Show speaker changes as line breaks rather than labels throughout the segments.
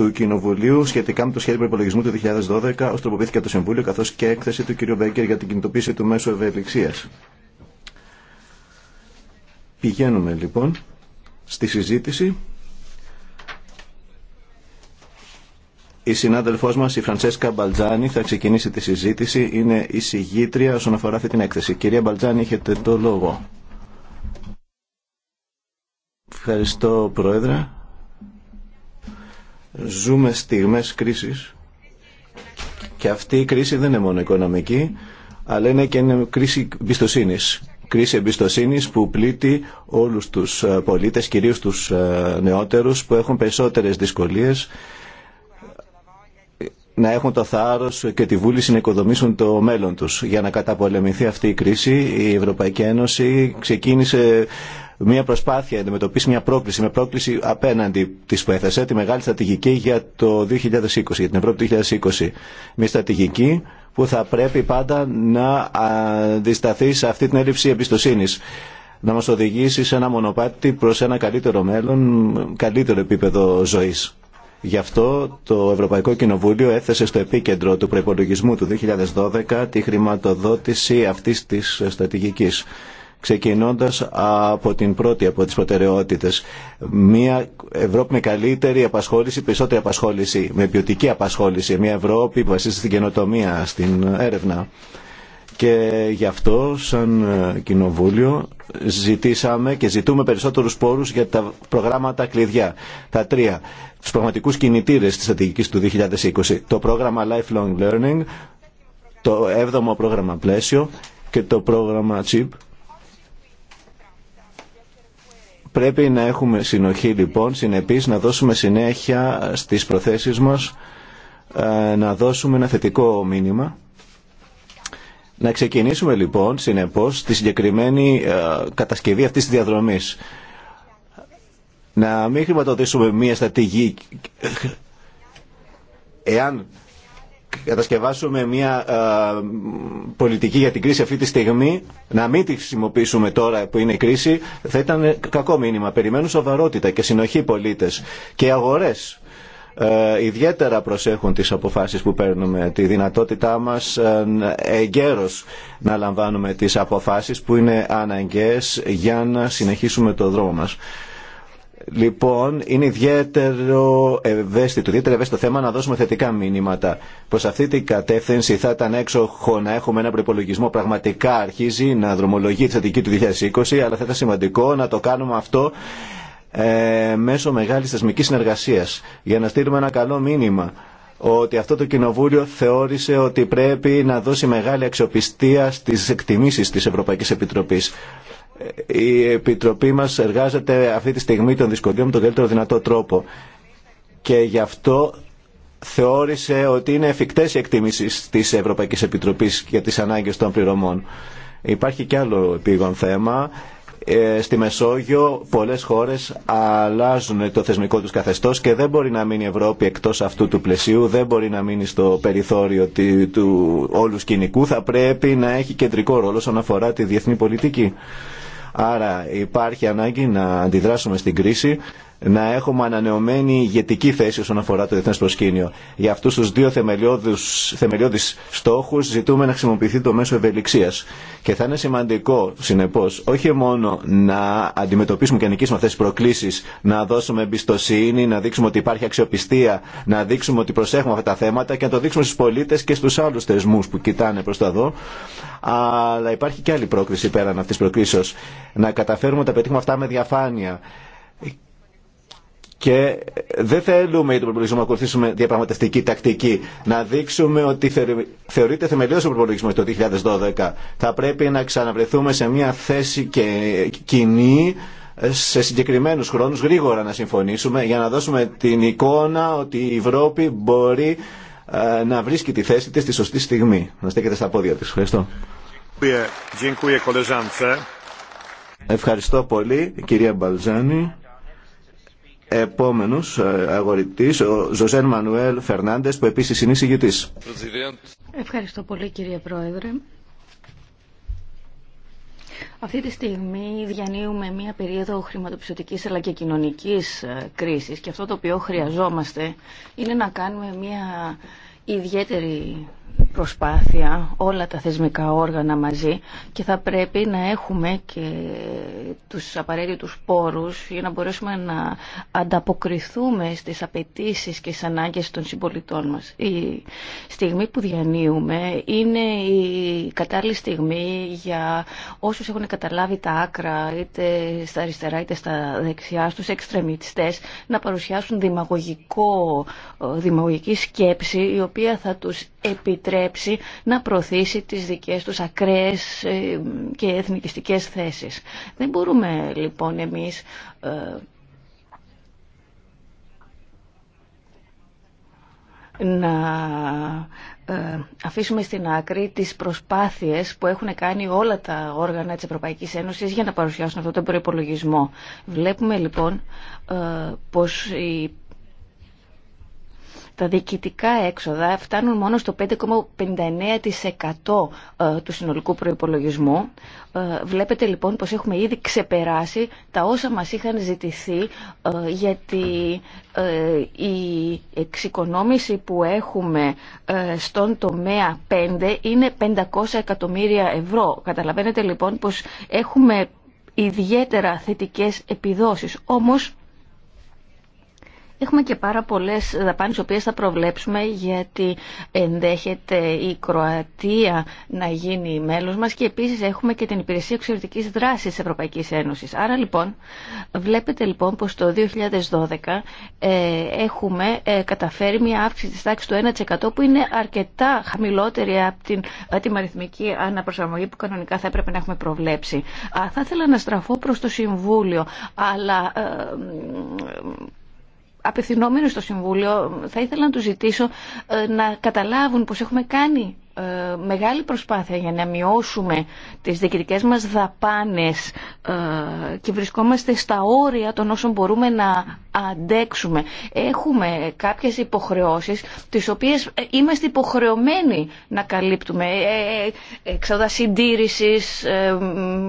του Κοινοβουλίου σχετικά με το σχέδιο προπολογισμού του 2012, ως τροποποιήθηκε από το Συμβούλιο, καθώ και έκθεση του κ. Μπέγκερ για την κινητοποίηση του μέσου ευελιξία. Πηγαίνουμε λοιπόν στη συζήτηση. Η συνάδελφό μα, η Φρανσέσκα Μπαλτζάνη, θα ξεκινήσει τη συζήτηση. Είναι η συγγήτρια όσον αφορά αυτή την έκθεση. Κυρία Μπαλτζάνη, έχετε το λόγο. Ευχαριστώ, Πρόεδρε. Ζούμε στιγμές κρίσης και αυτή η κρίση δεν είναι μόνο οικονομική, αλλά είναι και είναι κρίση εμπιστοσύνη. Κρίση εμπιστοσύνη που πλήττει όλους τους ε, πολίτες, κυρίως τους ε, νεότερους που έχουν περισσότερες δυσκολίες να έχουν το θάρρος και τη βούληση να οικοδομήσουν το μέλλον τους. Για να καταπολεμηθεί αυτή η κρίση, η Ευρωπαϊκή Ένωση ξεκίνησε μια προσπάθεια να αντιμετωπίσει μια πρόκληση, με πρόκληση απέναντι τη που έθεσε, τη μεγάλη στρατηγική για το 2020, για την Ευρώπη 2020. Μια στρατηγική που θα πρέπει πάντα να αντισταθεί σε αυτή την έλλειψη εμπιστοσύνη. Να μας οδηγήσει σε ένα μονοπάτι προς ένα καλύτερο μέλλον, καλύτερο επίπεδο ζωής. Γι' αυτό το Ευρωπαϊκό Κοινοβούλιο έθεσε στο επίκεντρο του προπολογισμού του 2012 τη χρηματοδότηση αυτής της στρατηγικής ξεκινώντας από την πρώτη από τις προτεραιότητες. Μια Ευρώπη με καλύτερη απασχόληση, περισσότερη απασχόληση, με ποιοτική απασχόληση. Μια Ευρώπη που βασίζεται στην καινοτομία, στην έρευνα. Και γι' αυτό σαν κοινοβούλιο ζητήσαμε και ζητούμε περισσότερους πόρους για τα προγράμματα κλειδιά. Τα τρία, τους πραγματικούς κινητήρες της στρατηγικής του 2020. Το πρόγραμμα Lifelong Learning, το 7ο πρόγραμμα πλαίσιο και το πρόγραμμα CHIP Πρέπει να έχουμε συνοχή λοιπόν, συνεπείς να δώσουμε συνέχεια στις προθέσεις μας, ε, να δώσουμε ένα θετικό μήνυμα. Να ξεκινήσουμε λοιπόν, συνεπώς, τη συγκεκριμένη ε, κατασκευή αυτής της διαδρομής. Να μην χρηματοδοτήσουμε μία στρατηγική... εάν κατασκευάσουμε μια ε, πολιτική για την κρίση αυτή τη στιγμή, να μην τη χρησιμοποιήσουμε τώρα που είναι η κρίση, θα ήταν κακό μήνυμα. Περιμένουν σοβαρότητα και συνοχή πολίτε και αγορέ αγορές. Ε, ιδιαίτερα προσέχουν τις αποφάσεις που παίρνουμε, τη δυνατότητά μας ε, εγκαίρως να λαμβάνουμε τις αποφάσεις που είναι αναγκαίες για να συνεχίσουμε το δρόμο μας. Λοιπόν, είναι ιδιαίτερο ευαίσθητο, ιδιαίτερα ευαίσθητο θέμα να δώσουμε θετικά μήνυματα. Προ αυτή την κατεύθυνση θα ήταν έξοχο να έχουμε ένα προπολογισμό πραγματικά αρχίζει να δρομολογεί τη θετική του 2020, αλλά θα ήταν σημαντικό να το κάνουμε αυτό ε, μέσω μεγάλη θεσμική συνεργασία για να στείλουμε ένα καλό μήνυμα ότι αυτό το κοινοβούλιο θεώρησε ότι πρέπει να δώσει μεγάλη αξιοπιστία στις εκτιμήσεις της Ευρωπαϊκής Επιτροπής η Επιτροπή μας εργάζεται αυτή τη στιγμή των δυσκολίων με τον καλύτερο δυνατό τρόπο. Και γι' αυτό θεώρησε ότι είναι εφικτές οι εκτίμησεις της Ευρωπαϊκής Επιτροπής για τις ανάγκες των πληρωμών. Υπάρχει και άλλο επίγον θέμα. Ε, στη Μεσόγειο πολλές χώρες αλλάζουν το θεσμικό τους καθεστώς και δεν μπορεί να μείνει η Ευρώπη εκτός αυτού του πλαισίου, δεν μπορεί να μείνει στο περιθώριο του όλου σκηνικού, θα πρέπει να έχει κεντρικό ρόλο όσον αφορά τη διεθνή πολιτική. Άρα υπάρχει ανάγκη να αντιδράσουμε στην κρίση να έχουμε ανανεωμένη ηγετική θέση όσον αφορά το διεθνές προσκήνιο. Για αυτούς τους δύο θεμελιώδεις στόχους ζητούμε να χρησιμοποιηθεί το μέσο ευελιξίας. Και θα είναι σημαντικό, συνεπώς, όχι μόνο να αντιμετωπίσουμε και νικήσουμε αυτές τις προκλήσεις, να δώσουμε εμπιστοσύνη, να δείξουμε ότι υπάρχει αξιοπιστία, να δείξουμε ότι προσέχουμε αυτά τα θέματα και να το δείξουμε στους πολίτες και στους άλλους θεσμούς που κοιτάνε προς τα δώ. Αλλά υπάρχει και άλλη πρόκληση πέραν αυτής τη προκλήσεως. Να καταφέρουμε τα αυτά με διαφάνεια και δεν θέλουμε για τον προπολογισμό να ακολουθήσουμε διαπραγματευτική τακτική. Να δείξουμε ότι θεωρείται θεμελιώδη ο προπολογισμό το 2012. Θα πρέπει να ξαναβρεθούμε σε μια θέση και κοινή σε συγκεκριμένους χρόνους γρήγορα να συμφωνήσουμε για να δώσουμε την εικόνα ότι η Ευρώπη μπορεί ε, να βρίσκει τη θέση της στη σωστή στιγμή. Να στέκεται στα πόδια της. Ευχαριστώ. Ευχαριστώ πολύ κυρία Μπαλζάνη. Επόμενος ε, αγορητής, ο Ζωζέν Μανουέλ Φερνάντες, που επίσης είναι εισηγητής.
Ευχαριστώ πολύ κύριε Πρόεδρε. Αυτή τη στιγμή διανύουμε μία περίοδο χρηματοπιστωτικής αλλά και κοινωνικής ε, κρίσης και αυτό το οποίο χρειαζόμαστε είναι να κάνουμε μία ιδιαίτερη προσπάθεια όλα τα θεσμικά όργανα μαζί και θα πρέπει να έχουμε και τους απαραίτητους πόρους για να μπορέσουμε να ανταποκριθούμε στις απαιτήσεις και στις ανάγκες των συμπολιτών μας. Η στιγμή που διανύουμε είναι η κατάλληλη στιγμή για όσους έχουν καταλάβει τα άκρα είτε στα αριστερά είτε στα δεξιά στους εξτρεμιτιστές να παρουσιάσουν δημαγωγικό, δημαγωγική σκέψη η οποία θα τους επιτρέψει επιτρέψει να προωθήσει τις δικές τους ακραίες ε, και εθνικιστικές θέσεις. Δεν μπορούμε λοιπόν εμείς ε, να ε, αφήσουμε στην άκρη τις προσπάθειες που έχουν κάνει όλα τα όργανα της Ευρωπαϊκής Ένωσης για να παρουσιάσουν αυτό τον προϋπολογισμό. Βλέπουμε λοιπόν πως η τα διοικητικά έξοδα φτάνουν μόνο στο 5,59% ε, του συνολικού προϋπολογισμού. Ε, βλέπετε λοιπόν πως έχουμε ήδη ξεπεράσει τα όσα μας είχαν ζητηθεί ε, γιατί η εξοικονόμηση που έχουμε στον τομέα 5 είναι 500 εκατομμύρια ευρώ. Καταλαβαίνετε λοιπόν πως έχουμε ιδιαίτερα θετικές επιδόσεις. Όμως Έχουμε και πάρα πολλέ δαπάνε οι οποίες θα προβλέψουμε, γιατί ενδέχεται η Κροατία να γίνει μέλος μας και επίσης έχουμε και την Υπηρεσία Εξωτερική Δράσης τη Ευρωπαϊκής Ένωσης. Άρα λοιπόν, βλέπετε λοιπόν πως το 2012 ε, έχουμε ε, καταφέρει μια αύξηση τη τάξη του 1% που είναι αρκετά χαμηλότερη από την, την αριθμική αναπροσαρμογή που κανονικά θα έπρεπε να έχουμε προβλέψει. θα ήθελα να στραφώ προ το Συμβούλιο, αλλά ε, απευθυνόμενοι στο Συμβούλιο, θα ήθελα να τους ζητήσω ε, να καταλάβουν πως έχουμε κάνει ε, μεγάλη προσπάθεια για να μειώσουμε τις διοικητικές μας δαπάνες ε, και βρισκόμαστε στα όρια των όσων μπορούμε να αντέξουμε. Έχουμε κάποιες υποχρεώσεις τις οποίες ε, είμαστε υποχρεωμένοι να καλύπτουμε. Εξόδα συντήρησης,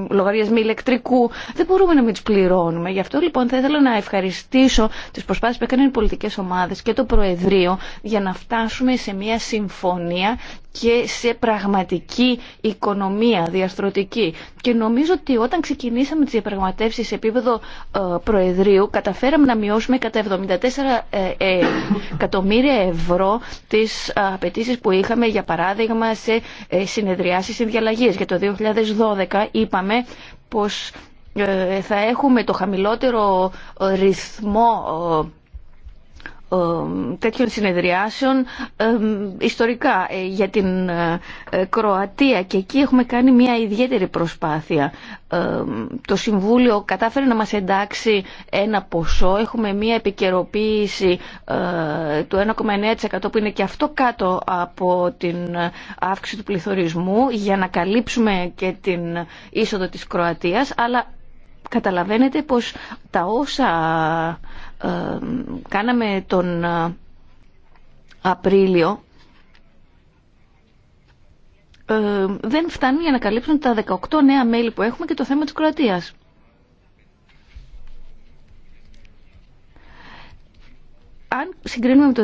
λογαριασμού ηλεκτρικού. Δεν μπορούμε να μην τις πληρώνουμε. Γι' αυτό λοιπόν θα ήθελα να ευχαριστήσω τις προσπάθειες που έκαναν οι πολιτικές ομάδες και το Προεδρείο για να φτάσουμε σε μια συμφωνία και σε πραγματική οικονομία διαστρωτική. Και νομίζω ότι όταν ξεκινήσαμε τις διαπραγματεύσει σε επίπεδο ε, Προεδρείου καταφέραμε να μειώσουμε κατά 74 ε, ε, εκατομμύρια ευρώ τις απαιτήσει που είχαμε για παράδειγμα σε συνεδριάσεις συνδιαλλαγής. Για το 2012 είπαμε πως θα έχουμε το χαμηλότερο ρυθμό ε, τέτοιων συνεδριάσεων ε, ιστορικά ε, για την Κροατία και εκεί έχουμε κάνει μια ιδιαίτερη προσπάθεια. Το Συμβούλιο κατάφερε να μας εντάξει ένα ποσό. Έχουμε μια επικαιροποίηση του 1,9% που είναι και αυτό κάτω από την αύξηση του πληθωρισμού για να καλύψουμε και την είσοδο της Κροατίας αλλά καταλαβαίνετε πως τα όσα ε, κάναμε τον ε, Απρίλιο ε, δεν φτάνουν για να καλύψουν τα 18 νέα μέλη που έχουμε και το θέμα της Κροατίας. αν συγκρίνουμε με το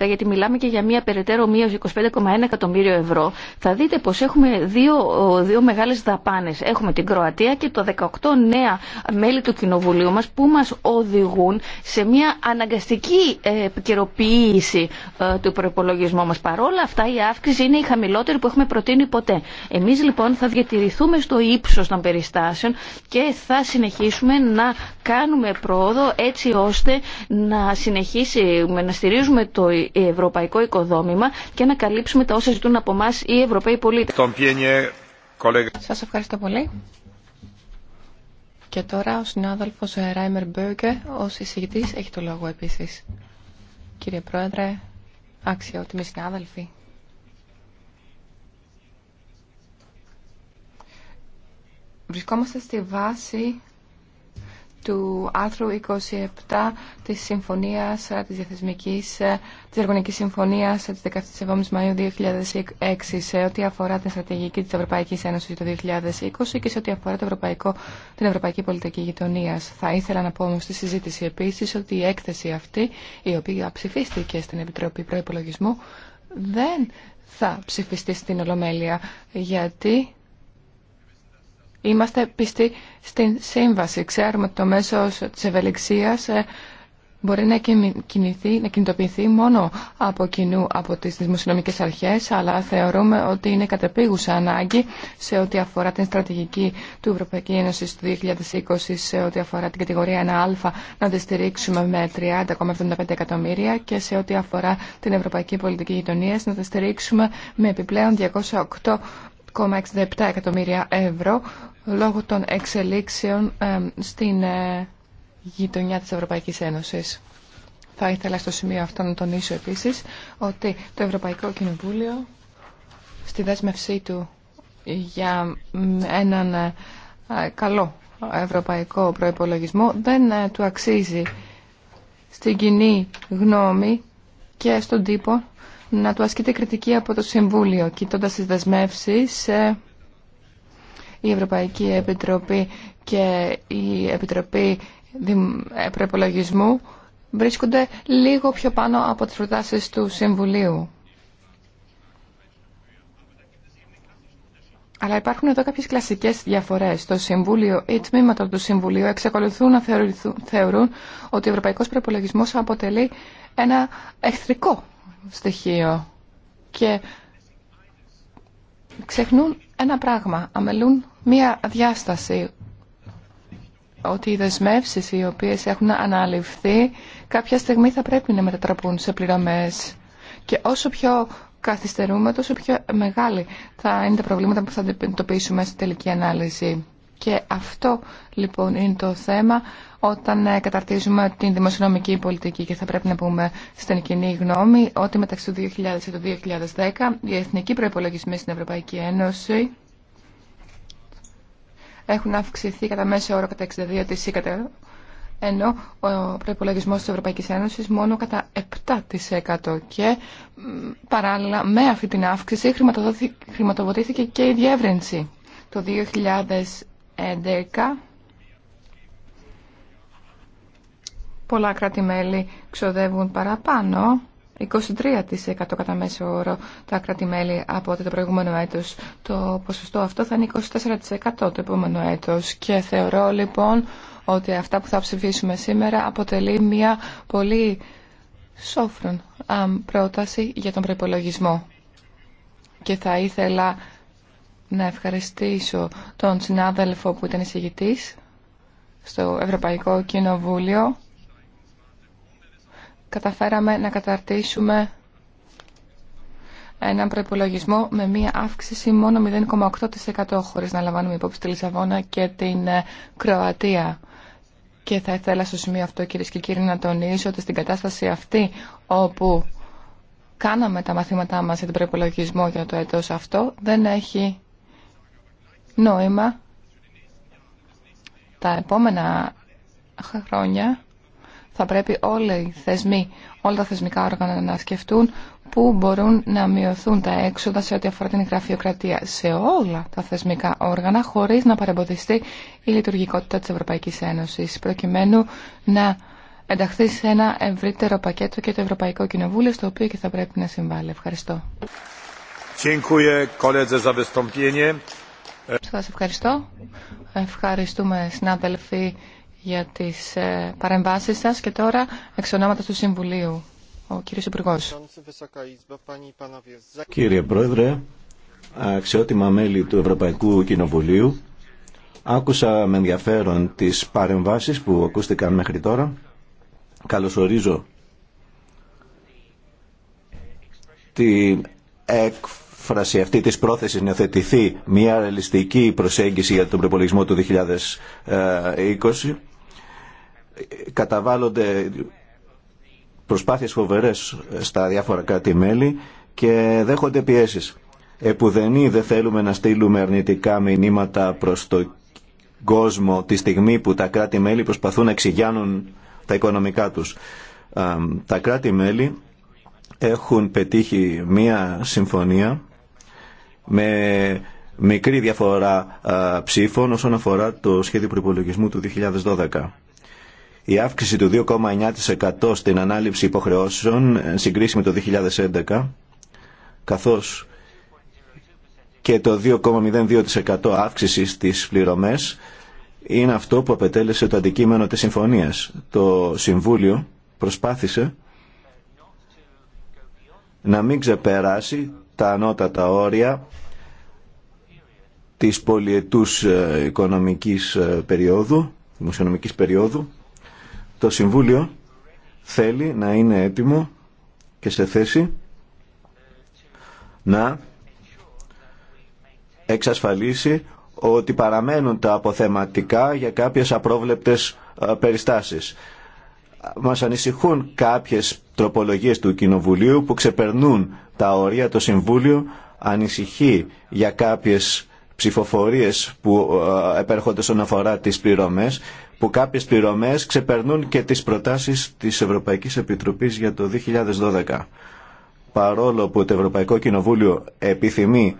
2011, γιατί μιλάμε και για μια περαιτέρω μείωση 25,1 εκατομμύριο ευρώ, θα δείτε πως έχουμε δύο, δύο μεγάλες δαπάνες. Έχουμε την Κροατία και το 18 νέα μέλη του Κοινοβουλίου μας που μας οδηγούν σε μια αναγκαστική επικαιροποίηση ε, του προπολογισμού μας. Παρόλα αυτά η αύξηση είναι η χαμηλότερη που έχουμε προτείνει ποτέ. Εμείς λοιπόν θα διατηρηθούμε στο ύψος των περιστάσεων και θα συνεχίσουμε να κάνουμε πρόοδο έτσι ώστε να συνεχίσουμε να στηρίζουμε το ευρωπαϊκό οικοδόμημα και να καλύψουμε τα όσα ζητούν από εμά οι Ευρωπαίοι πολίτες.
Σας
ευχαριστώ πολύ. Και τώρα ο συνάδελφος ε, Ράιμερ Μπέργκε, ο εισηγητή, έχει το λόγο επίσης. Κύριε Πρόεδρε, αξιότιμοι συνάδελφοι. Βρισκόμαστε στη βάση του άρθρου 27 της Συμφωνίας ε, της Διαθεσμικής, ε, της Εργονικής Συμφωνίας της 17ης Μαΐου 2006 σε ό,τι αφορά την στρατηγική της Ευρωπαϊκής Ένωσης το 2020 και σε ό,τι αφορά το Ευρωπαϊκό, την Ευρωπαϊκή Πολιτική Γειτονία. Θα ήθελα να πω όμως στη συζήτηση επίσης ότι η έκθεση αυτή, η οποία ψηφίστηκε στην Επιτροπή Προϋπολογισμού, δεν θα ψηφιστεί στην Ολομέλεια, γιατί Είμαστε πιστοί στην σύμβαση. Ξέρουμε ότι το μέσο της ευελιξίας ε, μπορεί να, κινηθεί, να κινητοποιηθεί μόνο από κοινού από τι δημοσιονομικέ αρχέ, αλλά θεωρούμε ότι είναι κατεπίγουσα ανάγκη σε ό,τι αφορά την στρατηγική του Ευρωπαϊκή Ένωση του 2020, σε ό,τι αφορά την κατηγορία 1α, να τη στηρίξουμε με 30,75 εκατομμύρια και σε ό,τι αφορά την Ευρωπαϊκή Πολιτική Γειτονία, να τη στηρίξουμε με επιπλέον 208 1,67 εκατομμύρια ευρώ λόγω των εξελίξεων στην ε, γειτονιά της Ευρωπαϊκής Ένωσης. Θα ήθελα στο σημείο αυτό να τονίσω επίσης ότι το Ευρωπαϊκό Κοινοβούλιο στη δέσμευσή του για έναν ε, καλό ευρωπαϊκό προϋπολογισμό δεν ε, του αξίζει στην κοινή γνώμη και στον τύπο να του ασκείται κριτική από το Συμβούλιο. Κοιτώντας τις δεσμεύσεις, η Ευρωπαϊκή Επιτροπή και η Επιτροπή ε, Προπολογισμού βρίσκονται λίγο πιο πάνω από τις προτάσεις του Συμβουλίου. Αλλά υπάρχουν εδώ κάποιες κλασικές διαφορές. Το Συμβούλιο ή τμήματα του Συμβουλίου εξακολουθούν να θεωρούν ότι ο Ευρωπαϊκός Προπολογισμός αποτελεί ένα εχθρικό στοιχείο και ξεχνούν ένα πράγμα, αμελούν μία διάσταση ότι οι δεσμεύσει οι οποίες έχουν αναλυφθεί κάποια στιγμή θα πρέπει να μετατραπούν σε πληρωμές και όσο πιο καθυστερούμε τόσο πιο μεγάλη θα είναι τα προβλήματα που θα αντιμετωπίσουμε στη τελική ανάλυση. Και αυτό λοιπόν είναι το θέμα όταν ε, καταρτίζουμε την δημοσιονομική πολιτική και θα πρέπει να πούμε στην κοινή γνώμη ότι μεταξύ του 2000 και του 2010 οι εθνικοί προϋπολογισμοί στην Ευρωπαϊκή Ένωση έχουν αυξηθεί κατά μέσο όρο κατά 62% ενώ ο προϋπολογισμός της Ευρωπαϊκής Ένωσης μόνο κατά 7% και παράλληλα με αυτή την αύξηση χρηματοδοτήθηκε και η διεύρυνση. Το 11. πολλά κράτη-μέλη ξοδεύουν παραπάνω 23% κατά μέσο όρο τα κράτη-μέλη από το προηγούμενο έτος. Το ποσοστό αυτό θα είναι 24% το επόμενο έτος και θεωρώ λοιπόν ότι αυτά που θα ψηφίσουμε σήμερα αποτελεί μια πολύ σόφρον πρόταση για τον προϋπολογισμό. Και θα ήθελα να ευχαριστήσω τον συνάδελφο που ήταν εισηγητής στο Ευρωπαϊκό Κοινοβούλιο. Καταφέραμε να καταρτήσουμε έναν προπολογισμό με μία αύξηση μόνο 0,8% χωρίς να λαμβάνουμε υπόψη τη Λισαβόνα και την ε, Κροατία. Και θα ήθελα στο σημείο αυτό κυρίε και κύριοι να τονίσω ότι στην κατάσταση αυτή όπου κάναμε τα μαθήματά μας για τον προπολογισμό για το έτος αυτό δεν έχει νόημα τα επόμενα χρόνια θα πρέπει όλοι οι θεσμοί, όλα τα θεσμικά όργανα να σκεφτούν πού μπορούν να μειωθούν τα έξοδα σε ό,τι αφορά την γραφειοκρατία σε όλα τα θεσμικά όργανα χωρίς να παρεμποδιστεί η λειτουργικότητα της Ευρωπαϊκής Ένωσης προκειμένου να ενταχθεί σε ένα ευρύτερο πακέτο και το Ευρωπαϊκό Κοινοβούλιο στο οποίο και θα πρέπει να συμβάλλει. Ευχαριστώ. Σας ευχαριστώ. Ευχαριστούμε συνάδελφοι για τις ε, παρεμβάσεις σας και τώρα εξ ονόματος του Συμβουλίου. Ο κύριος Υπουργός.
Κύριε Πρόεδρε, αξιότιμα μέλη του Ευρωπαϊκού Κοινοβουλίου, άκουσα με ενδιαφέρον τις παρεμβάσεις που ακούστηκαν μέχρι τώρα. Καλωσορίζω τη εκφράση μετάφραση αυτή της πρόθεσης να θετηθεί μια ρεαλιστική προσέγγιση για τον προπολογισμό του 2020 καταβάλλονται προσπάθειες φοβερές στα διάφορα κράτη-μέλη και δέχονται πιέσεις. Επουδενή δεν θέλουμε να στείλουμε αρνητικά μηνύματα προς τον κόσμο τη στιγμή που τα κράτη-μέλη προσπαθούν να εξηγιάνουν τα οικονομικά τους. Τα κράτη-μέλη έχουν πετύχει μία συμφωνία με μικρή διαφορά ψήφων όσον αφορά το σχέδιο προπολογισμού του 2012. Η αύξηση του 2,9% στην ανάληψη υποχρεώσεων με το 2011, καθώς και το 2,02% αύξηση στις πληρωμές, είναι αυτό που απετέλεσε το αντικείμενο της συμφωνίας. Το Συμβούλιο προσπάθησε να μην ξεπεράσει τα ανώτατα όρια της πολιετούς ε, οικονομικής ε, περίοδου, δημοσιονομικής περίοδου. Το Συμβούλιο θέλει να είναι έτοιμο και σε θέση να εξασφαλίσει ότι παραμένουν τα αποθεματικά για κάποιες απρόβλεπτες ε, περιστάσεις μας ανησυχούν κάποιες τροπολογίες του Κοινοβουλίου που ξεπερνούν τα ωρία το Συμβούλιο ανησυχεί για κάποιες ψηφοφορίες που ε, επέρχονται στον αφορά τις πληρωμές που κάποιες πληρωμές ξεπερνούν και τις προτάσεις της Ευρωπαϊκής Επιτροπής για το 2012. Παρόλο που το Ευρωπαϊκό Κοινοβούλιο επιθυμεί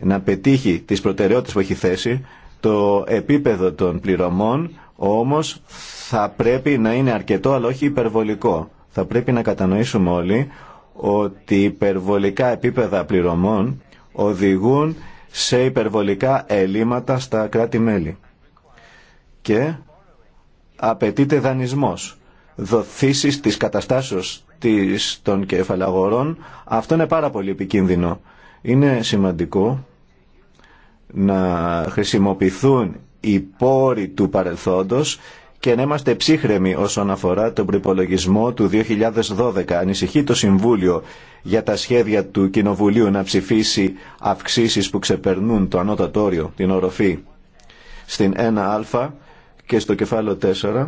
να πετύχει τις προτεραιότητες που έχει θέσει, το επίπεδο των πληρωμών όμως θα πρέπει να είναι αρκετό αλλά όχι υπερβολικό. Θα πρέπει να κατανοήσουμε όλοι ότι υπερβολικά επίπεδα πληρωμών οδηγούν σε υπερβολικά ελλείμματα στα κράτη-μέλη. Και απαιτείται δανεισμός. Δοθήσεις της καταστάσεως της, των κεφαλαγορών, αυτό είναι πάρα πολύ επικίνδυνο. Είναι σημαντικό να χρησιμοποιηθούν οι πόροι του παρελθόντος και να είμαστε ψύχρεμοι όσον αφορά τον προπολογισμό του 2012. Ανησυχεί το Συμβούλιο για τα σχέδια του Κοινοβουλίου να ψηφίσει αυξήσεις που ξεπερνούν το ανώτατο την οροφή, στην 1α και στο κεφάλαιο 4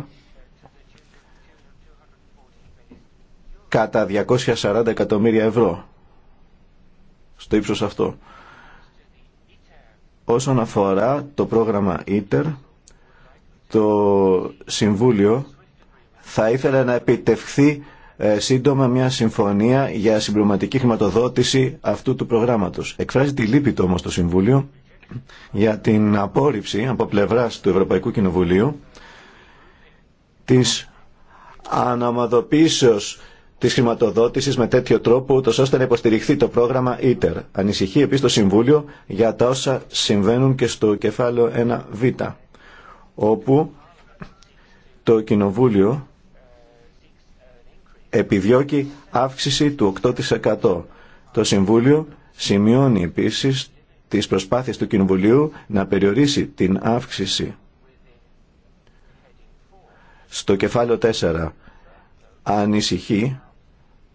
κατά 240 εκατομμύρια ευρώ. Στο ύψος αυτό. Όσον αφορά το πρόγραμμα ITER, το Συμβούλιο θα ήθελε να επιτευχθεί ε, σύντομα μια συμφωνία για συμπληρωματική χρηματοδότηση αυτού του προγράμματος. Εκφράζει τη λύπη του όμως το Συμβούλιο για την απόρριψη από πλευράς του Ευρωπαϊκού Κοινοβουλίου της αναμαδοποίησεως τη χρηματοδότηση με τέτοιο τρόπο, ούτως ώστε να υποστηριχθεί το πρόγραμμα ITER. Ανησυχεί επίση το Συμβούλιο για τα όσα συμβαίνουν και στο κεφάλαιο 1β, όπου το Κοινοβούλιο επιδιώκει αύξηση του 8%. Το Συμβούλιο σημειώνει επίσης τις προσπάθειες του Κοινοβουλίου να περιορίσει την αύξηση στο κεφάλαιο 4 ανησυχεί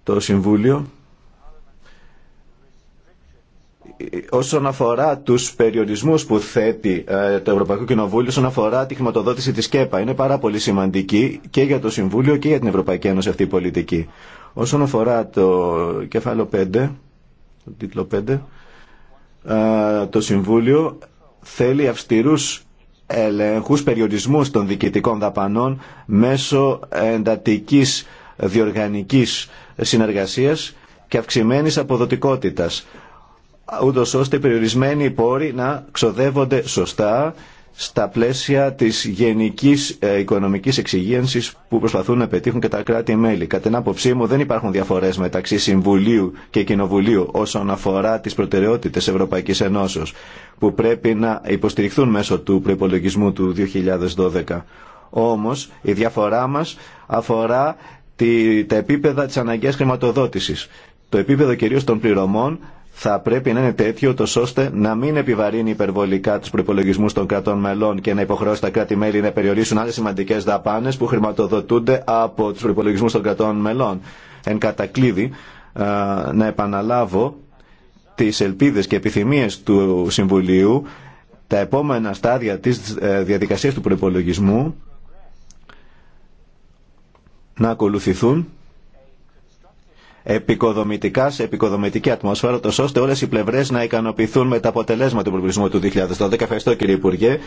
το Συμβούλιο όσον αφορά τους περιορισμούς που θέτει ε, το Ευρωπαϊκό Κοινοβούλιο όσον αφορά τη χρηματοδότηση της ΚΕΠΑ. Είναι πάρα πολύ σημαντική και για το Συμβούλιο και για την Ευρωπαϊκή Ένωση αυτή η πολιτική. Όσον αφορά το κεφάλαιο 5, το τίτλο 5, ε, το Συμβούλιο θέλει αυστηρούς ελεγχούς περιορισμούς των διοικητικών δαπανών μέσω εντατικής διοργανικής συνεργασίας και αυξημένης αποδοτικότητας, ούτως ώστε οι περιορισμένοι πόροι να ξοδεύονται σωστά στα πλαίσια της γενικής ε, οικονομικής εξυγίανσης που προσπαθούν να πετύχουν και τα κράτη-μέλη. Κατά την άποψή μου δεν υπάρχουν διαφορές μεταξύ Συμβουλίου και Κοινοβουλίου όσον αφορά τις προτεραιότητες Ευρωπαϊκής Ενώσεως που πρέπει να υποστηριχθούν μέσω του προϋπολογισμού του 2012. Όμως η διαφορά μας αφορά τα επίπεδα της αναγκαίας χρηματοδότησης. Το επίπεδο κυρίως των πληρωμών θα πρέπει να είναι τέτοιο τόσο ώστε να μην επιβαρύνει υπερβολικά του προπολογισμού των κρατών μελών και να υποχρεώσει τα κράτη-μέλη να περιορίσουν άλλε σημαντικέ δαπάνε που χρηματοδοτούνται από του προπολογισμού των κρατών μελών. Εν κατακλείδη, να επαναλάβω τι ελπίδε και επιθυμίες του Συμβουλίου τα επόμενα στάδια της ε, διαδικασίας του προπολογισμού να ακολουθηθούν επικοδομητικά σε επικοδομητική ατμόσφαιρα, τόσο ώστε όλες οι πλευρές να ικανοποιηθούν με τα αποτελέσματα του προβλησμού του 2012. Ευχαριστώ κύριε Υπουργέ.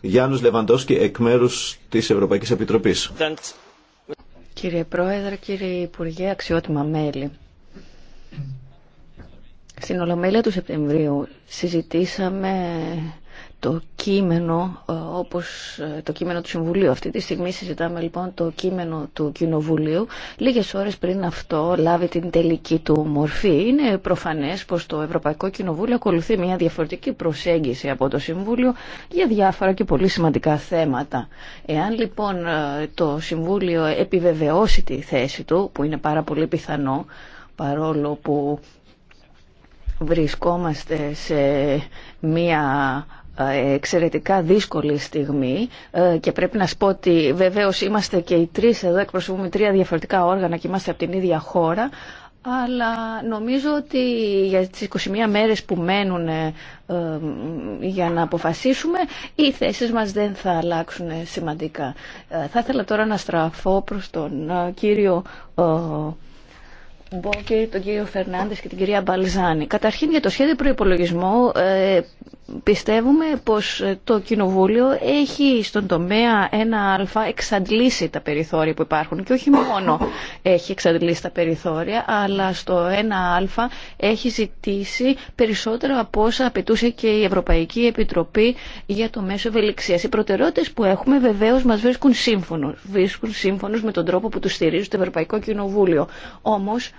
Γιάννους Λεβαντόσκη εκ μέρου της Ευρωπαϊκής Επιτροπής.
Κύριε Πρόεδρε, κύριε Υπουργέ, αξιότιμα μέλη. Στην Ολομέλεια του Σεπτεμβρίου συζητήσαμε το κείμενο ε, όπως ε, το κείμενο του Συμβουλίου. Αυτή τη στιγμή συζητάμε λοιπόν το κείμενο του Κοινοβουλίου λίγες ώρες πριν αυτό λάβει την τελική του μορφή. Είναι προφανές πως το Ευρωπαϊκό Κοινοβούλιο ακολουθεί μια διαφορετική προσέγγιση από το Συμβούλιο για διάφορα και πολύ σημαντικά θέματα. Εάν λοιπόν ε, το Συμβούλιο επιβεβαιώσει τη θέση του που είναι πάρα πολύ πιθανό παρόλο που βρισκόμαστε σε μία ε, εξαιρετικά δύσκολη στιγμή ε, και πρέπει να σου πω ότι βεβαίως είμαστε και οι τρεις εδώ εκπροσωπούμε τρία διαφορετικά όργανα και είμαστε από την ίδια χώρα αλλά νομίζω ότι για τις 21 μέρες που μένουν ε, για να αποφασίσουμε οι θέσεις μας δεν θα αλλάξουν σημαντικά. θα ήθελα τώρα να στραφώ προς τον κύριο Μπόκερ, τον κύριο Φερνάντες και την κυρία Μπαλζάνη. Καταρχήν για το σχέδιο προϋπολογισμού ε, πιστεύουμε πως ε, το Κοινοβούλιο έχει στον τομέα 1α εξαντλήσει τα περιθώρια που υπάρχουν και όχι μόνο έχει εξαντλήσει τα περιθώρια αλλά στο 1α έχει ζητήσει περισσότερο από όσα απαιτούσε και η Ευρωπαϊκή Επιτροπή για το μέσο ευελιξίας. Οι προτεραιότητε που έχουμε βεβαίω μας βρίσκουν σύμφωνο. βρίσκουν σύμφωνο με τον τρόπο που του στηρίζει το Ευρωπαϊκό Κοινοβούλιο. Όμως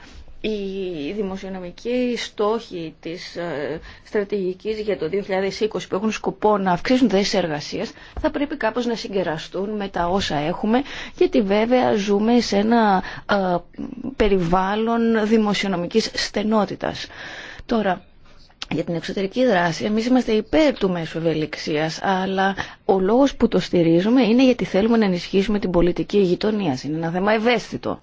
οι δημοσιονομικοί στόχοι της ε, στρατηγικής για το 2020 που έχουν σκοπό να αυξήσουν θέσει εργασίες θα πρέπει κάπως να συγκεραστούν με τα όσα έχουμε γιατί βέβαια ζούμε σε ένα ε, περιβάλλον δημοσιονομικής στενότητας. Τώρα, για την εξωτερική δράση, εμεί είμαστε υπέρ του μέσου ευελιξία, αλλά ο λόγο που το στηρίζουμε είναι γιατί θέλουμε να ενισχύσουμε την πολιτική γειτονία. Είναι ένα θέμα ευαίσθητο.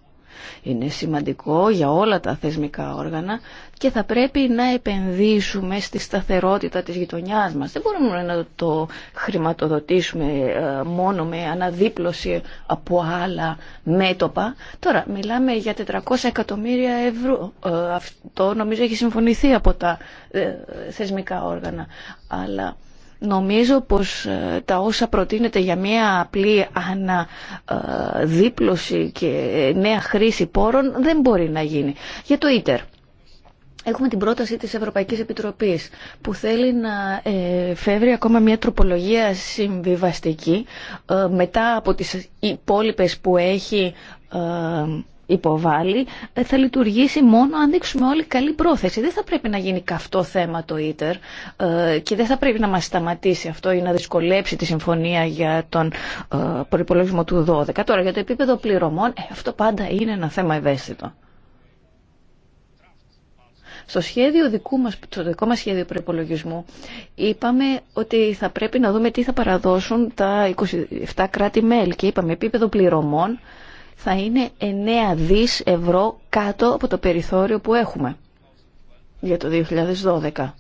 Είναι σημαντικό για όλα τα θεσμικά όργανα και θα πρέπει να επενδύσουμε στη σταθερότητα της γειτονιάς μας. Δεν μπορούμε να το χρηματοδοτήσουμε ε, μόνο με αναδίπλωση από άλλα μέτωπα. Τώρα μιλάμε για 400 εκατομμύρια ευρώ. Ε, αυτό νομίζω έχει συμφωνηθεί από τα ε, θεσμικά όργανα. Αλλά Νομίζω πως ε, τα όσα προτείνεται για μια απλή αναδίπλωση και νέα χρήση πόρων δεν μπορεί να γίνει. Για το ίτερ. Έχουμε την πρόταση της Ευρωπαϊκής Επιτροπής που θέλει να ε, φεύρει ακόμα μια τροπολογία συμβιβαστική ε, μετά από τις υπόλοιπες που έχει υποβάλει ε, θα λειτουργήσει μόνο αν δείξουμε όλοι καλή πρόθεση. Δεν θα πρέπει να γίνει καυτό θέμα το ίτερ ε, και δεν θα πρέπει να μας σταματήσει αυτό ή να δυσκολέψει τη συμφωνία για τον ε, προπολογισμό του 12. Τώρα για το επίπεδο πληρωμών αυτό πάντα είναι ένα θέμα ευαίσθητο. Στο σχέδιο δικού μας, το δικό μας σχέδιο προπολογισμού είπαμε ότι θα πρέπει να δούμε τι θα παραδώσουν τα 27 κράτη-μέλη και είπαμε επίπεδο πληρωμών θα είναι 9 δις ευρώ κάτω από το περιθώριο που έχουμε για το 2012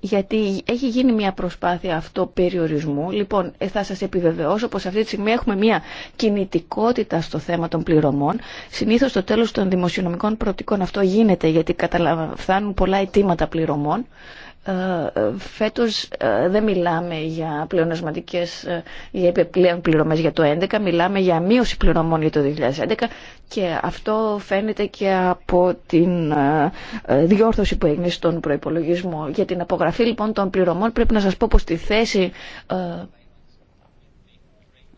γιατί έχει γίνει μια προσπάθεια αυτό περιορισμού. Λοιπόν, ε, θα σας επιβεβαιώσω πως αυτή τη στιγμή έχουμε μια κινητικότητα στο θέμα των πληρωμών. Συνήθως το τέλος των δημοσιονομικών προοπτικών αυτό γίνεται γιατί φτάνουν πολλά αιτήματα πληρωμών ε, ε, φέτος ε, δεν μιλάμε για πλεονασματικές, για επιπλέον πληρωμές για το 2011, μιλάμε για μείωση πληρωμών για το 2011 και αυτό φαίνεται και από την διόρθωση που έγινε στον προϋπολογισμό. Για την απογραφή λοιπόν των πληρωμών πρέπει να σας πω πως τη θέση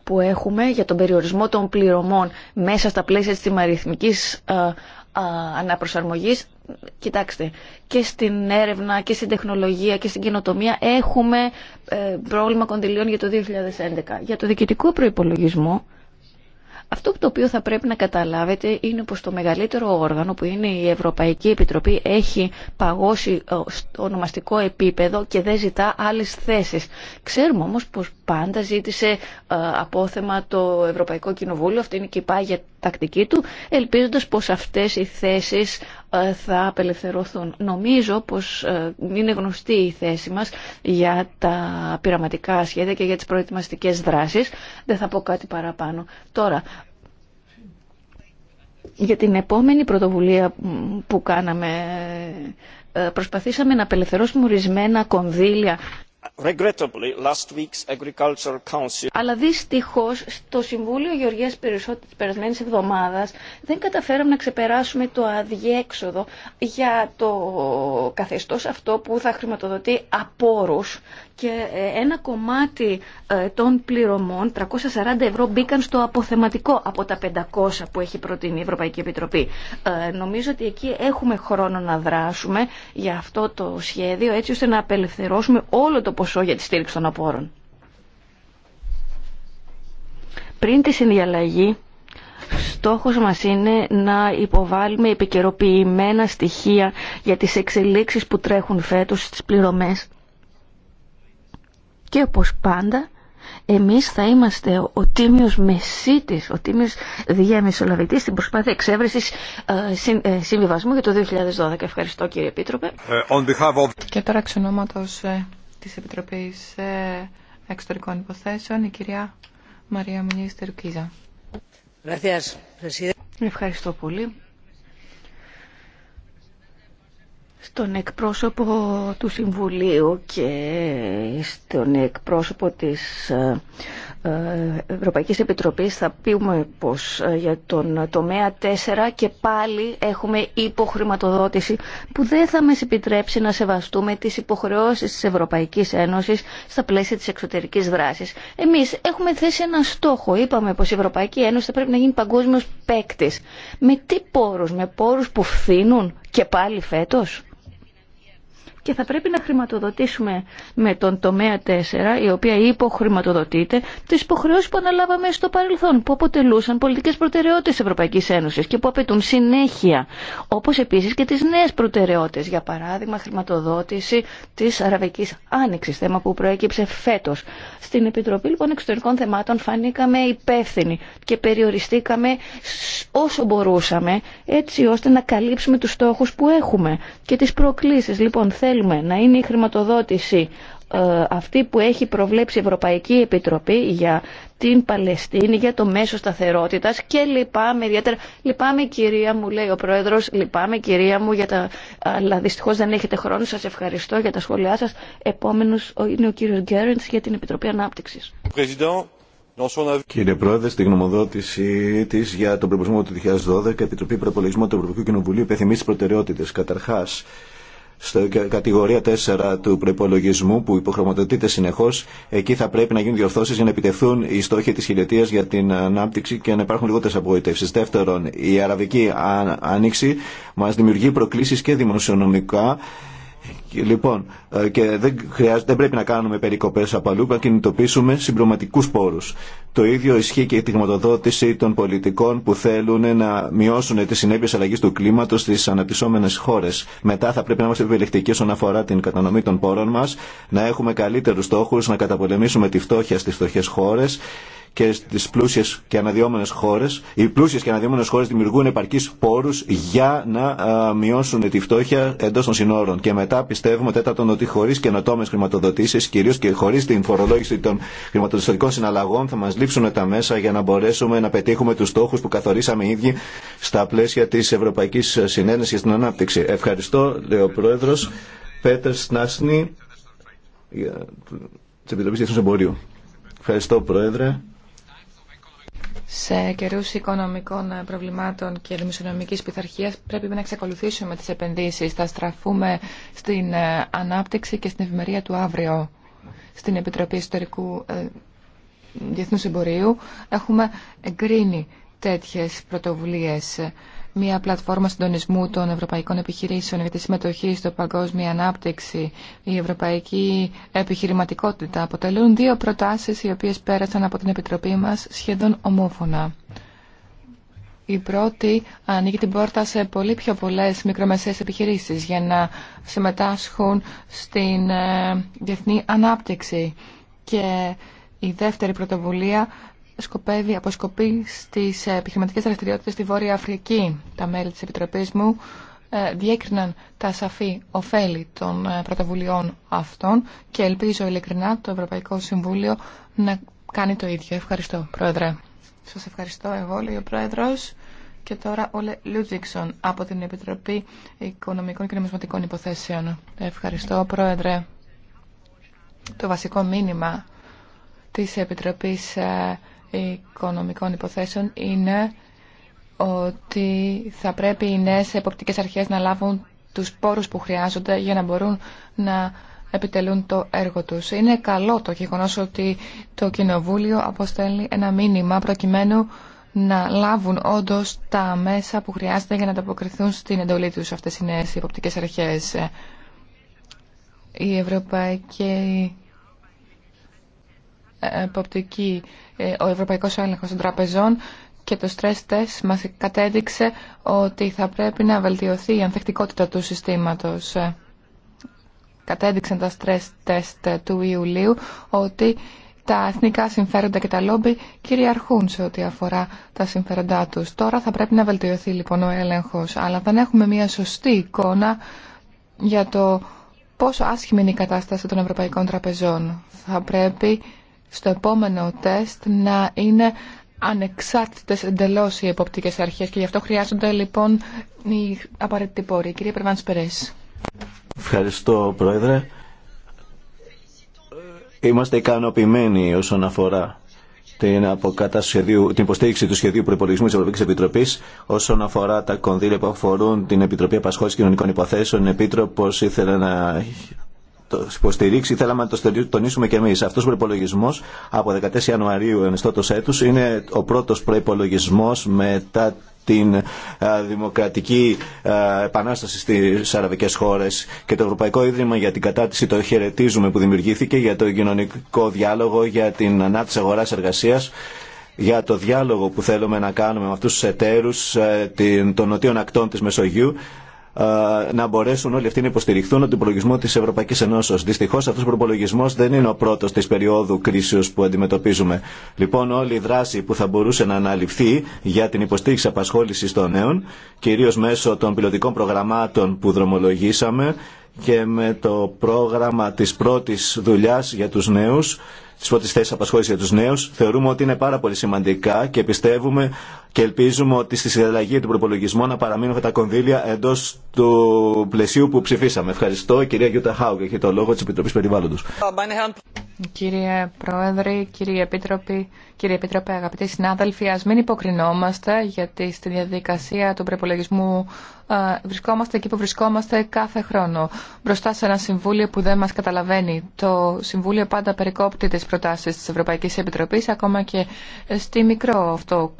που έχουμε για τον περιορισμό των πληρωμών μέσα στα πλαίσια της τιμαριθμικής αναπροσαρμογής, κοιτάξτε, και στην έρευνα και στην τεχνολογία και στην κοινοτομία έχουμε ε, πρόβλημα κονδυλίων για το 2011. Για το διοικητικό προϋπολογισμό, αυτό το οποίο θα πρέπει να καταλάβετε είναι πως το μεγαλύτερο όργανο που είναι η Ευρωπαϊκή Επιτροπή έχει παγώσει ε, στο ονομαστικό επίπεδο και δεν ζητά άλλες θέσεις. Ξέρουμε όμως πως πάντα ζήτησε ε, απόθεμα το Ευρωπαϊκό Κοινοβούλιο, αυτή είναι και η πάγια τακτική του, ελπίζοντας πως αυτές οι θέσεις ε, θα απελευθερωθούν. Νομίζω πως ε, είναι γνωστή η θέση μας για τα πειραματικά σχέδια και για τις προετοιμαστικές δράσεις. Δεν θα πω κάτι παραπάνω. Τώρα, για την επόμενη πρωτοβουλία που κάναμε, ε, προσπαθήσαμε να απελευθερώσουμε ορισμένα κονδύλια αλλά δυστυχώ, στο Συμβούλιο Γεωργία Περισσότερης της περασμένης εβδομάδα δεν καταφέραμε να ξεπεράσουμε το αδιέξοδο για το καθεστώ αυτό που θα χρηματοδοτεί απόρου και ε, ένα κομμάτι ε, των πληρωμών, 340 ευρώ, μπήκαν στο αποθεματικό από τα 500 που έχει προτείνει η Ευρωπαϊκή Επιτροπή. Ε, νομίζω ότι εκεί έχουμε χρόνο να δράσουμε για αυτό το σχέδιο έτσι ώστε να απελευθερώσουμε όλο το ποσό για τη στήριξη των απόρων. Πριν τη συνδιαλλαγή, στόχος μας είναι να υποβάλουμε επικαιροποιημένα στοιχεία για τις εξελίξεις που τρέχουν φέτος στις πληρωμές και όπως πάντα εμείς θα είμαστε ο τίμιος μεσίτης, ο τίμιος διαμεσολαβητής στην προσπάθεια εξέβρεσης ε, ε, συμβιβασμού για το
2012. Ευχαριστώ κύριε Επίτροπε. Ε, Και τώρα εξ ονόματος της Επιτροπής Εξωτερικών Υποθέσεων, η κυρία Μαρία Μουνίστερ Κίζα. Ευχαριστώ πολύ.
στον εκπρόσωπο του Συμβουλίου και στον εκπρόσωπο της ε, ε, Ευρωπαϊκής Επιτροπής θα πούμε πως ε, για τον τομέα 4 και πάλι έχουμε υποχρηματοδότηση που δεν θα μας επιτρέψει να σεβαστούμε τις υποχρεώσεις της Ευρωπαϊκής Ένωσης στα πλαίσια της εξωτερικής δράσης. Εμείς έχουμε θέσει ένα στόχο. Είπαμε πως η Ευρωπαϊκή Ένωση θα πρέπει να γίνει παγκόσμιος παίκτη. Με τι πόρους, με πόρους που φθήνουν και πάλι φέτος και θα πρέπει να χρηματοδοτήσουμε με τον τομέα 4, η οποία υποχρηματοδοτείται, τι υποχρεώσει που αναλάβαμε στο παρελθόν, που αποτελούσαν πολιτικέ προτεραιότητε τη Ευρωπαϊκή Ένωση και που απαιτούν συνέχεια. Όπω επίση και τι νέε προτεραιότητε, για παράδειγμα, χρηματοδότηση τη Αραβική Άνοιξη, θέμα που προέκυψε φέτο. Στην Επιτροπή λοιπόν Εξωτερικών Θεμάτων φανήκαμε υπεύθυνοι και περιοριστήκαμε όσο μπορούσαμε, έτσι ώστε να καλύψουμε του στόχου που έχουμε και τι προκλήσει. Λοιπόν, θέλουμε να είναι η χρηματοδότηση ε, αυτή που έχει προβλέψει η Ευρωπαϊκή Επιτροπή για την Παλαιστίνη, για το μέσο σταθερότητας και λυπάμαι ιδιαίτερα. Λυπάμαι κυρία μου, λέει ο Πρόεδρος, λυπάμαι κυρία μου, για τα... αλλά δυστυχώς δεν έχετε χρόνο. Σας ευχαριστώ για τα σχόλιά σας. Επόμενος είναι ο κύριος Γκέρεντς για την Επιτροπή Ανάπτυξης.
Κύριε Πρόεδρε, στη γνωμοδότησή τη για τον προπολογισμό του 2012, η Επιτροπή Προπολογισμού του Ευρωπαϊκού Κοινοβουλίου επιθυμεί τι προτεραιότητε. Καταρχά, στο κατηγορία 4 του προπολογισμού που υποχρεωματοποιείται συνεχώ, εκεί θα πρέπει να γίνουν διορθώσει για να επιτευχθούν οι στόχοι τη χιλιετία για την ανάπτυξη και να υπάρχουν λιγότερε απογοητεύσει. Δεύτερον, η αραβική άνοιξη μα δημιουργεί προκλήσει και δημοσιονομικά Λοιπόν, ε, και δεν, δεν πρέπει να κάνουμε περικοπέ από αλλού, πρέπει να κινητοποιήσουμε συμπληρωματικού πόρου. Το ίδιο ισχύει και η χρηματοδότηση των πολιτικών που θέλουν να μειώσουν τι συνέπειε αλλαγή του κλίματο στι αναπτυσσόμενε χώρε. Μετά θα πρέπει να είμαστε επιλεκτικοί όσον αφορά την κατανομή των πόρων μα, να έχουμε καλύτερου στόχου, να καταπολεμήσουμε τη φτώχεια στι φτωχέ χώρε και στι πλούσιε και αναδυόμενε χώρε. Οι πλούσιε και αναδυόμενε χώρε δημιουργούν επαρκεί πόρου για να ε, μειώσουν τη φτώχεια εντό των συνόρων. Και μετά Πιστεύουμε τέταρτον ότι χωρί καινοτόμε χρηματοδοτήσει, κυρίω και χωρί την φορολόγηση των χρηματοδοτικών συναλλαγών, θα μα λείψουν τα μέσα για να μπορέσουμε να πετύχουμε του στόχου που καθορίσαμε οι ίδιοι στα πλαίσια τη Ευρωπαϊκή Συνένεση στην Ανάπτυξη. Ευχαριστώ, λέει ο Πρόεδρο Πέτερ Σνάσνη τη Επιτροπή Διεθνού Εμπορίου. Ευχαριστώ, Πρόεδρε.
Σε καιρού οικονομικών προβλημάτων και δημοσιονομική πειθαρχία πρέπει να εξακολουθήσουμε τι επενδύσει. Θα στραφούμε στην ε, ανάπτυξη και στην ευημερία του αύριο. Στην Επιτροπή Ιστορικού ε, διεθνού Εμπορίου έχουμε εγκρίνει τέτοιε πρωτοβουλίες μια πλατφόρμα συντονισμού των ευρωπαϊκών επιχειρήσεων για τη συμμετοχή στο παγκόσμιο ανάπτυξη, η ευρωπαϊκή επιχειρηματικότητα αποτελούν δύο προτάσεις οι οποίες πέρασαν από την Επιτροπή μας σχεδόν ομόφωνα. Η πρώτη ανοίγει την πόρτα σε πολύ πιο πολλές μικρομεσαίες επιχειρήσεις για να συμμετάσχουν στην ε, διεθνή ανάπτυξη και η δεύτερη πρωτοβουλία σκοπεύει, αποσκοπεί στις επιχειρηματικές δραστηριότητες στη Βόρεια Αφρική. Τα μέλη της Επιτροπής μου ε, διέκριναν τα σαφή ωφέλη των ε, πρωτοβουλειών αυτών και ελπίζω ειλικρινά το Ευρωπαϊκό Συμβούλιο να κάνει το ίδιο. Ευχαριστώ, Πρόεδρε. Σας ευχαριστώ εγώ, λέει ο Πρόεδρος. Και τώρα ο Λε από την Επιτροπή Οικονομικών και Νομισματικών Υποθέσεων. Ευχαριστώ, Πρόεδρε. Το βασικό μήνυμα της Επιτροπής ε, Οικονομικών Υποθέσεων είναι ότι θα πρέπει οι νέες εποπτικές αρχές να λάβουν τους πόρους που χρειάζονται για να μπορούν να επιτελούν το έργο τους. Είναι καλό το γεγονός ότι το Κοινοβούλιο αποστέλει ένα μήνυμα προκειμένου να λάβουν όντω τα μέσα που χρειάζεται για να ανταποκριθούν στην εντολή τους αυτές οι νέες υποπτικές αρχές. Ευρωπαϊκή εποπτική, ε, ο Ευρωπαϊκός Έλεγχος των Τραπεζών και το stress test μας κατέδειξε ότι θα πρέπει να βελτιωθεί η ανθεκτικότητα του συστήματος. Ε, κατέδειξαν τα stress test του Ιουλίου ότι τα εθνικά συμφέροντα και τα λόμπι κυριαρχούν σε ό,τι αφορά τα συμφέροντά τους. Τώρα θα πρέπει να βελτιωθεί λοιπόν ο έλεγχος, αλλά δεν έχουμε μια σωστή εικόνα για το πόσο άσχημη είναι η κατάσταση των ευρωπαϊκών τραπεζών. Θα πρέπει στο επόμενο τεστ να είναι ανεξάρτητες εντελώ οι εποπτικές αρχές και γι' αυτό χρειάζονται λοιπόν οι απαραίτητοι πόροι. Κυρία Περβάνης Περές.
Ευχαριστώ Πρόεδρε. Είμαστε ικανοποιημένοι όσον αφορά την, την υποστήριξη του σχεδίου προπολογισμού τη Ευρωπαϊκή Επιτροπή όσον αφορά τα κονδύλια που αφορούν την Επιτροπή Απασχόληση Κοινωνικών Υποθέσεων. Επίτροπο ήθελε να το υποστηρίξει, θέλαμε να το τονίσουμε και εμεί. Αυτό ο προπολογισμό από 14 Ιανουαρίου ενιστότο έτου είναι ο πρώτο προπολογισμό μετά την δημοκρατική επανάσταση στις αραβικές χώρες και το Ευρωπαϊκό Ίδρυμα για την κατάρτιση το χαιρετίζουμε που δημιουργήθηκε για το κοινωνικό διάλογο, για την ανάπτυξη αγορά εργασία, για το διάλογο που θέλουμε να κάνουμε με αυτούς τους εταίρους των νοτίων ακτών της Μεσογείου ε, να μπορέσουν όλοι αυτοί να υποστηριχθούν τον προπολογισμό τη Ευρωπαϊκή Ενώσεω. Δυστυχώ αυτό ο προπολογισμό δεν είναι ο πρώτο τη περίοδου κρίσεω που αντιμετωπίζουμε. Λοιπόν, όλη η δράση που θα μπορούσε να αναλυφθεί για την υποστήριξη απασχόληση των νέων, κυρίω μέσω των πιλωτικών προγραμμάτων που δρομολογήσαμε και με το πρόγραμμα τη πρώτη δουλειά για του νέου, τι πρώτε θέσει απασχόληση για του νέου. Θεωρούμε ότι είναι πάρα πολύ σημαντικά και πιστεύουμε και ελπίζουμε ότι στη συναλλαγή του προπολογισμού να παραμείνουν αυτά τα κονδύλια εντό του πλαισίου που ψηφίσαμε. Ευχαριστώ. κυρία Γιούτα Χάουγκ έχει το λόγο τη Επιτροπή Περιβάλλοντο.
Κύριε Πρόεδρε, κύριε Επίτροπη, κύριε Επίτροπε, αγαπητοί συνάδελφοι, ας μην υποκρινόμαστε γιατί στη διαδικασία του προπολογισμού ε, βρισκόμαστε εκεί που βρισκόμαστε κάθε χρόνο. Μπροστά σε ένα συμβούλιο που δεν μας καταλαβαίνει. Το συμβούλιο πάντα περικόπτει τις προτάσεις της Ευρωπαϊκής Επιτροπής, ακόμα και στη, μικρό αυτό,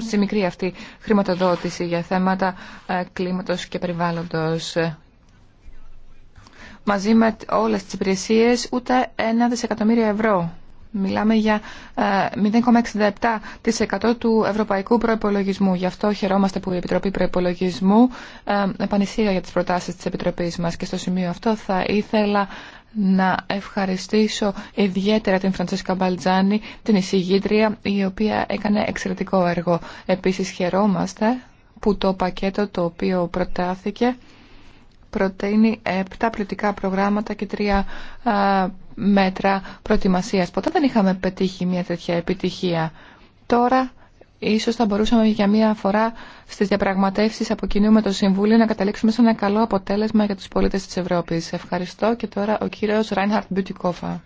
στη μικρή αυτή χρηματοδότηση για θέματα ε, κλίματος και περιβάλλοντος μαζί με όλες τις υπηρεσίες ούτε ένα δισεκατομμύριο ευρώ. Μιλάμε για 0,67% ε, του ευρωπαϊκού προϋπολογισμού. Γι' αυτό χαιρόμαστε που η Επιτροπή Προϋπολογισμού ε, επανησύγα για τις προτάσεις της Επιτροπής μας. Και στο σημείο αυτό θα ήθελα να ευχαριστήσω ιδιαίτερα την Φραντσέσκα Μπαλτζάνη, την εισηγήτρια, η οποία έκανε εξαιρετικό έργο. Επίσης χαιρόμαστε που το πακέτο το οποίο προτάθηκε προτείνει 7 πλητικά προγράμματα και τρία μέτρα προετοιμασίας. Ποτέ δεν είχαμε πετύχει μια τέτοια επιτυχία. Τώρα ίσως θα μπορούσαμε για μία φορά στις διαπραγματεύσεις από κοινού με το Συμβούλιο να καταλήξουμε σε ένα καλό αποτέλεσμα για τους πολίτες της Ευρώπης. Ευχαριστώ και τώρα ο κύριος Ράινχαρτ Μπιουτικόφα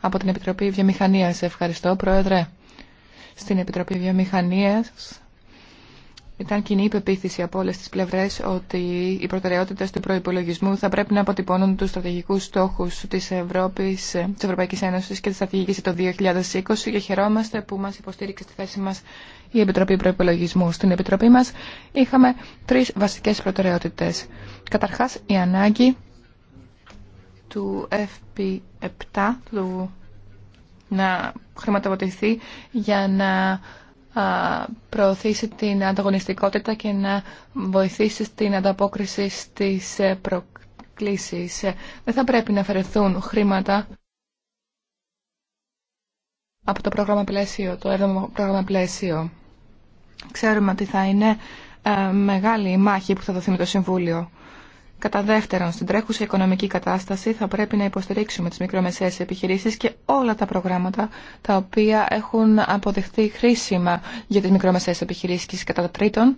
από την Επιτροπή Βιομηχανίας. Ευχαριστώ, Πρόεδρε. Στην Επιτροπή Βιομηχανίας ήταν κοινή υπεποίθηση από όλε τι πλευρέ ότι οι προτεραιότητε του προπολογισμού θα πρέπει να αποτυπώνουν του στρατηγικού στόχου τη Ευρώπης, της Ευρωπαϊκής Ένωσης και τη στρατηγικής το 2020 και χαιρόμαστε που μα υποστήριξε στη θέση μα η Επιτροπή προπολογισμού Στην Επιτροπή μα. είχαμε τρει βασικέ προτεραιότητε. Καταρχά η ανάγκη του FP7 να χρηματοδοτηθεί για να προωθήσει την ανταγωνιστικότητα και να βοηθήσει στην ανταπόκριση στις ε, προκλήσεις. Δεν θα πρέπει να αφαιρεθούν χρήματα από το πρόγραμμα πλαίσιο, το 7 πρόγραμμα πλαίσιο. Ξέρουμε ότι θα είναι ε, μεγάλη η μάχη που θα δοθεί με το Συμβούλιο. Κατά δεύτερον, στην τρέχουσα οικονομική κατάσταση θα πρέπει να υποστηρίξουμε τις μικρομεσαίες επιχειρήσεις και όλα τα προγράμματα τα οποία έχουν αποδεχθεί χρήσιμα για τις μικρομεσαίες επιχειρήσεις. Κατά τρίτον,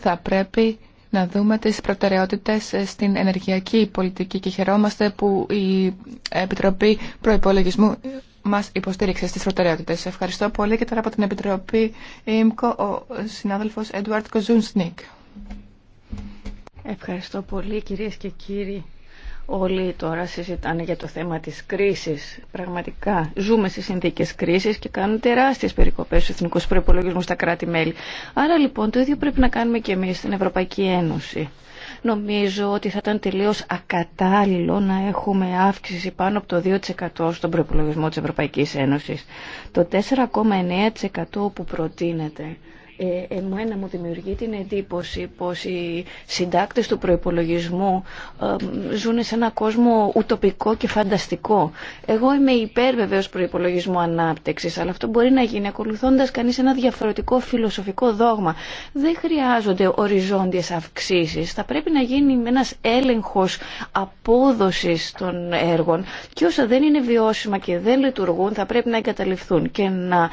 θα πρέπει να δούμε τις προτεραιότητες στην ενεργειακή πολιτική και χαιρόμαστε που η Επιτροπή Προϋπολογισμού μας υποστήριξε στις προτεραιότητες. Ευχαριστώ πολύ και τώρα από την Επιτροπή ΙΜΚΟ ο συνάδελφος Έντουαρτ Κοζούνσνικ. Ευχαριστώ πολύ
κυρίες και κύριοι. Όλοι τώρα συζητάνε για το θέμα της κρίσης. Πραγματικά ζούμε σε συνθήκες κρίσης και κάνουν τεράστιες περικοπές στους εθνικούς προϋπολογισμούς στα κράτη-μέλη. Άρα λοιπόν το ίδιο πρέπει να κάνουμε και εμείς στην Ευρωπαϊκή Ένωση. Νομίζω ότι θα ήταν τελείως ακατάλληλο να έχουμε αύξηση πάνω από το 2% στον προϋπολογισμό της Ευρωπαϊκής Ένωσης. Το 4,9% που προτείνεται εμένα μου δημιουργεί την εντύπωση πως οι συντάκτες του προϋπολογισμού ε, ζουν σε ένα κόσμο ουτοπικό και φανταστικό. Εγώ είμαι υπέρ βεβαίως προϋπολογισμού ανάπτυξης, αλλά αυτό μπορεί να γίνει ακολουθώντας κανείς ένα διαφορετικό φιλοσοφικό δόγμα. Δεν χρειάζονται οριζόντιες αυξήσεις. Θα πρέπει να γίνει ένας έλεγχος απόδοσης των έργων και όσα δεν είναι βιώσιμα και δεν λειτουργούν θα πρέπει να εγκαταληφθούν και να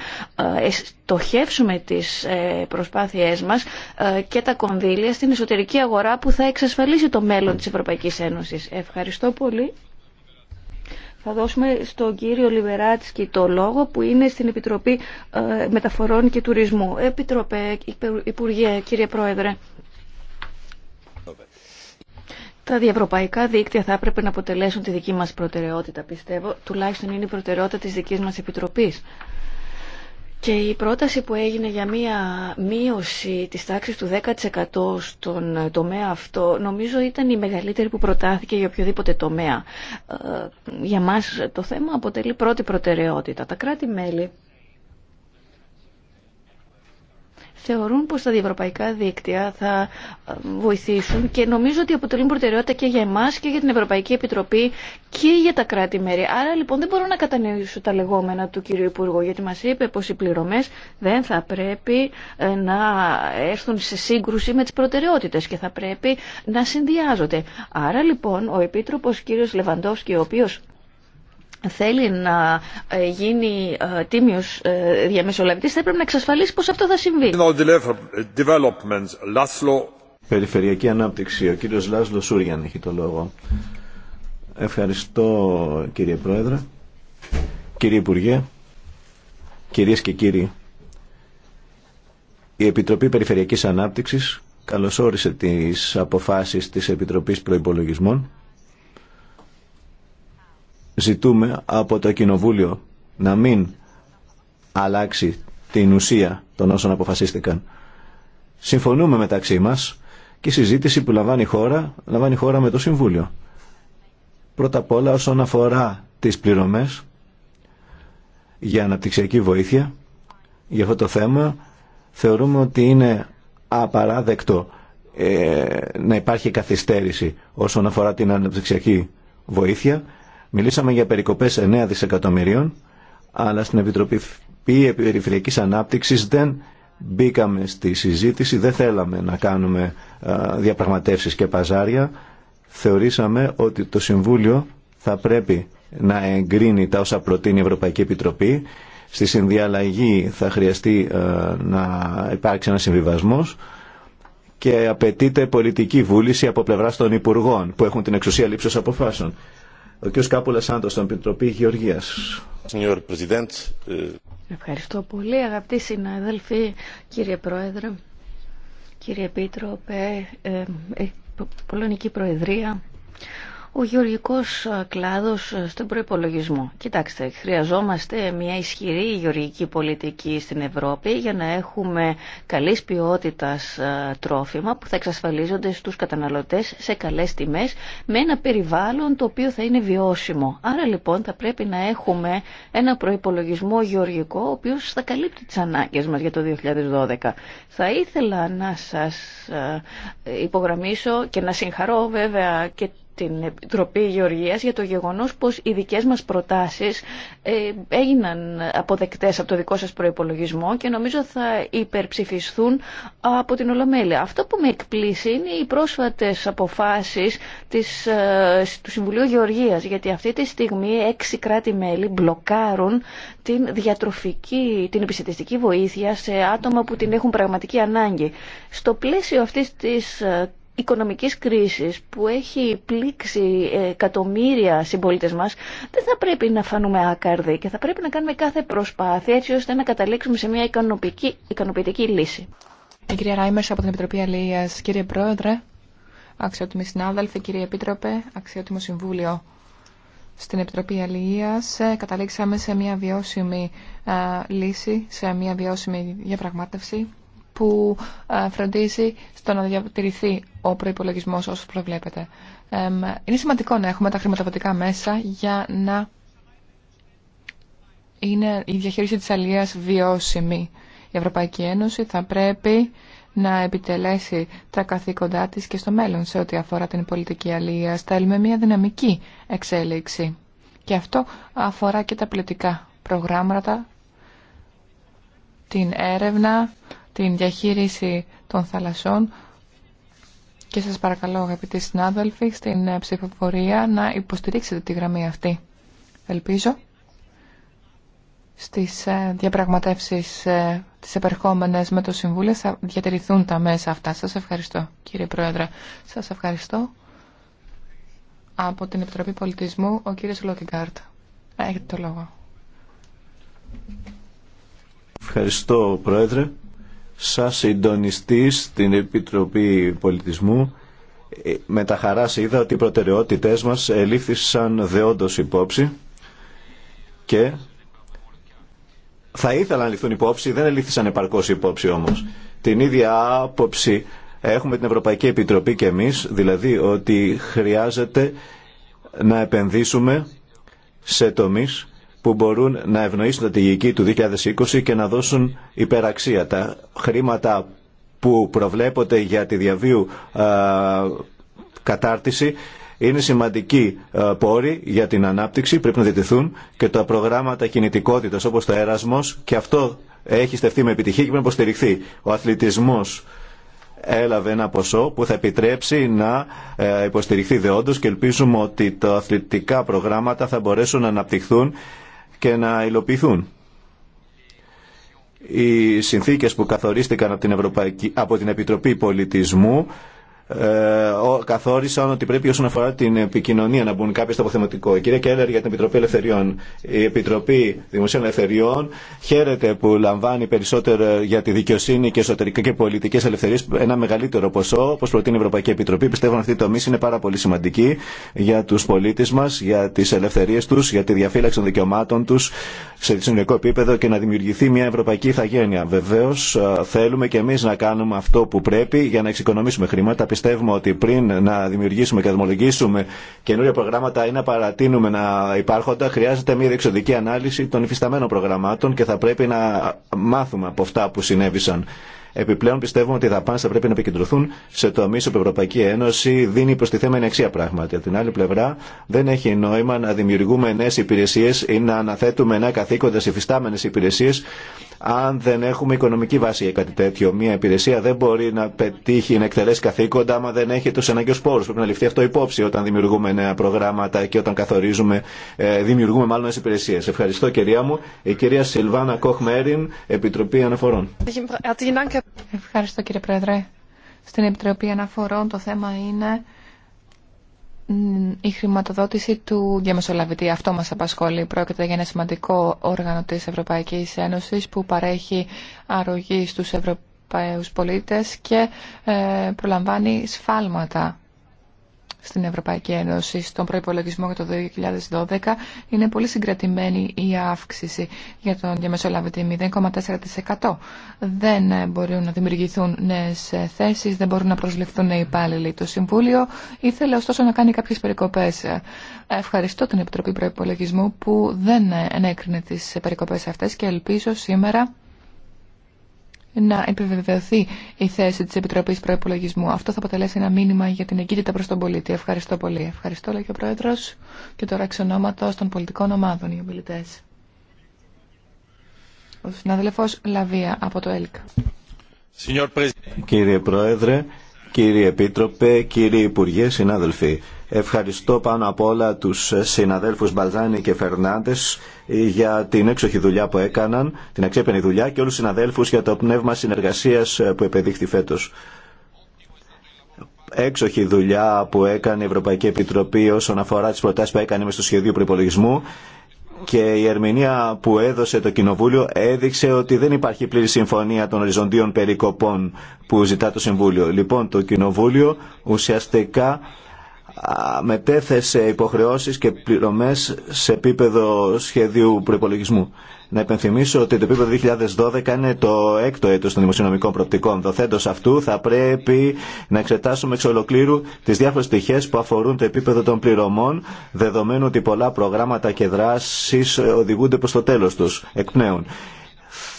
ε, στοχεύσουμε τις ε, προσπάθειές μας ε, και τα κονδύλια στην εσωτερική αγορά που θα εξασφαλίσει το μέλλον της Ευρωπαϊκής Ένωσης. Ευχαριστώ πολύ. Θα δώσουμε στον κύριο Λιβεράτσκι το λόγο που είναι στην Επιτροπή ε, Μεταφορών και Τουρισμού. Επιτροπέ, Υπουργέ, κύριε Πρόεδρε. Τα διευρωπαϊκά δίκτυα θα έπρεπε να αποτελέσουν τη δική μας προτεραιότητα, πιστεύω. Τουλάχιστον είναι η προτεραιότητα της δικής μας Επιτροπής. Και η πρόταση που έγινε για μία μείωση της τάξης του 10% στον ε, τομέα αυτό νομίζω ήταν η μεγαλύτερη που προτάθηκε για οποιοδήποτε τομέα. Ε, για μας το θέμα αποτελεί πρώτη προτεραιότητα. Τα κράτη-μέλη θεωρούν πως τα διευρωπαϊκά δίκτυα θα ε, βοηθήσουν και νομίζω ότι αποτελούν προτεραιότητα και για εμάς και για την Ευρωπαϊκή Επιτροπή και για τα κράτη-μέρη. Άρα λοιπόν δεν μπορώ να κατανοήσω τα λεγόμενα του κύριου Υπουργού γιατί μας είπε πως οι πληρωμές δεν θα πρέπει ε, να έρθουν σε σύγκρουση με τις προτεραιότητες και θα πρέπει να συνδυάζονται. Άρα λοιπόν ο Επίτροπος κύριος Λεβαντόφσκι ο οποίος θέλει να ε, γίνει ε, τίμιος ε, διαμεσολαβητής θα έπρεπε να εξασφαλίσει πως αυτό θα συμβεί.
Περιφερειακή ανάπτυξη. Ο κύριος Λάσλο Σούριαν έχει το λόγο. Ευχαριστώ κύριε Πρόεδρε, κύριε Υπουργέ, κυρίες και κύριοι. Η Επιτροπή Περιφερειακής Ανάπτυξης καλωσόρισε τις αποφάσεις της Επιτροπής Προϋπολογισμών ζητούμε από το Κοινοβούλιο να μην αλλάξει την ουσία των όσων αποφασίστηκαν. Συμφωνούμε μεταξύ μας και η συζήτηση που λαμβάνει η χώρα, λαμβάνει η χώρα με το Συμβούλιο. Πρώτα απ' όλα όσον αφορά τις πληρωμές για αναπτυξιακή βοήθεια, για αυτό το θέμα θεωρούμε ότι είναι απαράδεκτο ε, να υπάρχει καθυστέρηση όσον αφορά την αναπτυξιακή βοήθεια Μιλήσαμε για περικοπές 9 δισεκατομμυρίων, αλλά στην Επιτροπή Περιφερειακής Ανάπτυξης δεν μπήκαμε στη συζήτηση, δεν θέλαμε να κάνουμε διαπραγματεύσεις και παζάρια. Θεωρήσαμε ότι το Συμβούλιο θα πρέπει να εγκρίνει τα όσα προτείνει η Ευρωπαϊκή Επιτροπή. Στη συνδιαλλαγή θα χρειαστεί να υπάρξει ένα συμβιβασμός και απαιτείται πολιτική βούληση από πλευρά των Υπουργών που έχουν την εξουσία λήψης αποφάσεων. Ο κ. Κάπουλα Σάντο, στην Επιτροπή Γεωργία. Ε,
Ευχαριστώ πολύ, αγαπητοί συνάδελφοι, κύριε Πρόεδρε, κύριε Επίτροπε, ε, ε Πολωνική Προεδρία. Ο γεωργικός ε, κλάδος ε, στον προϋπολογισμό. Κοιτάξτε, χρειαζόμαστε μια ισχυρή γεωργική πολιτική στην Ευρώπη για να έχουμε καλής ποιότητας ε, τρόφιμα που θα εξασφαλίζονται στους καταναλωτές σε καλές τιμές με ένα περιβάλλον το οποίο θα είναι βιώσιμο. Άρα λοιπόν θα πρέπει να έχουμε ένα προϋπολογισμό γεωργικό ο οποίος θα καλύπτει τις ανάγκες μας για το 2012. Θα ήθελα να σας υπογραμμίσω και να συγχαρώ βέβαια και την Επιτροπή Γεωργίας για το γεγονός πως οι δικές μας προτάσεις ε, έγιναν αποδεκτές από το δικό σας προϋπολογισμό και νομίζω θα υπερψηφισθούν από την Ολομέλεια. Αυτό που με εκπλήσει είναι οι πρόσφατες αποφάσεις ε, του Συμβουλίου Γεωργίας γιατί αυτή τη στιγμή έξι κράτη-μέλη μπλοκάρουν την διατροφική, την επιστημιστική βοήθεια σε άτομα που την έχουν πραγματική ανάγκη. Στο πλαίσιο αυτής της ε, οικονομικής κρίσης που έχει πλήξει ε, εκατομμύρια συμπολίτες μας δεν θα πρέπει να φανούμε άκαρδοι και θα πρέπει να κάνουμε κάθε προσπάθεια έτσι ώστε να καταλήξουμε σε μια ικανοποιητική λύση.
Η κυρία Ράιμερς από την Επιτροπή Αλληλείας. Κύριε Πρόεδρε, αξιότιμοι συνάδελφοι, κύριε Επίτροπε, αξιότιμο Συμβούλιο. Στην Επιτροπή Αλληλείας ε, καταλήξαμε σε μια βιώσιμη ε, λύση, σε μια βιώσιμη διαπραγμάτευση που ε, φροντίζει στο να διατηρηθεί ο προπολογισμό όσο προβλέπετε. Είναι σημαντικό να έχουμε τα χρηματοδοτικά μέσα για να είναι η διαχείριση της αλίας βιώσιμη. Η Ευρωπαϊκή Ένωση θα πρέπει να επιτελέσει τα καθήκοντά της και στο μέλλον σε ό,τι αφορά την πολιτική αλίας. Στέλνουμε μια δυναμική εξέλιξη. Και αυτό αφορά και τα πλητικά προγράμματα, την έρευνα, την διαχείριση των θαλασσών και σας παρακαλώ αγαπητοί συνάδελφοι στην ε, ψηφοφορία να υποστηρίξετε τη γραμμή αυτή. Ελπίζω στις ε, διαπραγματεύσεις ε, τις επερχόμενες με το Συμβούλιο θα διατηρηθούν τα μέσα αυτά. Σας ευχαριστώ κύριε Πρόεδρε. Σας ευχαριστώ από την Επιτροπή Πολιτισμού ο κύριος Λόκιγκάρτ. Έχετε το λόγο.
Ευχαριστώ Πρόεδρε σαν συντονιστή στην Επιτροπή Πολιτισμού ε, με τα χαράς είδα ότι οι προτεραιότητές μας ελήφθησαν δεόντως υπόψη και θα ήθελα να ληφθούν υπόψη, δεν ελήφθησαν επαρκώς υπόψη όμως. Την ίδια άποψη έχουμε την Ευρωπαϊκή Επιτροπή και εμείς, δηλαδή ότι χρειάζεται να επενδύσουμε σε τομείς που μπορούν να ευνοήσουν τα τηγική του 2020 και να δώσουν υπεραξία. Τα χρήματα που προβλέπονται για τη διαβίου ε, κατάρτιση είναι σημαντικοί ε, πόροι για την ανάπτυξη, πρέπει να διατηθούν και τα προγράμματα κινητικότητας όπως το Έρασμος και αυτό έχει στεφτεί με επιτυχία και πρέπει να υποστηριχθεί. Ο αθλητισμός έλαβε ένα ποσό που θα επιτρέψει να ε, υποστηριχθεί δεόντως και ελπίζουμε ότι τα αθλητικά προγράμματα θα μπορέσουν να αναπτυχθούν και να υλοποιηθούν. Οι συνθήκες που καθορίστηκαν από την, Ευρωπαϊκή, από την Επιτροπή Πολιτισμού ε, καθόρισαν ότι πρέπει όσον αφορά την επικοινωνία να μπουν κάποιοι στο αποθεματικό. Η κυρία Κέλλερ για την Επιτροπή Ελευθεριών. Η Επιτροπή Δημοσίων Ελευθεριών χαίρεται που λαμβάνει περισσότερο για τη δικαιοσύνη και εσωτερικά και πολιτικέ ελευθερίε ένα μεγαλύτερο ποσό, όπω προτείνει η Ευρωπαϊκή Επιτροπή. Πιστεύω ότι αυτή η τομή είναι πάρα πολύ σημαντική για του πολίτε μα, για τι ελευθερίε του, για τη διαφύλαξη των δικαιωμάτων του σε συνολικό επίπεδο και να δημιουργηθεί μια ευρωπαϊκή ηθαγένεια. Βεβαίω θέλουμε και εμεί να κάνουμε αυτό που πρέπει για να εξοικονομήσουμε χρήματα πιστεύουμε ότι πριν να δημιουργήσουμε και να δημιουργήσουμε καινούρια προγράμματα ή να παρατείνουμε να υπάρχοντα, χρειάζεται μια διεξοδική ανάλυση των υφισταμένων προγραμμάτων και θα πρέπει να μάθουμε από αυτά που συνέβησαν. Επιπλέον πιστεύουμε ότι οι δαπάνε θα πρέπει να επικεντρωθούν σε τομεί όπου η Ευρωπαϊκή Ένωση δίνει τη προστιθέμενη αξία πράγματι. Από την άλλη πλευρά, δεν έχει νόημα να δημιουργούμε νέε υπηρεσίε ή να αναθέτουμε νέα καθήκοντα υφιστάμενε υπηρεσίε αν δεν έχουμε οικονομική βάση για κάτι τέτοιο. Μια υπηρεσία δεν μπορεί να πετύχει, να εκτελέσει καθήκοντα, άμα δεν έχει του αναγκαίου πόρου. Πρέπει να ληφθεί αυτό υπόψη όταν δημιουργούμε νέα προγράμματα και όταν καθορίζουμε, ε, δημιουργούμε μάλλον νέε υπηρεσίε. Ευχαριστώ, κυρία μου. Η κυρία Σιλβάνα Μέριν, Επιτροπή Αναφορών.
Ευχαριστώ, κύριε Πρόεδρε. Στην Επιτροπή Αναφορών το θέμα είναι η χρηματοδότηση του διαμεσολαβητή. Αυτό μας απασχολεί. Πρόκειται για ένα σημαντικό όργανο της Ευρωπαϊκής Ένωσης που παρέχει αρρωγή στους Ευρωπαίους πολίτες και ε, προλαμβάνει σφάλματα στην Ευρωπαϊκή Ένωση στον προϋπολογισμό για το 2012 είναι πολύ συγκρατημένη η αύξηση για τον διαμεσολαβητή 0,4%. Δεν μπορούν να δημιουργηθούν νέες θέσεις, δεν μπορούν να προσληφθούν νέοι υπάλληλοι. Το Συμβούλιο ήθελε ωστόσο να κάνει κάποιες περικοπές. Ευχαριστώ την Επιτροπή Προϋπολογισμού που δεν ενέκρινε τις περικοπές αυτές και ελπίζω σήμερα να επιβεβαιωθεί η θέση τη επιτροπή προπολογισμού. Αυτό θα αποτελέσει ένα μήνυμα για την εγκύτητα προ τον πολίτη. Ευχαριστώ πολύ. Ευχαριστώ, λέει και ο Πρόεδρο και τώρα εξ ονόματος των πολιτικών ομάδων, οι ομιλητέ. Ο συνάδελφο, Λαβία από το ΕΛΚ.
Κύριε Πρόεδρε, κύριε Επίτροπε, κύριοι Υπουργέ, συνάδελφοι, Ευχαριστώ πάνω απ' όλα τους συναδέλφους Μπαλζάνη και Φερνάντες ε, για την έξοχη δουλειά που έκαναν, την αξέπαινη δουλειά και όλους τους συναδέλφους για το πνεύμα συνεργασίας ε, που επεδείχθη φέτος. Έξοχη δουλειά που έκανε η Ευρωπαϊκή Επιτροπή όσον αφορά τις προτάσεις που έκανε στο σχεδίο προπολογισμού και η ερμηνεία που έδωσε το Κοινοβούλιο έδειξε ότι δεν υπάρχει πλήρη συμφωνία των οριζοντίων περικοπών που ζητά το Συμβούλιο. Λοιπόν, το Κοινοβούλιο ουσιαστικά μετέθεσε υποχρεώσεις και πληρωμές σε επίπεδο σχεδίου προπολογισμού. Να υπενθυμίσω ότι το επίπεδο 2012 είναι το έκτο έτος των δημοσιονομικών προοπτικών. Δοθέντως αυτού θα πρέπει να εξετάσουμε εξ ολοκλήρου τις διάφορες στοιχές που αφορούν το επίπεδο των πληρωμών, δεδομένου ότι πολλά προγράμματα και δράσεις οδηγούνται προς το τέλος τους, εκπνέουν.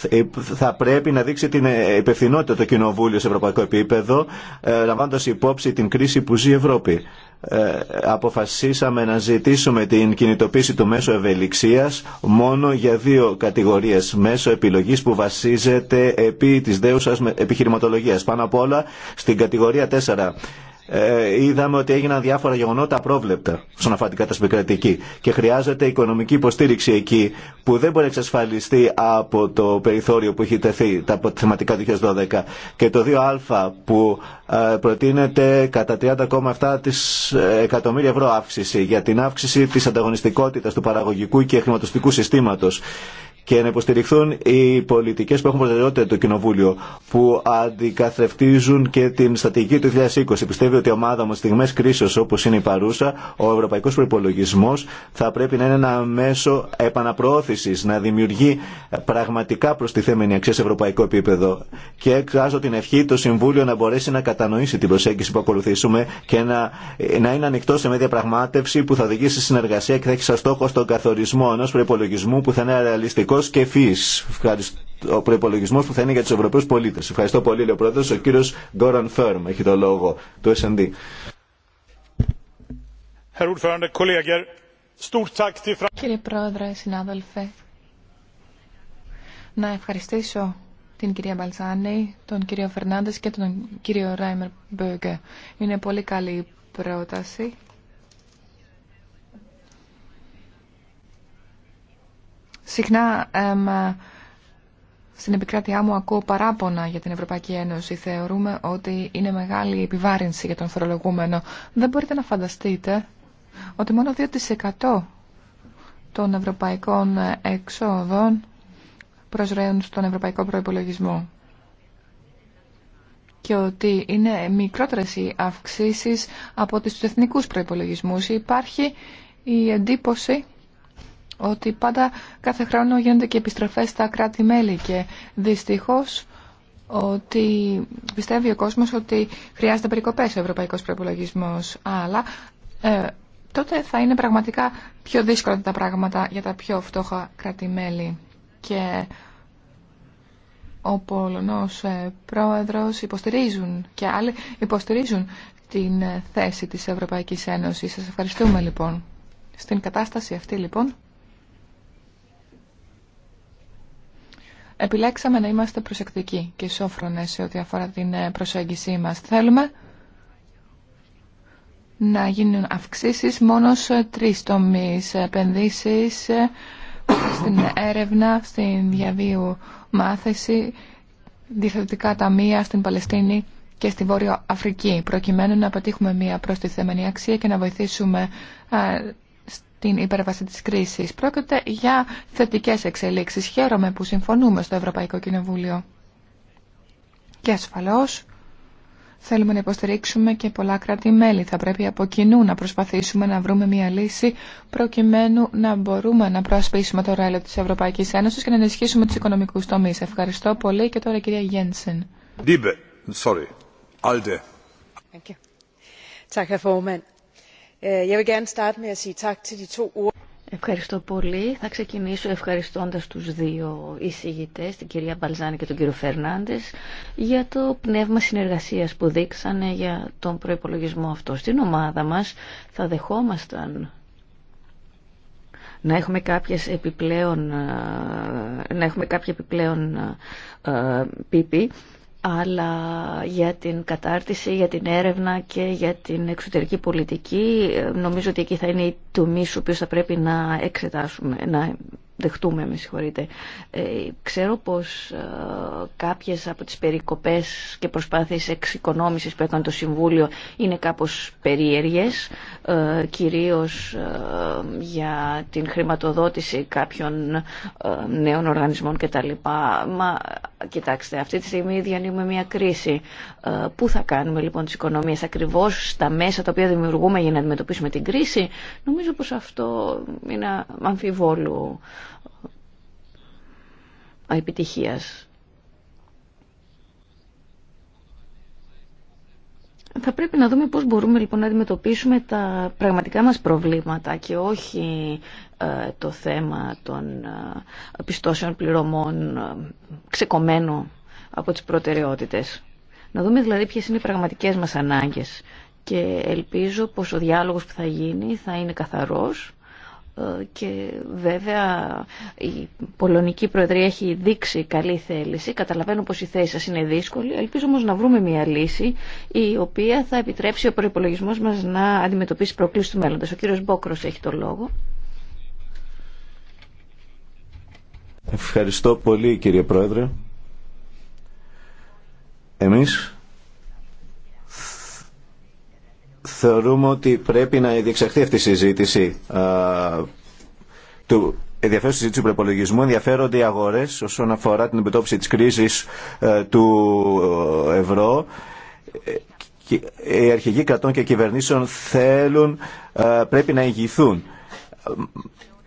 Ε, θα πρέπει να δείξει την ε, υπευθυνότητα το Κοινοβούλιο σε ευρωπαϊκό επίπεδο, ε, λαμβάνοντα υπόψη την κρίση που ζει η Ευρώπη. Αποφασίσαμε να ζητήσουμε την κινητοποίηση του μέσου ευελιξία μόνο για δύο κατηγορίε. μέσω επιλογής που βασίζεται επί τη δέουσα επιχειρηματολογία. Πάνω απ' όλα στην κατηγορία 4 ε, είδαμε ότι έγιναν διάφορα γεγονότα απρόβλεπτα στον αφορά την κατάσταση και χρειάζεται οικονομική υποστήριξη εκεί που δεν μπορεί να εξασφαλιστεί από το περιθώριο που έχει τεθεί τα θεματικά του 2012 και το 2α που ε, προτείνεται κατά 30,7 ε, εκατομμύρια ευρώ αύξηση για την αύξηση της ανταγωνιστικότητας του παραγωγικού και χρηματοστικού συστήματος και να υποστηριχθούν οι πολιτικέ που έχουν προτεραιότητα το Κοινοβούλιο, που αντικαθρεφτίζουν και την στρατηγική του 2020. Πιστεύει ότι η ομάδα μα στιγμέ κρίσεω όπω είναι η παρούσα, ο ευρωπαϊκό προπολογισμό θα πρέπει να είναι ένα μέσο επαναπροώθηση, να δημιουργεί πραγματικά προστιθέμενη αξία σε ευρωπαϊκό επίπεδο. Και εκφράζω την ευχή το Συμβούλιο να μπορέσει να κατανοήσει την προσέγγιση που ακολουθήσουμε και να, να είναι ανοιχτό σε μια διαπραγμάτευση που θα οδηγήσει συνεργασία και θα έχει σαν στόχο τον καθορισμό ενό προπολογισμού που θα είναι ρεαλιστικό και ο προπολογισμό που θα είναι για του Ευρωπαίου πολίτε. Ευχαριστώ πολύ, λέει ο πρόεδρο. Ο κύριο Γκόραν Φέρμ έχει το λόγο του SD.
Κύριε Πρόεδρε, συνάδελφε, να ευχαριστήσω την κυρία Μπαλσάνη, τον κύριο Φερνάντες και τον κύριο Ράιμερ Μπέγκε. Είναι πολύ καλή πρόταση Συχνά εμ, στην επικράτειά μου ακούω παράπονα για την Ευρωπαϊκή Ένωση. Θεωρούμε ότι είναι μεγάλη επιβάρυνση για τον φορολογούμενο. Δεν μπορείτε να φανταστείτε ότι μόνο 2% των ευρωπαϊκών εξόδων προσρέουν στον ευρωπαϊκό προϋπολογισμό και ότι είναι μικρότερες οι αυξήσεις από τις εθνικούς προϋπολογισμούς. Υπάρχει η εντύπωση ότι πάντα κάθε χρόνο γίνονται και επιστροφές στα κράτη-μέλη και δυστυχώς ότι πιστεύει ο κόσμος ότι χρειάζεται περικοπές ο ευρωπαϊκός προπολογισμό, αλλά ε, τότε θα είναι πραγματικά πιο δύσκολα τα πράγματα για τα πιο φτώχα κράτη-μέλη. Και ο Πολωνός ε, πρόεδρος υποστηρίζουν και άλλοι υποστηρίζουν την ε, θέση της Ευρωπαϊκής Ένωσης. Σας ευχαριστούμε λοιπόν. Στην κατάσταση αυτή λοιπόν επιλέξαμε να είμαστε προσεκτικοί και σόφρονες σε ό,τι αφορά την ε, προσέγγιση μας. Θέλουμε να γίνουν αυξήσεις μόνο σε τρει τομεί επενδύσει στην έρευνα, στην διαβίου μάθηση, διευθυντικά ταμεία στην Παλαιστίνη και στη Βόρεια Αφρική, προκειμένου να πετύχουμε μια προστιθέμενη αξία και να βοηθήσουμε ε, την υπέρβαση της κρίσης. Πρόκειται για θετικές εξελίξεις. Χαίρομαι που συμφωνούμε στο Ευρωπαϊκό Κοινοβούλιο. Και ασφαλώς θέλουμε να υποστηρίξουμε και πολλά κράτη-μέλη. Θα πρέπει από κοινού να προσπαθήσουμε να βρούμε μια λύση προκειμένου να μπορούμε να προασπίσουμε το ρόλο της Ευρωπαϊκής Ένωσης και να ενισχύσουμε τους οικονομικούς τομείς. Ευχαριστώ πολύ και τώρα κυρία Γένσεν. Sorry. Alde. Thank you.
Ε, Ευχαριστώ πολύ. Θα ξεκινήσω ευχαριστώντας τους δύο εισηγητές, την κυρία Μπαλζάνη και τον κύριο Φερνάντες, για το πνεύμα συνεργασίας που δείξανε για τον προϋπολογισμό αυτό. Στην ομάδα μας θα δεχόμασταν να έχουμε κάποιες επιπλέον, ε, να έχουμε κάποια επιπλέον ε, πίπη αλλά για την κατάρτιση, για την έρευνα και για την εξωτερική πολιτική ε, νομίζω ότι εκεί θα είναι η τομή σου που θα πρέπει να εξετάσουμε, να δεχτούμε, με συγχωρείτε. Ε, ξέρω πως ε, κάποιες από τις περικοπές και προσπάθειες εξοικονόμησης που έκανε το Συμβούλιο είναι κάπως περίεργες, ε, κυρίως για την χρηματοδότηση κάποιων νέων οργανισμών κτλ. Μα κοιτάξτε, αυτή τη στιγμή διανύουμε μια κρίση. πού θα κάνουμε λοιπόν τις οικονομίες ακριβώς στα μέσα τα οποία δημιουργούμε για να αντιμετωπίσουμε την κρίση. Νομίζω πως αυτό είναι αμφιβόλου επιτυχίας. Θα πρέπει να δούμε πώς μπορούμε λοιπόν να αντιμετωπίσουμε τα πραγματικά μας προβλήματα και όχι ε, το θέμα των ε, πιστώσεων πληρωμών ε, ξεκομμένο από τις προτεραιότητες. Να δούμε δηλαδή ποιες είναι οι πραγματικές μας ανάγκες και ελπίζω πως ο διάλογος που θα γίνει θα είναι καθαρός ε, και βέβαια η Πολωνική Προεδρία έχει δείξει καλή θέληση. Καταλαβαίνω πως η θέση σας είναι δύσκολη. Ελπίζω όμως να βρούμε μια λύση η οποία θα επιτρέψει ο προπολογισμό μας να αντιμετωπίσει προκλήσεις του μέλλοντος. Ο κύριος Μπόκρος έχει το λόγο.
Ευχαριστώ πολύ κύριε Πρόεδρε. Εμείς θεωρούμε ότι πρέπει να διεξαχθεί αυτή η συζήτηση του ενδιαφέρον συζήτηση του προπολογισμού, ενδιαφέρονται οι αγορέ όσον αφορά την επιτόπιση τη κρίση του ε, ευρώ. Ε, οι αρχηγοί κρατών και κυβερνήσεων θέλουν, πρέπει να ηγηθούν.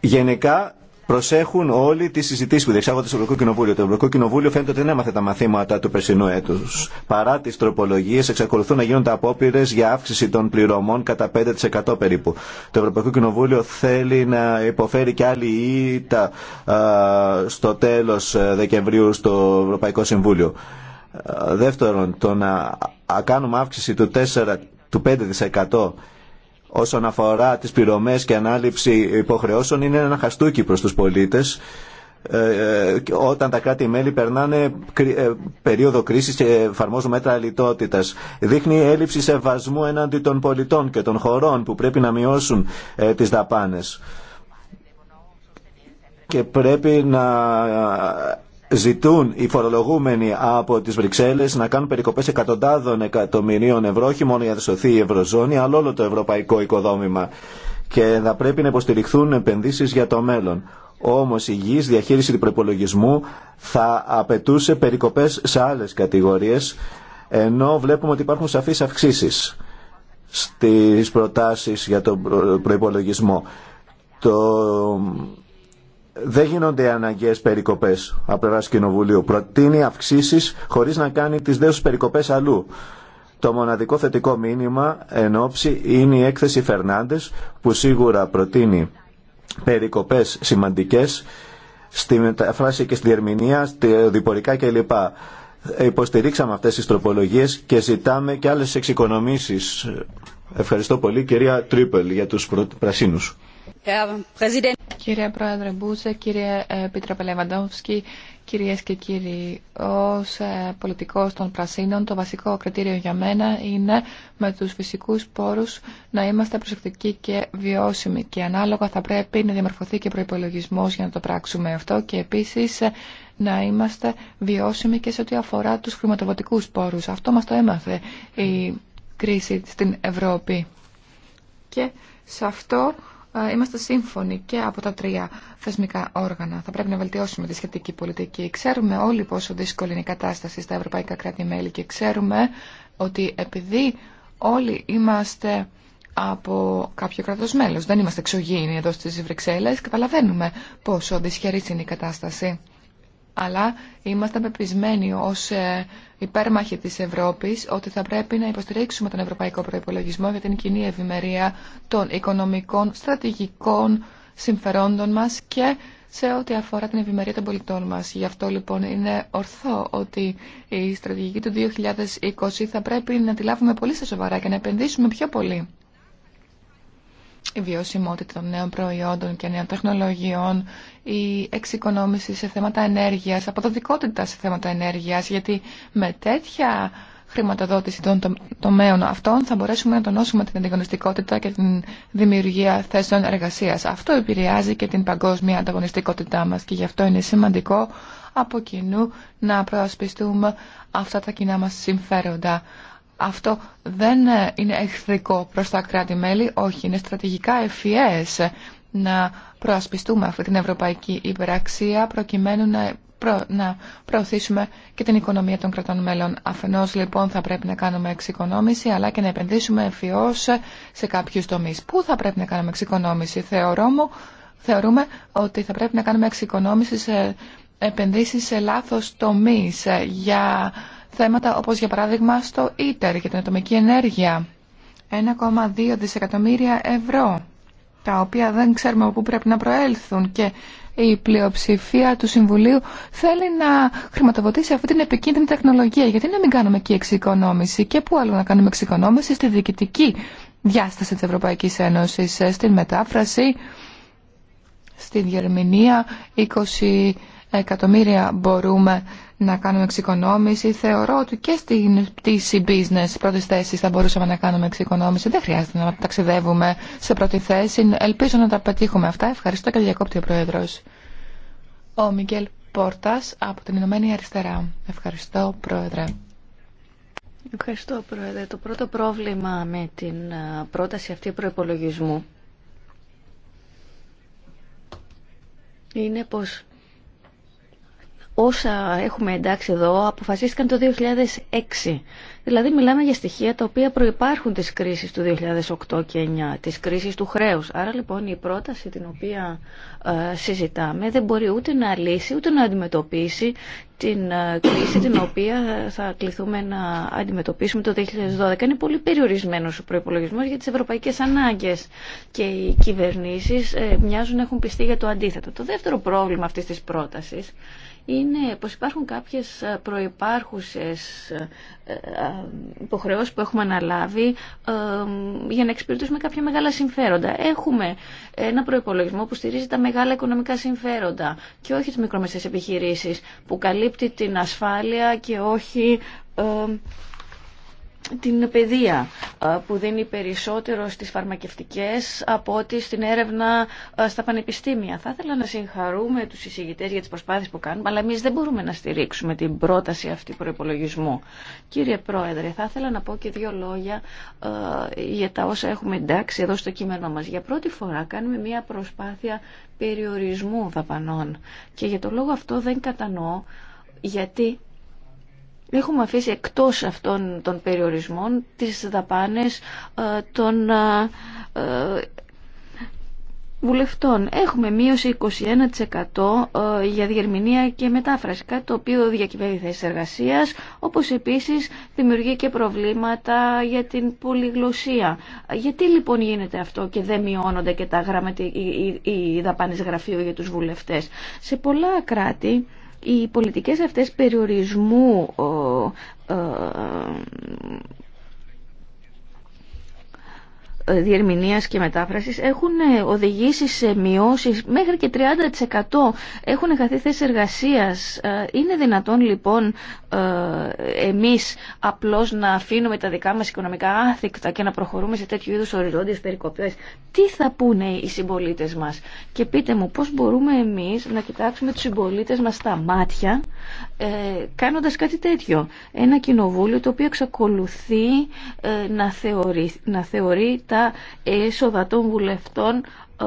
Γενικά προσέχουν όλοι τι συζητήσει που διεξάγονται στο Ευρωπαϊκό Κοινοβούλιο. Το Ευρωπαϊκό Κοινοβούλιο φαίνεται ότι δεν έμαθε τα μαθήματα του περσινού έτου. Παρά τι τροπολογίε, εξακολουθούν να γίνονται απόπειρε για αύξηση των πληρωμών κατά 5% περίπου. Το Ευρωπαϊκό Κοινοβούλιο θέλει να υποφέρει και άλλη ήττα στο τέλο ε, Δεκεμβρίου στο Ευρωπαϊκό Συμβούλιο. Δεύτερον, το να κάνουμε αύξηση του 4% του 5% όσον αφορά τις πυρομές και ανάληψη υποχρεώσεων είναι ένα χαστούκι προς τους πολίτες ε, ε, όταν τα κράτη-μέλη περνάνε ε, περίοδο κρίσης και εφαρμόζουν μέτρα λιτότητας. Δείχνει έλλειψη σεβασμού έναντι των πολιτών και των χωρών που πρέπει να μειώσουν τις δαπάνες. Και πρέπει να ζητούν οι φορολογούμενοι από τις Βρυξέλλες να κάνουν περικοπές εκατοντάδων εκατομμυρίων ευρώ, όχι μόνο για να σωθεί η Ευρωζώνη, αλλά όλο το ευρωπαϊκό οικοδόμημα. Και θα πρέπει να υποστηριχθούν επενδύσεις για το μέλλον. Όμως η υγιής διαχείριση του προπολογισμού θα απαιτούσε περικοπές σε άλλες κατηγορίες, ενώ βλέπουμε ότι υπάρχουν σαφείς αυξήσεις στις προτάσεις για τον προϋπολογισμό. Το δεν γίνονται αναγκαίε περικοπές από πλευρά Κοινοβουλίου. Προτείνει αυξήσει χωρίς να κάνει τις δέσου περικοπές αλλού. Το μοναδικό θετικό μήνυμα εν ώψη είναι η έκθεση Φερνάντες που σίγουρα προτείνει περικοπές σημαντικές στη μεταφράση και στη διερμηνία, στη διπορικά κλπ. Υποστηρίξαμε αυτέ τι τροπολογίε και ζητάμε και άλλε εξοικονομήσει. Ευχαριστώ πολύ κυρία Τρίπελ για του πρασίνους.
Κύριε Πρόεδρε Μπούζε, κύριε ε, Πίτρα Λεβαντόφσκι, κυρίε και κύριοι, ω ε, πολιτικό των Πρασίνων το βασικό κριτήριο για μένα είναι με του φυσικού πόρου να είμαστε προσεκτικοί και βιώσιμοι και ανάλογα θα πρέπει να διαμορφωθεί και προπολογισμό για να το πράξουμε αυτό και επίση ε, να είμαστε βιώσιμοι και σε ό,τι αφορά του χρηματοδοτικού πόρου. Αυτό μα το έμαθε η κρίση στην Ευρώπη. Και σε αυτό είμαστε σύμφωνοι και από τα τρία θεσμικά όργανα. Θα πρέπει να βελτιώσουμε τη σχετική πολιτική. Ξέρουμε όλοι πόσο δύσκολη είναι η κατάσταση στα ευρωπαϊκά κράτη-μέλη και ξέρουμε ότι επειδή όλοι είμαστε από κάποιο κράτο μέλο. Δεν είμαστε εξωγήινοι εδώ στι Βρυξέλλε. Καταλαβαίνουμε πόσο δυσχερή είναι η κατάσταση αλλά είμαστε πεπισμένοι ως ε, υπέρμαχοι της Ευρώπης ότι θα πρέπει να υποστηρίξουμε τον ευρωπαϊκό προϋπολογισμό για την κοινή ευημερία των οικονομικών, στρατηγικών συμφερόντων μας και σε ό,τι αφορά την ευημερία των πολιτών μας. Γι' αυτό λοιπόν είναι ορθό ότι η στρατηγική του 2020 θα πρέπει να τη λάβουμε πολύ στα σοβαρά και να επενδύσουμε πιο πολύ η βιωσιμότητα των νέων προϊόντων και νέων τεχνολογιών, η εξοικονόμηση σε θέματα ενέργειας, αποδοτικότητα σε θέματα ενέργειας, γιατί με τέτοια χρηματοδότηση των τομέων αυτών θα μπορέσουμε να τονώσουμε την ανταγωνιστικότητα και την δημιουργία θέσεων εργασίας. Αυτό επηρεάζει και την παγκόσμια ανταγωνιστικότητά μας και γι' αυτό είναι σημαντικό από κοινού να προασπιστούμε αυτά τα κοινά μας συμφέροντα. Αυτό δεν είναι εχθρικό προς τα κράτη-μέλη, όχι, είναι στρατηγικά ευφυές να προασπιστούμε αυτή την ευρωπαϊκή υπεραξία προκειμένου να, να προωθήσουμε και την οικονομία των κρατών μέλων. Αφενός λοιπόν θα πρέπει να κάνουμε εξοικονόμηση αλλά και να επενδύσουμε ευφυώς σε κάποιους τομείς. Πού θα πρέπει να κάνουμε εξοικονόμηση θεωρούμε ότι θα πρέπει να κάνουμε εξοικονόμηση σε επενδύσεις σε λάθος τομείς ε, για θέματα όπως για παράδειγμα στο ίτερ για την ατομική ενέργεια. 1,2 δισεκατομμύρια ευρώ, τα οποία δεν ξέρουμε πού πρέπει να προέλθουν και η πλειοψηφία του Συμβουλίου θέλει να χρηματοδοτήσει αυτή την επικίνδυνη τεχνολογία. Γιατί να μην κάνουμε εκεί εξοικονόμηση και πού άλλο να κάνουμε εξοικονόμηση στη διοικητική διάσταση της Ευρωπαϊκής Ένωσης, ε, στην μετάφραση, στην διερμηνία 20 εκατομμύρια μπορούμε να κάνουμε εξοικονόμηση. Θεωρώ ότι και στην πτήση business πρώτη θέση θα μπορούσαμε να κάνουμε εξοικονόμηση. Δεν χρειάζεται να ταξιδεύουμε σε πρώτη θέση. Ελπίζω να τα πετύχουμε αυτά. Ευχαριστώ και διακόπτει ο Πρόεδρο. Ο Μικέλ Πόρτα από την Ηνωμένη Αριστερά. Ευχαριστώ, Πρόεδρε.
Ευχαριστώ, Πρόεδρε. Το πρώτο πρόβλημα με την πρόταση αυτή προπολογισμού είναι πως όσα έχουμε εντάξει εδώ αποφασίστηκαν το 2006. Δηλαδή μιλάμε για στοιχεία τα οποία προϋπάρχουν της κρίσης του 2008 και 2009, της κρίσης του χρέους. Άρα λοιπόν η πρόταση την οποία ε, συζητάμε δεν μπορεί ούτε να λύσει ούτε να αντιμετωπίσει την ε, κρίση την οποία θα κληθούμε να αντιμετωπίσουμε το 2012. Είναι πολύ περιορισμένος ο προϋπολογισμός για τις ευρωπαϊκές ανάγκες και οι κυβερνήσεις ε, μοιάζουν να έχουν πιστεί για το αντίθετο. Το δεύτερο πρόβλημα αυτής της πρότασης είναι πως υπάρχουν κάποιες ε, προϋπάρχουσες ε, ε, υποχρεώσεις που έχουμε αναλάβει για να εξυπηρετήσουμε κάποια μεγάλα συμφέροντα. Έχουμε ένα προϋπολογισμό που στηρίζει τα μεγάλα οικονομικά συμφέροντα και όχι τις μικρομεσαίες επιχειρήσεις που καλύπτει την ασφάλεια και όχι την παιδεία ε, που δίνει περισσότερο στις φαρμακευτικές από ότι στην έρευνα ε, στα πανεπιστήμια. Θα ήθελα να συγχαρούμε τους εισηγητές για τις προσπάθειες που κάνουμε, αλλά εμείς δεν μπορούμε να στηρίξουμε την πρόταση αυτή προπολογισμού. Κύριε Πρόεδρε, θα ήθελα να πω και δύο λόγια ε, για τα όσα έχουμε εντάξει εδώ στο κείμενο μας. Για πρώτη φορά κάνουμε μια προσπάθεια περιορισμού δαπανών και για το λόγο αυτό δεν κατανοώ γιατί έχουμε αφήσει εκτός αυτών των περιορισμών τις δαπάνες ε, των ε, ε, βουλευτών. Έχουμε μείωση 21% για διερμηνία και μετάφραση, κάτι το οποίο διακυβεύει θέσει εργασία, όπως επίσης δημιουργεί και προβλήματα για την πολυγλωσία. Γιατί λοιπόν γίνεται αυτό και δεν μειώνονται και τα γραμματι... οι, οι δαπάνες γραφείου για τους βουλευτές. Σε πολλά κράτη οι πολιτικές αυτές περιορισμού διερμηνίας και μετάφρασης έχουν ε, οδηγήσει σε μειώσεις μέχρι και 30% έχουν εγκαθεί θέσει εργασίας. Ε, είναι δυνατόν λοιπόν ε, εμείς απλώς να αφήνουμε τα δικά μας οικονομικά άθικτα και να προχωρούμε σε τέτοιου είδους οριζόντιες περικοπές. Τι θα πούνε οι συμπολίτε μας και πείτε μου πώς μπορούμε εμείς να κοιτάξουμε τους συμπολίτε μας στα μάτια ε, κάνοντας κάτι τέτοιο. Ένα κοινοβούλιο το οποίο εξακολουθεί να, θεωρεί, να θεωρεί τα έσοδα των βουλευτών ε,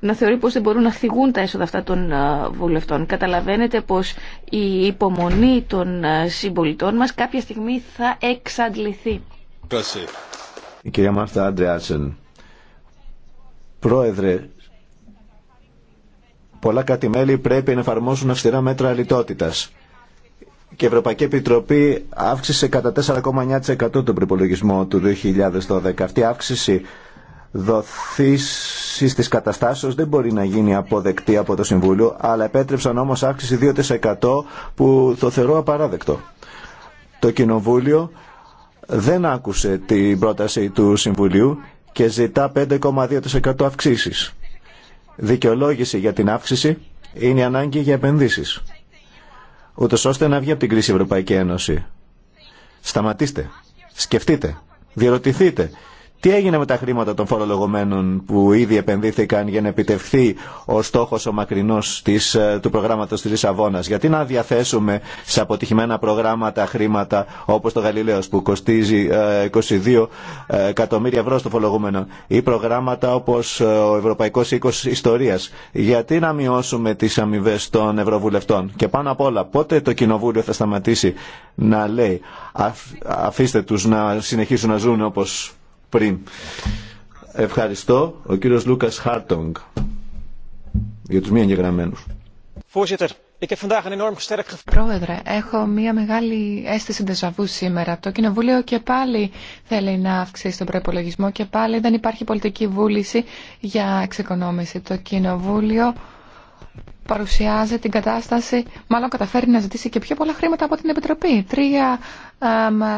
να θεωρεί πως δεν μπορούν να θυγούν τα έσοδα αυτά των ε, βουλευτών. Καταλαβαίνετε πως η υπομονή των ε, συμπολιτών μας κάποια στιγμή θα εξαντληθεί.
Η κυρία Μάρθα Αντρεάτσεν, πρόεδρε, πολλά κάτι μέλη πρέπει να εφαρμόσουν αυστηρά μέτρα λιτότητας και η Ευρωπαϊκή Επιτροπή αύξησε κατά 4,9% τον προπολογισμό του 2012. Αυτή η αύξηση δοθήσει της καταστάσεως δεν μπορεί να γίνει αποδεκτή από το Συμβούλιο, αλλά επέτρεψαν όμως αύξηση 2% που το θεωρώ απαράδεκτο. Το Κοινοβούλιο δεν άκουσε την πρόταση του Συμβουλίου και ζητά 5,2% αυξήσεις. Δικαιολόγηση για την αύξηση είναι η ανάγκη για επενδύσεις ούτως ώστε να βγει από την κρίση η Ευρωπαϊκή Ένωση. Σταματήστε. Σκεφτείτε. Διερωτηθείτε τι έγινε με τα χρήματα των φορολογωμένων που ήδη επενδύθηκαν για να επιτευχθεί ο στόχο ο μακρινό ε, του προγράμματο τη Λισαβόνα. Γιατί να διαθέσουμε σε αποτυχημένα προγράμματα χρήματα όπω το Γαλιλαίο που κοστίζει 22 ε, ε, εκατομμύρια ευρώ στο φορολογούμενο ή προγράμματα όπω ο Ευρωπαϊκό Οίκο Ιστορία. Γιατί να μειώσουμε τι αμοιβέ των Ευρωβουλευτών. Και πάνω απ' όλα, πότε το Κοινοβούλιο θα σταματήσει να λέει αφήστε του να συνεχίσουν να ζουν όπω πριν. Ευχαριστώ. Ο κύριο Λούκα Χάρτονγκ για του μη εγγεγραμμένου. Πρόεδρε, έχω
μια μεγάλη αίσθηση ντεζαβού σήμερα. Το Κοινοβούλιο και πάλι θέλει να αυξήσει τον προπολογισμό και πάλι δεν υπάρχει πολιτική βούληση για εξοικονόμηση. Το Κοινοβούλιο παρουσιάζει την κατάσταση, μάλλον καταφέρει να ζητήσει και πιο πολλά χρήματα από την Επιτροπή. Τρία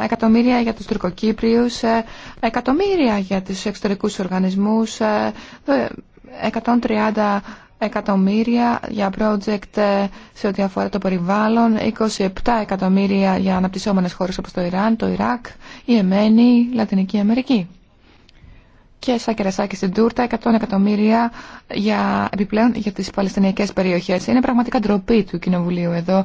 εκατομμύρια για τους τουρκοκύπριους, ε, εκατομμύρια για τους εξωτερικούς οργανισμούς, 130 ε, ε, εκατομμύρια για project σε ό,τι αφορά το περιβάλλον, 27 εκατομμύρια για αναπτυσσόμενες χώρες όπως το Ιράν, το Ιράκ, η Εμένη, Λατινική Αμερική και σαν κερασάκι στην τούρτα 100 εκατομμύρια για, επιπλέον για τις Παλαιστινιακές περιοχές. Είναι πραγματικά ντροπή του Κοινοβουλίου εδώ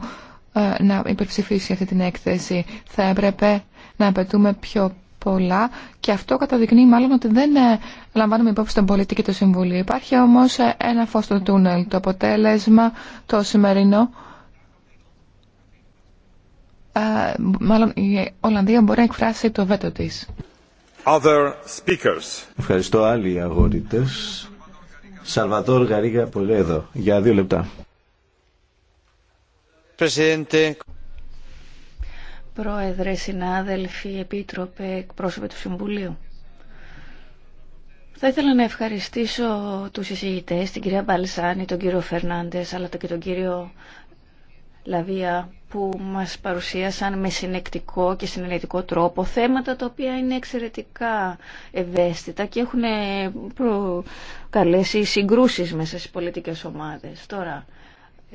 ε, να υπερψηφίσει αυτή την έκθεση. Θα έπρεπε να απαιτούμε πιο πολλά και αυτό καταδεικνύει μάλλον ότι δεν ε, λαμβάνουμε υπόψη τον πολίτη και το Συμβουλίο. Υπάρχει όμως ε, ένα φως στο τούνελ. Το αποτέλεσμα το σημερινό μάλλον η Ολλανδία μπορεί να εκφράσει το βέτο της.
Ευχαριστώ άλλοι αγόριτες. Σαλβατόρ Γαρίγα Πολέδο, για δύο λεπτά.
Πρόεδρε, συνάδελφοι, επίτροπε, εκπρόσωπε του Συμβουλίου. Θα ήθελα να ευχαριστήσω τους εισηγητές, την κυρία Μπαλσάνη, τον κύριο Φερνάντες, αλλά και τον κύριο Λαβία που μας παρουσίασαν με συνεκτικό και συνελετικό τρόπο θέματα τα οποία είναι εξαιρετικά ευαίσθητα και έχουν ε, προκαλέσει συγκρούσεις μέσα στις πολιτικές ομάδες. Τώρα,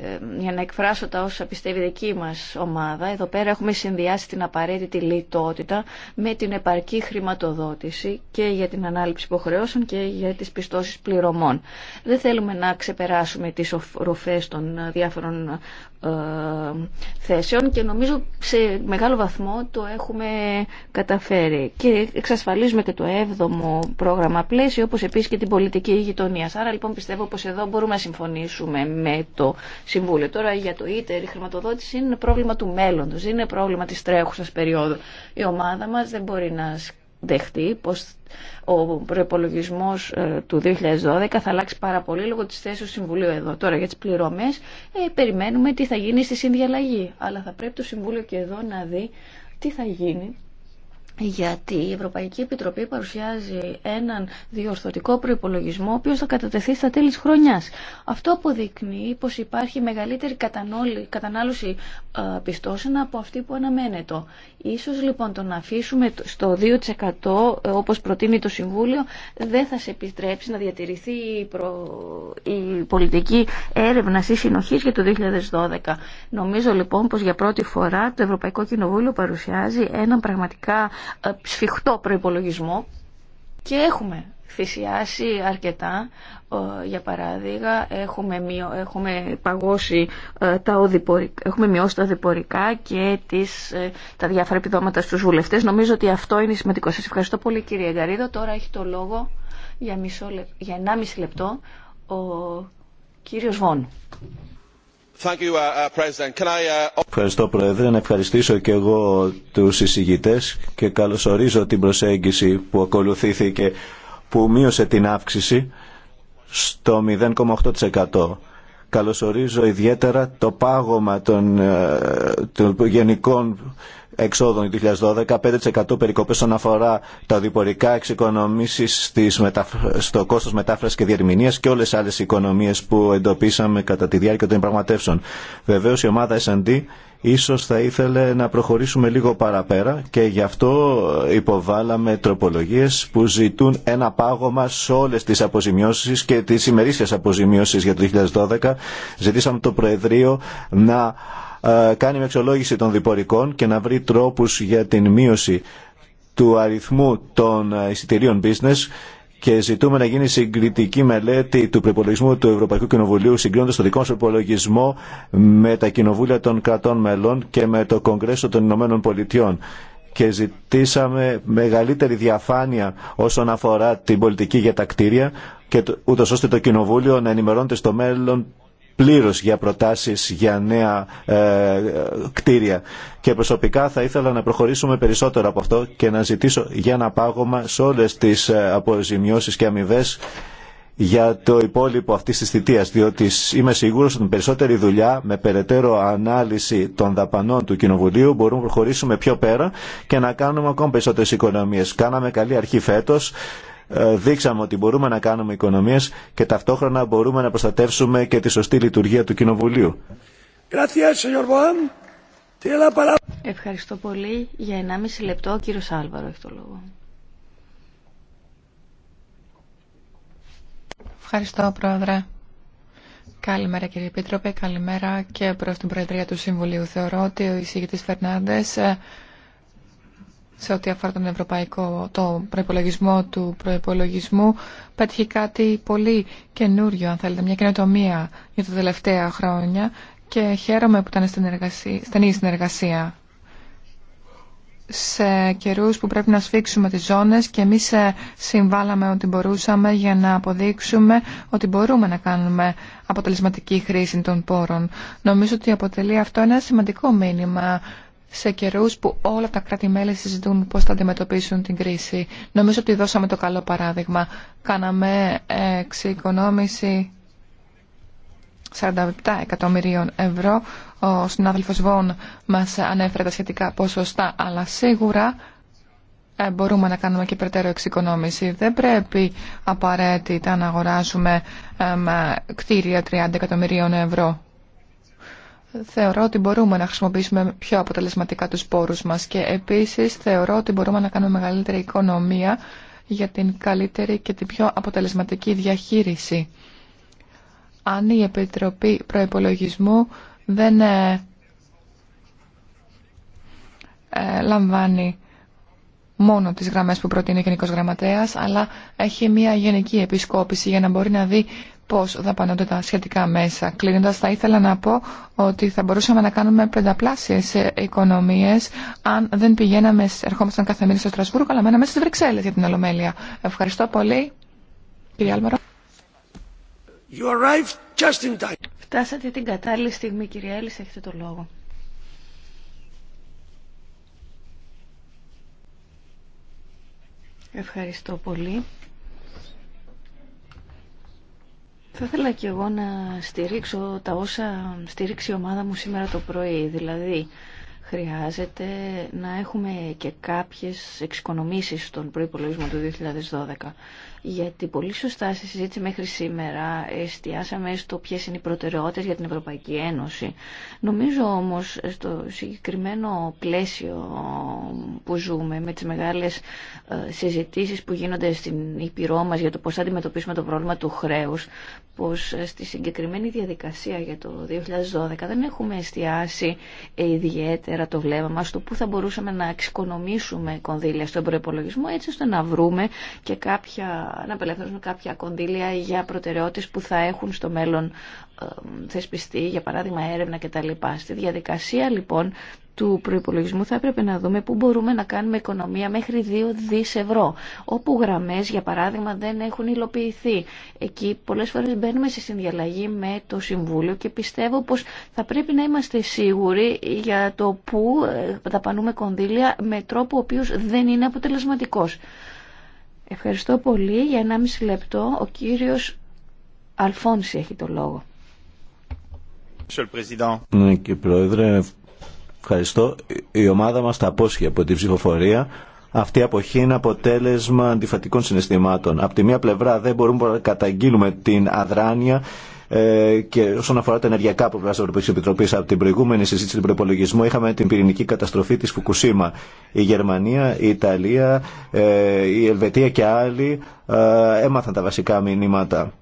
ε, για να εκφράσω τα όσα πιστεύει η δική μας ομάδα, εδώ πέρα έχουμε συνδυάσει την απαραίτητη λιτότητα με την επαρκή χρηματοδότηση και για την ανάληψη υποχρεώσεων και για τις πιστώσεις πληρωμών. Δεν θέλουμε να ξεπεράσουμε τις ροφές των διάφορων ε, θέσεων και νομίζω σε μεγάλο βαθμό το έχουμε καταφέρει και εξασφαλίζουμε και το 7ο πρόγραμμα πλαίσιο όπως επίσης και την πολιτική γειτονία. Άρα λοιπόν πιστεύω πως εδώ μπορούμε να συμφωνήσουμε με το Συμβούλιο. Τώρα για το ίτερ η χρηματοδότηση είναι πρόβλημα του μέλλοντος, είναι πρόβλημα της τρέχουσας περίοδου. Η ομάδα μας δεν μπορεί να δεχτεί πως ο προπολογισμό ε, του 2012 θα αλλάξει πάρα πολύ λόγω της θέσης του Συμβουλίου εδώ. Τώρα για τις πληρωμές ε, περιμένουμε τι θα γίνει στη συνδιαλλαγή. Αλλά θα πρέπει το Συμβούλιο και εδώ να δει τι θα γίνει γιατί η Ευρωπαϊκή Επιτροπή παρουσιάζει έναν διορθωτικό προϋπολογισμό ο οποίος θα κατατεθεί στα τέλη της χρονιάς. Αυτό αποδεικνύει πως υπάρχει μεγαλύτερη κατανάλωση ε, πιστώσεων από αυτή που αναμένεται. Ίσως λοιπόν το να αφήσουμε στο 2% ε, όπως προτείνει το Συμβούλιο δεν θα σε επιτρέψει να διατηρηθεί η πολιτική έρευνα ή συνοχής για το 2012. Νομίζω λοιπόν πως για πρώτη φορά το Ευρωπαϊκό Κοινοβούλιο παρουσιάζει έναν πραγματικά ε, σφιχτό προϋπολογισμό και έχουμε θυσιάσει αρκετά. Ε, για παράδειγμα, έχουμε, μειώ, έχουμε παγώσει ε, τα οδηπορικά, έχουμε μειώσει τα οδηπορικά και τις, τα διάφορα επιδόματα στους βουλευτές. Νομίζω ότι αυτό είναι σημαντικό. Σας ευχαριστώ πολύ κύριε Γκαρίδο. Τώρα έχει το λόγο για, μισό, για 1,5 λεπτό ο κύριος Βόν.
Uh, uh, uh, Ευχαριστώ Πρόεδρε. Να ευχαριστήσω και εγώ τους εισηγητές και καλωσορίζω την προσέγγιση που ακολουθήθηκε που μείωσε την αύξηση στο 0,8%. Καλωσορίζω ιδιαίτερα το πάγωμα των, ε, των γενικών εξόδων 2012, 5% περικοπές όσον αφορά τα οδηπορικά εξοικονομήσεις στο κόστος μετάφραση και διερμηνία και όλες άλλε άλλες οικονομίες που εντοπίσαμε κατά τη διάρκεια των πραγματεύσεων. Βεβαίω η ομάδα S&D ίσως θα ήθελε να προχωρήσουμε λίγο παραπέρα και γι' αυτό υποβάλαμε τροπολογίες που ζητούν ένα πάγωμα σε όλε τι αποζημιώσει και τι ημερήσιες αποζημιώσει για το 2012. Ζητήσαμε το Προεδρείο να ε, κάνει με εξολόγηση των διπορικών και να βρει τρόπους για την μείωση του αριθμού των ε, εισιτηρίων business και ζητούμε να γίνει συγκριτική μελέτη του προπολογισμού του Ευρωπαϊκού Κοινοβουλίου συγκρίνοντα το δικό μα προπολογισμό με τα κοινοβούλια των κρατών μελών και με το Κογκρέσο των Ηνωμένων Πολιτειών. Και ζητήσαμε μεγαλύτερη διαφάνεια όσον αφορά την πολιτική για τα κτίρια και ούτω ώστε το Κοινοβούλιο να ενημερώνεται στο μέλλον Πλήρω για προτάσεις για νέα ε, κτίρια. Και προσωπικά θα ήθελα να προχωρήσουμε περισσότερο από αυτό και να ζητήσω για ένα πάγωμα σε όλες τις ε, αποζημιώσει και αμοιβέ για το υπόλοιπο αυτή τη θητεία, διότι είμαι σίγουρο ότι με περισσότερη δουλειά, με περαιτέρω ανάλυση των δαπανών του Κοινοβουλίου, μπορούμε να προχωρήσουμε πιο πέρα και να κάνουμε ακόμα περισσότερε οικονομίε. Κάναμε καλή αρχή φέτο ε, δείξαμε ότι μπορούμε να κάνουμε οικονομίες και ταυτόχρονα μπορούμε να προστατεύσουμε και τη σωστή λειτουργία του Κοινοβουλίου.
Ευχαριστώ πολύ. Για 1,5 λεπτό ο κύριος Άλβαρο έχει το λόγο.
Ευχαριστώ, Πρόεδρε. Καλημέρα κύριε Επίτροπε, καλημέρα και προς την Προεδρία του Συμβουλίου. Θεωρώ ότι ο εισηγητής Φερνάντες ε, σε ό,τι αφορά τον ευρωπαϊκό το προπολογισμό του προπολογισμού πέτυχε κάτι πολύ καινούριο, αν θέλετε, μια καινοτομία για τα τελευταία χρόνια και χαίρομαι που ήταν στενή συνεργασία. Σε καιρούς που πρέπει να σφίξουμε τις ζώνες και εμείς ε, συμβάλαμε ότι μπορούσαμε για να αποδείξουμε ότι μπορούμε να κάνουμε αποτελεσματική χρήση των πόρων. Νομίζω ότι αποτελεί αυτό ένα σημαντικό μήνυμα σε καιρούς που όλα τα κράτη-μέλη συζητούν πώς θα αντιμετωπίσουν την κρίση. Νομίζω ότι δώσαμε το καλό παράδειγμα. Κάναμε εξοικονόμηση 47 εκατομμυρίων ευρώ. Ο συνάδελφος Βόν μας ανέφερε τα σχετικά ποσοστά, αλλά σίγουρα ε, μπορούμε να κάνουμε και περαιτέρω εξοικονόμηση. Δεν πρέπει απαραίτητα να αγοράσουμε κτίρια 30 εκατομμυρίων ευρώ θεωρώ ότι μπορούμε να χρησιμοποιήσουμε πιο αποτελεσματικά τους πόρους μας και επίσης θεωρώ ότι μπορούμε να κάνουμε μεγαλύτερη οικονομία για την καλύτερη και την πιο αποτελεσματική διαχείριση. Αν η Επιτροπή Προϋπολογισμού δεν ε, ε, λαμβάνει μόνο τις γραμμές που προτείνει ο Γενικός Γραμματέας, αλλά έχει μια γενική επισκόπηση για να μπορεί να δει πώς δαπανώνται τα σχετικά μέσα. Κλείνοντας, θα ήθελα να πω ότι θα μπορούσαμε να κάνουμε πενταπλάσιες οικονομίες αν δεν πηγαίναμε, ερχόμασταν κάθε μήνα στο Στρασβούργο, αλλά μέναμε στις Βρυξέλλες για την Ολομέλεια. Ευχαριστώ πολύ. Κύριε Άλμαρο.
You
just in time. Φτάσατε την κατάλληλη στιγμή, κύριε Έλλης, έχετε το λόγο. Ευχαριστώ πολύ. Θα ήθελα και εγώ να στηρίξω τα όσα στηρίξει η ομάδα μου σήμερα το πρωί. Δηλαδή, χρειάζεται να έχουμε και κάποιες εξοικονομήσεις στον προϋπολογισμό του 2012 γιατί πολύ σωστά στη συζήτηση μέχρι σήμερα εστιάσαμε στο ποιες είναι οι προτεραιότητες για την Ευρωπαϊκή Ένωση. Νομίζω όμως στο συγκεκριμένο πλαίσιο που ζούμε με τις μεγάλες ε, συζητήσεις που γίνονται στην Ήπειρό μας για το πώς θα αντιμετωπίσουμε το πρόβλημα του χρέους, πως ε, στη συγκεκριμένη διαδικασία για το 2012 δεν έχουμε εστιάσει ιδιαίτερα το βλέμμα μα στο πού θα μπορούσαμε να εξοικονομήσουμε κονδύλια στον προπολογισμό έτσι ώστε να βρούμε και κάποια να απελευθερώσουν κάποια κονδύλια για προτεραιότητες που θα έχουν στο μέλλον θεσπιστεί, για παράδειγμα έρευνα κτλ. Στη διαδικασία λοιπόν του προϋπολογισμού θα έπρεπε να δούμε πού μπορούμε να κάνουμε οικονομία μέχρι 2 δις ευρώ. Όπου γραμμές, για παράδειγμα, δεν έχουν υλοποιηθεί. Εκεί πολλές φορές μπαίνουμε σε συνδιαλλαγή με το Συμβούλιο και πιστεύω πως θα πρέπει να είμαστε σίγουροι για το πού δαπανούμε ε, κονδύλια με τρόπο ο οποίος δεν είναι αποτελεσματικός. Ευχαριστώ πολύ. Για 1,5 λεπτό ο κύριος Αλφόνση έχει το λόγο.
Ναι, κύριε Πρόεδρε, ευχαριστώ. Η ομάδα μας τα απόσχει από την ψηφοφορία. Αυτή η αποχή είναι αποτέλεσμα αντιφατικών συναισθημάτων. Από τη μία πλευρά δεν μπορούμε να καταγγείλουμε την αδράνεια ε, και όσον αφορά τα ενεργειακά από πλευρά τη Ευρωπαϊκή Επιτροπή, από την προηγούμενη συζήτηση του προπολογισμού είχαμε την πυρηνική καταστροφή τη Φουκουσίμα. Η Γερμανία, η Ιταλία, ε, η Ελβετία και άλλοι ε, έμαθαν τα βασικά μηνύματα.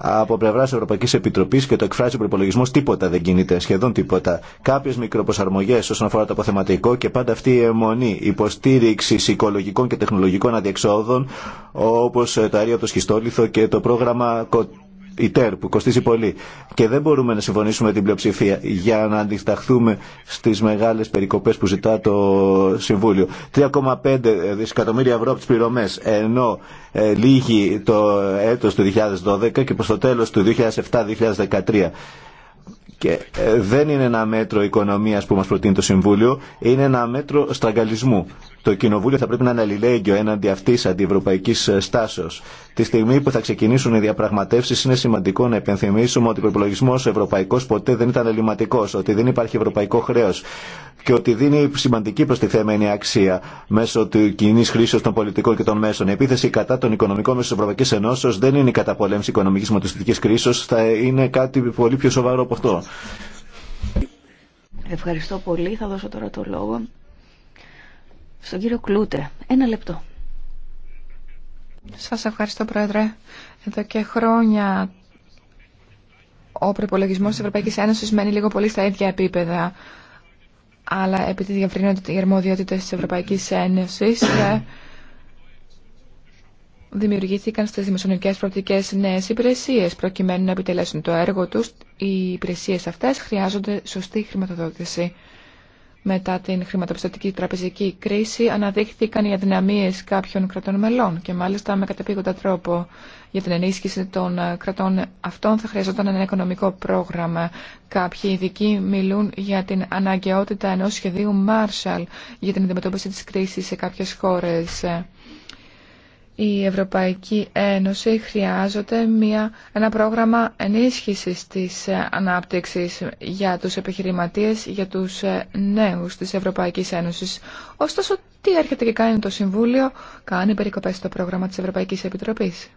Από πλευρά Ευρωπαϊκή Επιτροπή και το εκφράζει ο προπολογισμό, τίποτα δεν κινείται, σχεδόν τίποτα. Κάποιε μικροπροσαρμογέ όσον αφορά το αποθεματικό και πάντα αυτή η αιμονή υποστήριξη οικολογικών και τεχνολογικών αδιεξόδων, όπω το αέριο από το σχιστόλιθο και το πρόγραμμα η ΤΕΡ που κοστίζει πολύ και δεν μπορούμε να συμφωνήσουμε με την πλειοψηφία για να αντισταχθούμε στις μεγάλες περικοπές που ζητά το Συμβούλιο. 3,5 δισεκατομμύρια ευρώ από τις πληρωμές ενώ ε, λύγει το έτος του 2012 και προς το τέλος του 2007-2013. Και ε, δεν είναι ένα μέτρο οικονομίας που μας προτείνει το Συμβούλιο, είναι ένα μέτρο στραγγαλισμού το Κοινοβούλιο θα πρέπει να είναι αλληλέγγυο έναντι αυτή αντιευρωπαϊκή ε, στάσεω. Τη στιγμή που θα ξεκινήσουν οι διαπραγματεύσει, είναι σημαντικό να επενθυμίσουμε ότι ο προπολογισμό ευρωπαϊκό ποτέ δεν ήταν ελληματικό, ότι δεν υπάρχει ευρωπαϊκό χρέο και ότι δίνει σημαντική προστιθέμενη αξία μέσω του κοινή χρήση των πολιτικών και των μέσων. Η επίθεση κατά των οικονομικών μέσων τη Ευρωπαϊκή Ενώσεω δεν είναι η καταπολέμηση οικονομική μοτοστική κρίση, θα είναι κάτι πολύ πιο σοβαρό από αυτό.
Ευχαριστώ πολύ. Θα δώσω τώρα το
λόγο στον κύριο Κλούτε. Ένα λεπτό. Σας ευχαριστώ Πρόεδρε. Εδώ και χρόνια ο προπολογισμό της Ευρωπαϊκής Ένωσης μένει λίγο πολύ στα ίδια επίπεδα. Αλλά επειδή διαφρύνονται οι αρμοδιότητες της Ευρωπαϊκής Ένωσης ε, δημιουργήθηκαν στις δημοσιονομικές προοπτικές νέες υπηρεσίες. Προκειμένου να επιτελέσουν το έργο τους, οι υπηρεσίες αυτές χρειάζονται σωστή χρηματοδότηση μετά την χρηματοπιστωτική τραπεζική κρίση αναδείχθηκαν οι αδυναμίες κάποιων κρατών μελών και μάλιστα με κατεπίγοντα τρόπο για την ενίσχυση των κρατών αυτών θα χρειαζόταν ένα οικονομικό πρόγραμμα. Κάποιοι ειδικοί μιλούν για την αναγκαιότητα ενός σχεδίου Marshall για την αντιμετώπιση της κρίσης σε κάποιες χώρες η Ευρωπαϊκή Ένωση χρειάζεται μια, ένα πρόγραμμα ενίσχυσης της ε, ανάπτυξης για τους επιχειρηματίες, για τους ε, νέους της Ευρωπαϊκής Ένωσης. Ωστόσο, τι έρχεται και κάνει το Συμβούλιο, κάνει περικοπές στο πρόγραμμα της Ευρωπαϊκής Επιτροπής.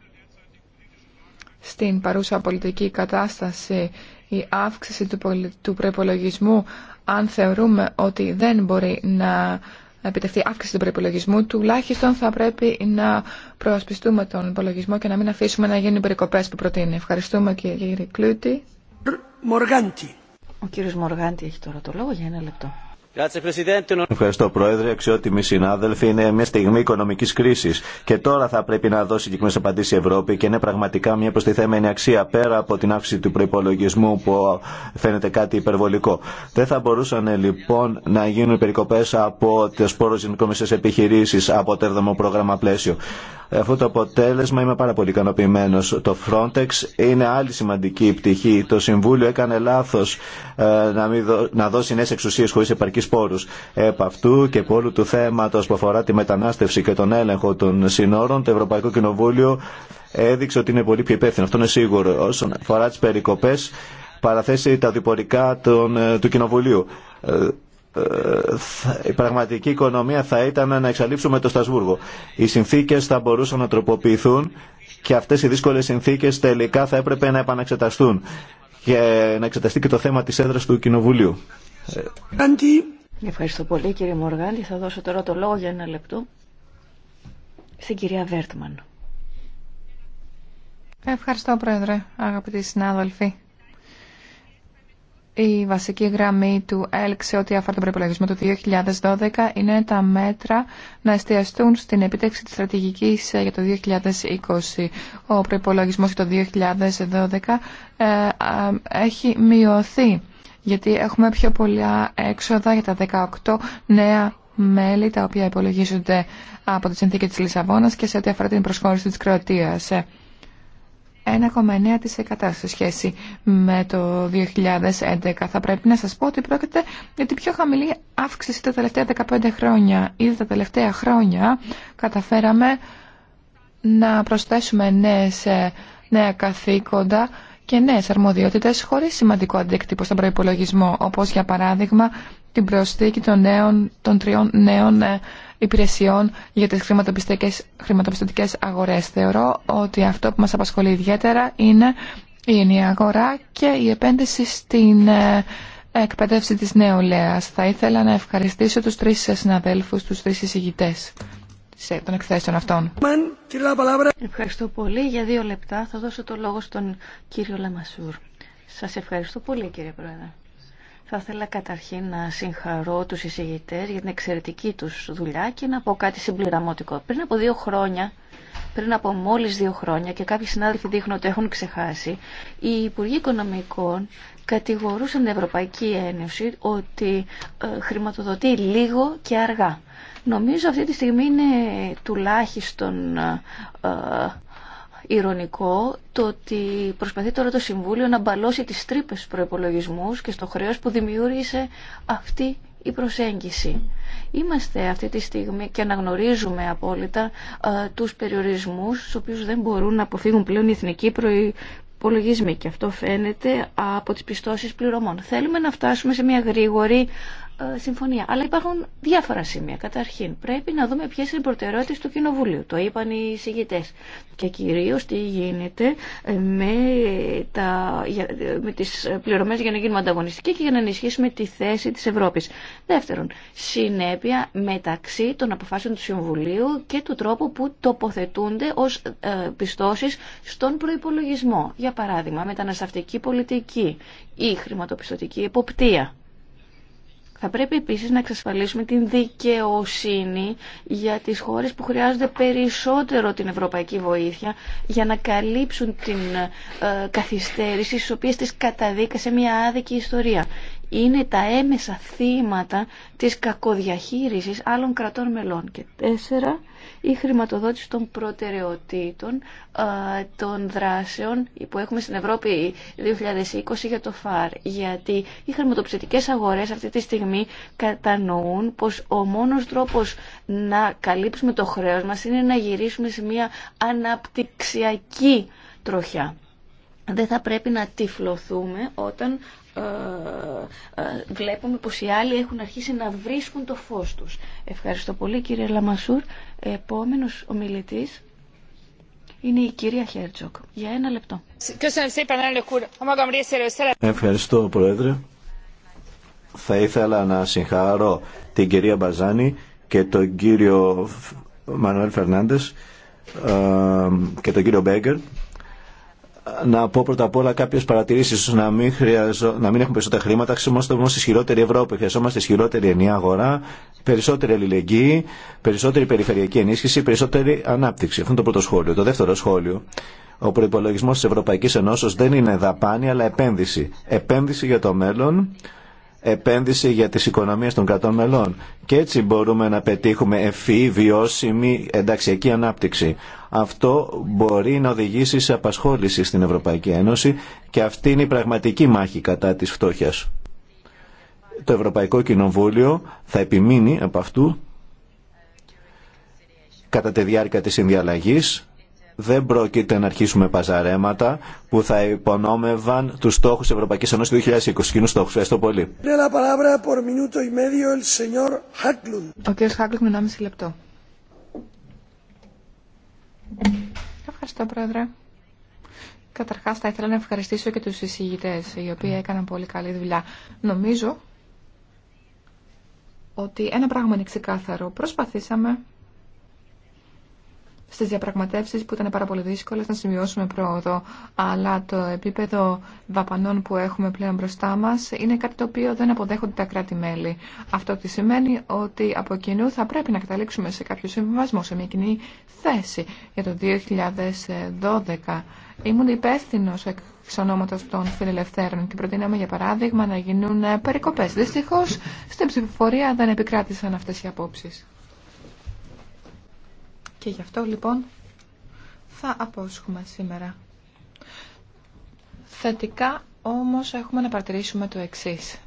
Στην παρούσα πολιτική κατάσταση, η αύξηση του, του προπολογισμού, αν θεωρούμε ότι δεν μπορεί να επιτευχθεί αύξηση του προπολογισμού, τουλάχιστον θα πρέπει να προασπιστούμε τον υπολογισμό και να μην αφήσουμε να γίνουν περικοπές που προτείνει. Ευχαριστούμε κύριε Κλούτη. Ο κύριος Μοργάντη έχει τώρα το λόγο για ένα λεπτό.
Ευχαριστώ Πρόεδρε, αξιότιμοι συνάδελφοι. Είναι μια στιγμή οικονομική κρίση και τώρα θα πρέπει να δώσει συγκεκριμένε απαντήσει η Ευρώπη και είναι πραγματικά μια προστιθέμενη αξία πέρα από την αύξηση του προπολογισμού που φαίνεται κάτι υπερβολικό. Δεν θα μπορούσαν λοιπόν να γίνουν περικοπέ από τι σπόρο γενικομισέ επιχειρήσει από το έβδομο πρόγραμμα πλαίσιο. Αυτό το αποτέλεσμα είμαι πάρα πολύ ικανοποιημένο. Το Frontex είναι άλλη σημαντική πτυχή. Το Συμβούλιο έκανε λάθο ε, να, δώσει νέε εξουσίε χωρί επαρκή Επ' αυτού και από όλου του θέματος που αφορά τη μετανάστευση και τον έλεγχο των συνόρων, το Ευρωπαϊκό Κοινοβούλιο έδειξε ότι είναι πολύ πιο υπεύθυνο. Αυτό είναι σίγουρο. Όσον αφορά τις περικοπές, παραθέσει τα διπορικά ε, του Κοινοβουλίου ε, ε, η πραγματική οικονομία θα ήταν να εξαλείψουμε το Στασβούργο. Οι συνθήκες θα μπορούσαν να τροποποιηθούν και αυτές οι δύσκολες συνθήκες τελικά θα έπρεπε να επαναξεταστούν και να εξεταστεί και το θέμα της έδρας του Κοινοβουλίου. Ευχαριστώ
πολύ κύριε Μοργάντη. Θα δώσω τώρα το λόγο για ένα λεπτό στην κυρία Βέρτμαν.
Ευχαριστώ πρόεδρε, αγαπητοί συνάδελφοι. Η βασική γραμμή του ΕΛΚ σε ό,τι αφορά τον προπολογισμό του 2012 είναι τα μέτρα να εστιαστούν στην επίτευξη της στρατηγικής ε, για το 2020. Ο προπολογισμό για το 2012 ε, έχει μειωθεί γιατί έχουμε πιο πολλά έξοδα για τα 18 νέα μέλη τα οποία υπολογίζονται από τη συνθήκη της Λισαβόνας και σε ό,τι αφορά την προσχώρηση της Κροατίας. 1,9% σε σχέση με το 2011. Θα πρέπει να σας πω ότι πρόκειται για την πιο χαμηλή αύξηση τα τελευταία 15 χρόνια. Ήδη τα τελευταία χρόνια καταφέραμε να προσθέσουμε νέες, νέα καθήκοντα και νέες αρμοδιότητες χωρίς σημαντικό αντίκτυπο στον προϋπολογισμό, όπως για παράδειγμα την προσθήκη των, νέων, των τριών νέων ε, υπηρεσιών για τις χρηματοπιστωτικές, χρηματοπιστωτικές αγορές. Θεωρώ ότι αυτό που μας απασχολεί ιδιαίτερα είναι η ενιαία αγορά και η επένδυση στην ε, εκπαίδευση της νεολαίας. Θα ήθελα να ευχαριστήσω τους τρεις συναδέλφους, τους τρεις εισηγητές των εκθέσεων αυτών.
Ευχαριστώ πολύ. Για δύο λεπτά θα δώσω το λόγο στον κύριο Λαμασούρ. Σα ευχαριστώ πολύ κύριε Πρόεδρε. Θα ήθελα καταρχήν να συγχαρώ του εισηγητέ για την εξαιρετική του δουλειά και να πω κάτι συμπληρωματικό. Πριν από δύο χρόνια πριν από μόλι δύο χρόνια και κάποιοι συνάδελφοι δείχνουν ότι έχουν ξεχάσει, οι Υπουργοί Οικονομικών κατηγορούσαν την Ευρωπαϊκή Ένωση ότι ε, χρηματοδοτεί λίγο και αργά. Νομίζω αυτή τη στιγμή είναι τουλάχιστον ε, ε, ηρωνικό το ότι προσπαθεί τώρα το Συμβούλιο να μπαλώσει τις τρύπες προπολογισμού και στο χρέος που δημιούργησε αυτή η προσέγγιση. Είμαστε αυτή τη στιγμή και αναγνωρίζουμε απόλυτα ε, τους περιορισμούς στους οποίους δεν μπορούν να αποφύγουν πλέον οι εθνικοί προϋπολογισμοί και αυτό φαίνεται από τις πιστώσεις πληρωμών. Θέλουμε να φτάσουμε σε μια γρήγορη ε, συμφωνία. Αλλά υπάρχουν διάφορα σημεία. Καταρχήν, πρέπει να δούμε ποιε είναι οι προτεραιότητε του Κοινοβουλίου. Το είπαν οι συγγητέ. Και κυρίω τι γίνεται ε, με, ε, με τι πληρωμέ για να γίνουμε ανταγωνιστικοί και για να ενισχύσουμε τη θέση τη Ευρώπη. Δεύτερον, συνέπεια μεταξύ των αποφάσεων του Συμβουλίου και του τρόπου που τοποθετούνται ω πιστώσει στον προπολογισμό. Για παράδειγμα, μεταναστευτική πολιτική ή χρηματοπιστωτική εποπτεία θα πρέπει επίσης να εξασφαλίσουμε την δικαιοσύνη για τις χώρες που χρειάζονται περισσότερο την ευρωπαϊκή βοήθεια για να καλύψουν την ε, καθυστέρηση στις οποίες τις καταδίκασε μια άδικη ιστορία. Είναι τα έμεσα θύματα της κακοδιαχείρισης άλλων κρατών μελών. Και τέσσερα, η χρηματοδότηση των προτεραιοτήτων των δράσεων που έχουμε στην Ευρώπη 2020 για το ΦΑΡ. Γιατί οι χρηματοπιστωτικές αγορές αυτή τη στιγμή κατανοούν πως ο μόνος τρόπος να καλύψουμε το χρέος μας είναι να γυρίσουμε σε μια αναπτυξιακή τροχιά. Δεν θα πρέπει να τυφλωθούμε όταν ε, ε, βλέπουμε πως οι άλλοι έχουν αρχίσει να βρίσκουν το φως τους. Ευχαριστώ πολύ κύριε Λαμασούρ. Επόμενος ομιλητής είναι η κυρία Χέρτζοκ. Για ένα λεπτό.
Ευχαριστώ Πρόεδρε. Θα ήθελα να συγχαρώ την κυρία Μπαζάνη και τον κύριο Μανουέλ Φερνάντες ε, και τον κύριο Μπέγκερ να πω πρώτα απ' όλα κάποιε παρατηρήσει. Να, μην χρειαζο... να μην έχουμε περισσότερα χρήματα, χρειαζόμαστε όμω ισχυρότερη Ευρώπη. Χρειαζόμαστε ισχυρότερη ενιαία αγορά, περισσότερη αλληλεγγύη, περισσότερη περιφερειακή ενίσχυση, περισσότερη ανάπτυξη. Αυτό είναι το πρώτο σχόλιο. Το δεύτερο σχόλιο. Ο προπολογισμό τη Ευρωπαϊκή Ενώσεω δεν είναι δαπάνη, αλλά επένδυση. Επένδυση για το μέλλον επένδυση για τις οικονομίες των κρατών μελών. Και έτσι μπορούμε να πετύχουμε ευφυή, βιώσιμη, ενταξιακή ανάπτυξη. Αυτό μπορεί να οδηγήσει σε απασχόληση στην Ευρωπαϊκή Ένωση και αυτή είναι η πραγματική μάχη κατά της φτώχειας. Το Ευρωπαϊκό Κοινοβούλιο θα επιμείνει από αυτού κατά τη διάρκεια της συνδιαλλαγής δεν πρόκειται να αρχίσουμε παζαρέματα που θα υπονόμευαν του στόχου Ευρωπαϊκή Ένωση του 2020. Κοινού στόχου. Ευχαριστώ πολύ.
Ο κ. Χάκλουν, ένα μισή λεπτό. Ευχαριστώ, Πρόεδρε. Καταρχάς θα ήθελα να ευχαριστήσω και τους εισηγητές, οι οποίοι έκαναν πολύ καλή δουλειά. Νομίζω ότι ένα πράγμα είναι ξεκάθαρο. Προσπαθήσαμε στις διαπραγματεύσεις που ήταν πάρα πολύ δύσκολες να σημειώσουμε πρόοδο. Αλλά το επίπεδο δαπανών που έχουμε πλέον μπροστά μας είναι κάτι το οποίο δεν αποδέχονται τα κράτη-μέλη. Αυτό τι σημαίνει ότι από κοινού θα πρέπει να καταλήξουμε σε κάποιο συμβιβασμό, σε μια κοινή θέση για το 2012. Ήμουν υπεύθυνο εξ ονόματο των φιλελευθέρων και προτείναμε για παράδειγμα να γίνουν περικοπές. Δυστυχώς, στην ψηφοφορία δεν επικράτησαν αυτέ οι απόψει. Και γι' αυτό λοιπόν θα απόσχουμε σήμερα. Θετικά όμως έχουμε να παρατηρήσουμε το εξής.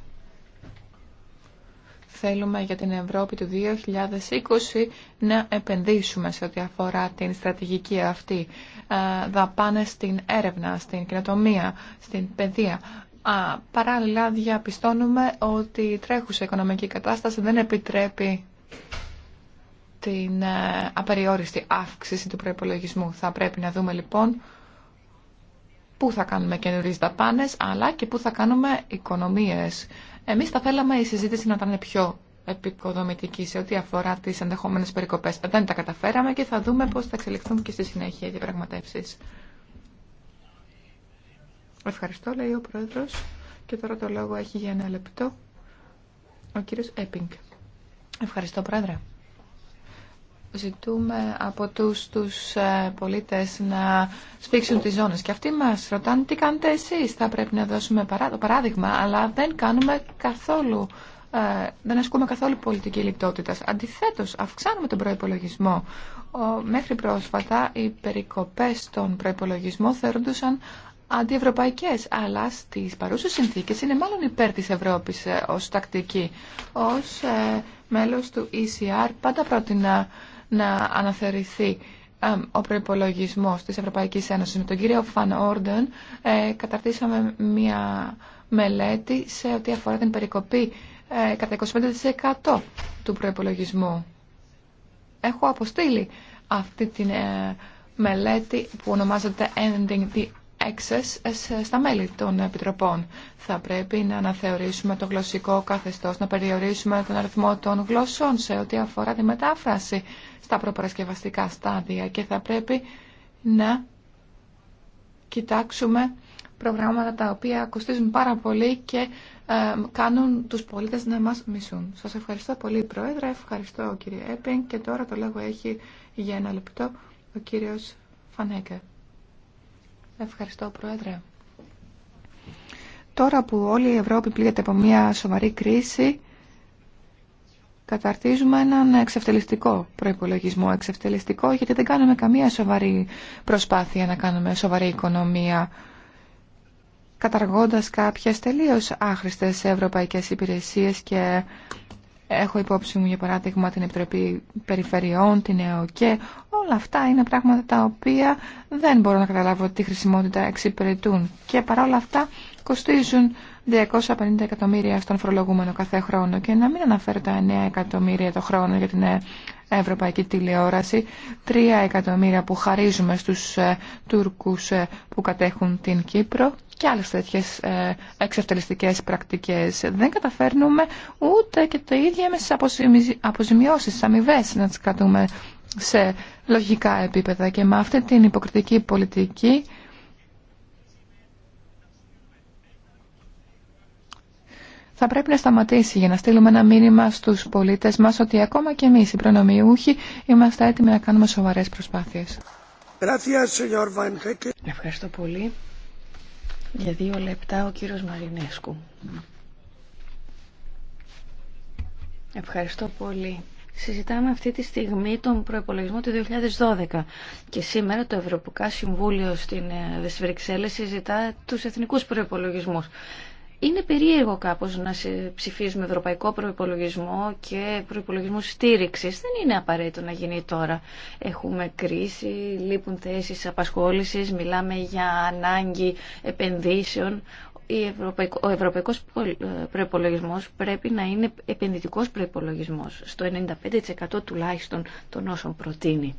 Θέλουμε για την Ευρώπη του 2020 να επενδύσουμε σε ό,τι αφορά την στρατηγική αυτή. Ε, δαπάνε στην έρευνα, στην κοινοτομία, στην παιδεία. Α, παράλληλα διαπιστώνουμε ότι η τρέχουσα οικονομική κατάσταση δεν επιτρέπει την ε, απεριόριστη αύξηση του προϋπολογισμού. Θα πρέπει να δούμε λοιπόν πού θα κάνουμε καινούριε δαπάνες, αλλά και πού θα κάνουμε οικονομίες. Εμείς θα θέλαμε η συζήτηση να ήταν πιο επικοδομητική σε ό,τι αφορά τις ενδεχόμενες περικοπές. Δεν τα καταφέραμε και θα δούμε πώς θα εξελιχθούν και στη συνέχεια οι διαπραγματεύσεις. Ευχαριστώ, λέει ο Πρόεδρος. Και τώρα το λόγο έχει για ένα λεπτό ο κύριος Έπινγκ. Ευχαριστώ, Πρόεδρε ζητούμε από τους, τους ε, πολίτες να σπίξουν τις ζώνες. Και αυτοί μας ρωτάνε τι κάνετε εσείς. Θα πρέπει να δώσουμε το παράδειγμα, αλλά δεν κάνουμε καθόλου ε, δεν ασκούμε καθόλου πολιτική λιτότητα. Αντιθέτως, αυξάνουμε τον προπολογισμό. Μέχρι πρόσφατα, οι περικοπές στον προπολογισμό θεωρούντουσαν αντιευρωπαϊκέ, αλλά στι παρούσε συνθήκε είναι μάλλον υπέρ τη Ευρώπη ε, ω τακτική. Ω μέλο του ECR, πάντα πρότεινα να αναθεωρηθεί ο προπολογισμό τη Ευρωπαϊκή Ένωση. Με τον κύριο Φαν Όρντεν καταρτήσαμε μια μελέτη σε ό,τι αφορά την περικοπή ε, κατά 25% του προπολογισμού. Έχω αποστείλει αυτή τη ε, μελέτη που ονομάζεται Ending the Access ε, στα μέλη των επιτροπών. Θα πρέπει να αναθεωρήσουμε το γλωσσικό καθεστώς, να περιορίσουμε τον αριθμό των γλωσσών σε ό,τι αφορά τη μετάφραση στα προπαρασκευαστικά στάδια και θα πρέπει να κοιτάξουμε προγράμματα τα οποία κοστίζουν πάρα πολύ και ε, κάνουν τους πολίτες να μας μισούν. Σας ευχαριστώ πολύ Πρόεδρε, ευχαριστώ κύριε Έπιν και τώρα το λόγο έχει για ένα λεπτό ο κύριος Φανέκε. Ευχαριστώ Πρόεδρε. Τώρα που όλη η Ευρώπη πλήγεται από μια σοβαρή κρίση, καταρτίζουμε έναν εξευτελιστικό προϋπολογισμό. Εξευτελιστικό γιατί δεν κάνουμε καμία σοβαρή προσπάθεια να κάνουμε σοβαρή οικονομία καταργώντας κάποιες τελείως άχρηστες ευρωπαϊκές υπηρεσίες και έχω υπόψη μου για παράδειγμα την Επιτροπή Περιφερειών, την ΕΟΚΕ, όλα αυτά είναι πράγματα τα οποία δεν μπορώ να καταλάβω τι χρησιμότητα εξυπηρετούν και όλα αυτά κοστίζουν 250 εκατομμύρια στον φορολογούμενο κάθε χρόνο και να μην αναφέρω τα 9 εκατομμύρια το χρόνο για την ε, ευρωπαϊκή τηλεόραση, 3 εκατομμύρια που χαρίζουμε στους ε, Τούρκους ε, που κατέχουν την Κύπρο και άλλες τέτοιες εξευτελιστικές πρακτικές. Δεν καταφέρνουμε ούτε και το ίδιο με τις αποζημιώσεις, τις αμοιβές να τις κρατούμε σε λογικά επίπεδα και με αυτή την υποκριτική πολιτική θα πρέπει να σταματήσει για να στείλουμε ένα μήνυμα στους πολίτες μας ότι ακόμα και εμείς οι προνομιούχοι είμαστε έτοιμοι να κάνουμε σοβαρές προσπάθειες.
Ευχαριστώ πολύ. Για δύο λεπτά ο κύριος Μαρινέσκου. Ευχαριστώ πολύ. Συζητάμε αυτή τη στιγμή τον προπολογισμό του 2012 και σήμερα το Ευρωπαϊκό Συμβούλιο στην ε, Βρυξέλλες συζητά τους εθνικούς προϋπολογισμούς. Είναι περίεργο κάπως να ψηφίζουμε ευρωπαϊκό προϋπολογισμό και προϋπολογισμό στήριξης. Δεν είναι απαραίτητο να γίνει τώρα. Έχουμε κρίση, λείπουν θέσεις απασχόλησης, μιλάμε για ανάγκη επενδύσεων. Ο ευρωπαϊκός ε, προϋπολογισμός πρέπει να είναι επενδυτικός προϋπολογισμός, στο 95% τουλάχιστον των όσων προτείνει.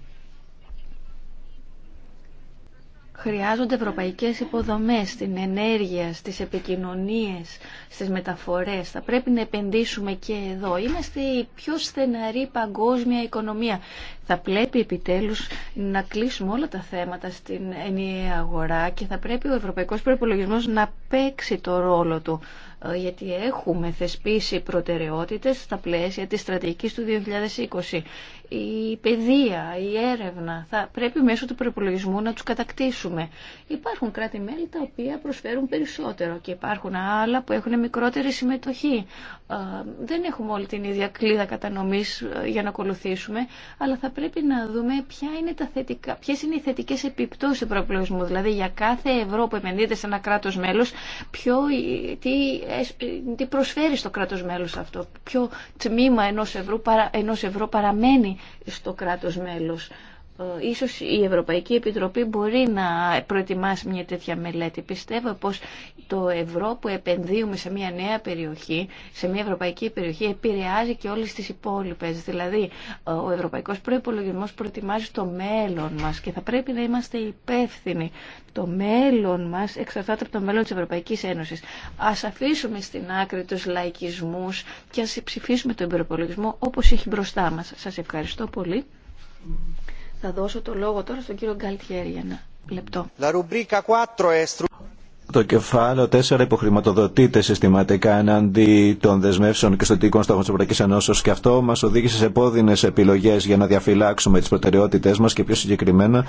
Χρειάζονται ευρωπαϊκές υποδομές στην ενέργεια, στις επικοινωνίες, στις μεταφορές. Θα πρέπει να επενδύσουμε και εδώ. Είμαστε η πιο στεναρή παγκόσμια οικονομία. Θα πρέπει επιτέλους να κλείσουμε όλα τα θέματα στην ενιαία αγορά και θα πρέπει ο ευρωπαϊκός προϋπολογισμός να παίξει το ρόλο του ε, γιατί έχουμε θεσπίσει προτεραιότητες στα πλαίσια της στρατηγικής του 2020. Η παιδεία, η έρευνα, θα πρέπει μέσω του προπολογισμού να τους κατακτήσουμε. Υπάρχουν κράτη-μέλη τα οποία προσφέρουν περισσότερο και υπάρχουν άλλα που έχουν μικρότερη συμμετοχή. Ε, δεν έχουμε όλη την ίδια κλίδα κατανομής ε, για να ακολουθήσουμε, αλλά θα πρέπει να δούμε ποια είναι τα θετικά, ποιες είναι οι θετικές επιπτώσεις του προπολογισμού. Δηλαδή για κάθε ευρώ που επενδύεται σε ένα κράτος μέλος, ποιο, τι τι προσφέρει στο κράτος μέλος αυτό, ποιο τμήμα ενός ευρώ, ενός ευρώ παραμένει στο κράτος μέλος. Ε, ίσως η Ευρωπαϊκή Επιτροπή μπορεί να προετοιμάσει μια τέτοια μελέτη. Πιστεύω πως το ευρώ που επενδύουμε σε μια νέα περιοχή, σε μια ευρωπαϊκή περιοχή, επηρεάζει και όλες τις υπόλοιπες. Δηλαδή, ε, ο ευρωπαϊκός προϋπολογισμός προετοιμάζει το μέλλον μας και θα πρέπει να είμαστε υπεύθυνοι. Το μέλλον μας εξαρτάται από το μέλλον της Ευρωπαϊκής Ένωσης. Ας αφήσουμε στην άκρη τους λαϊκισμούς και ας ψηφίσουμε τον προπολογισμό όπως έχει μπροστά μας. Σας ευχαριστώ πολύ. Θα δώσω το λόγο τώρα στον κύριο Γκαλτιέρη
για ένα λεπτό. Το κεφάλαιο 4 υποχρηματοδοτείται συστηματικά εναντί των δεσμεύσεων και στοτικών στόχων τη Ευρωπαϊκή Ενώσεω και αυτό μα οδήγησε σε πόδινε επιλογέ για να διαφυλάξουμε τι προτεραιότητέ μα και πιο συγκεκριμένα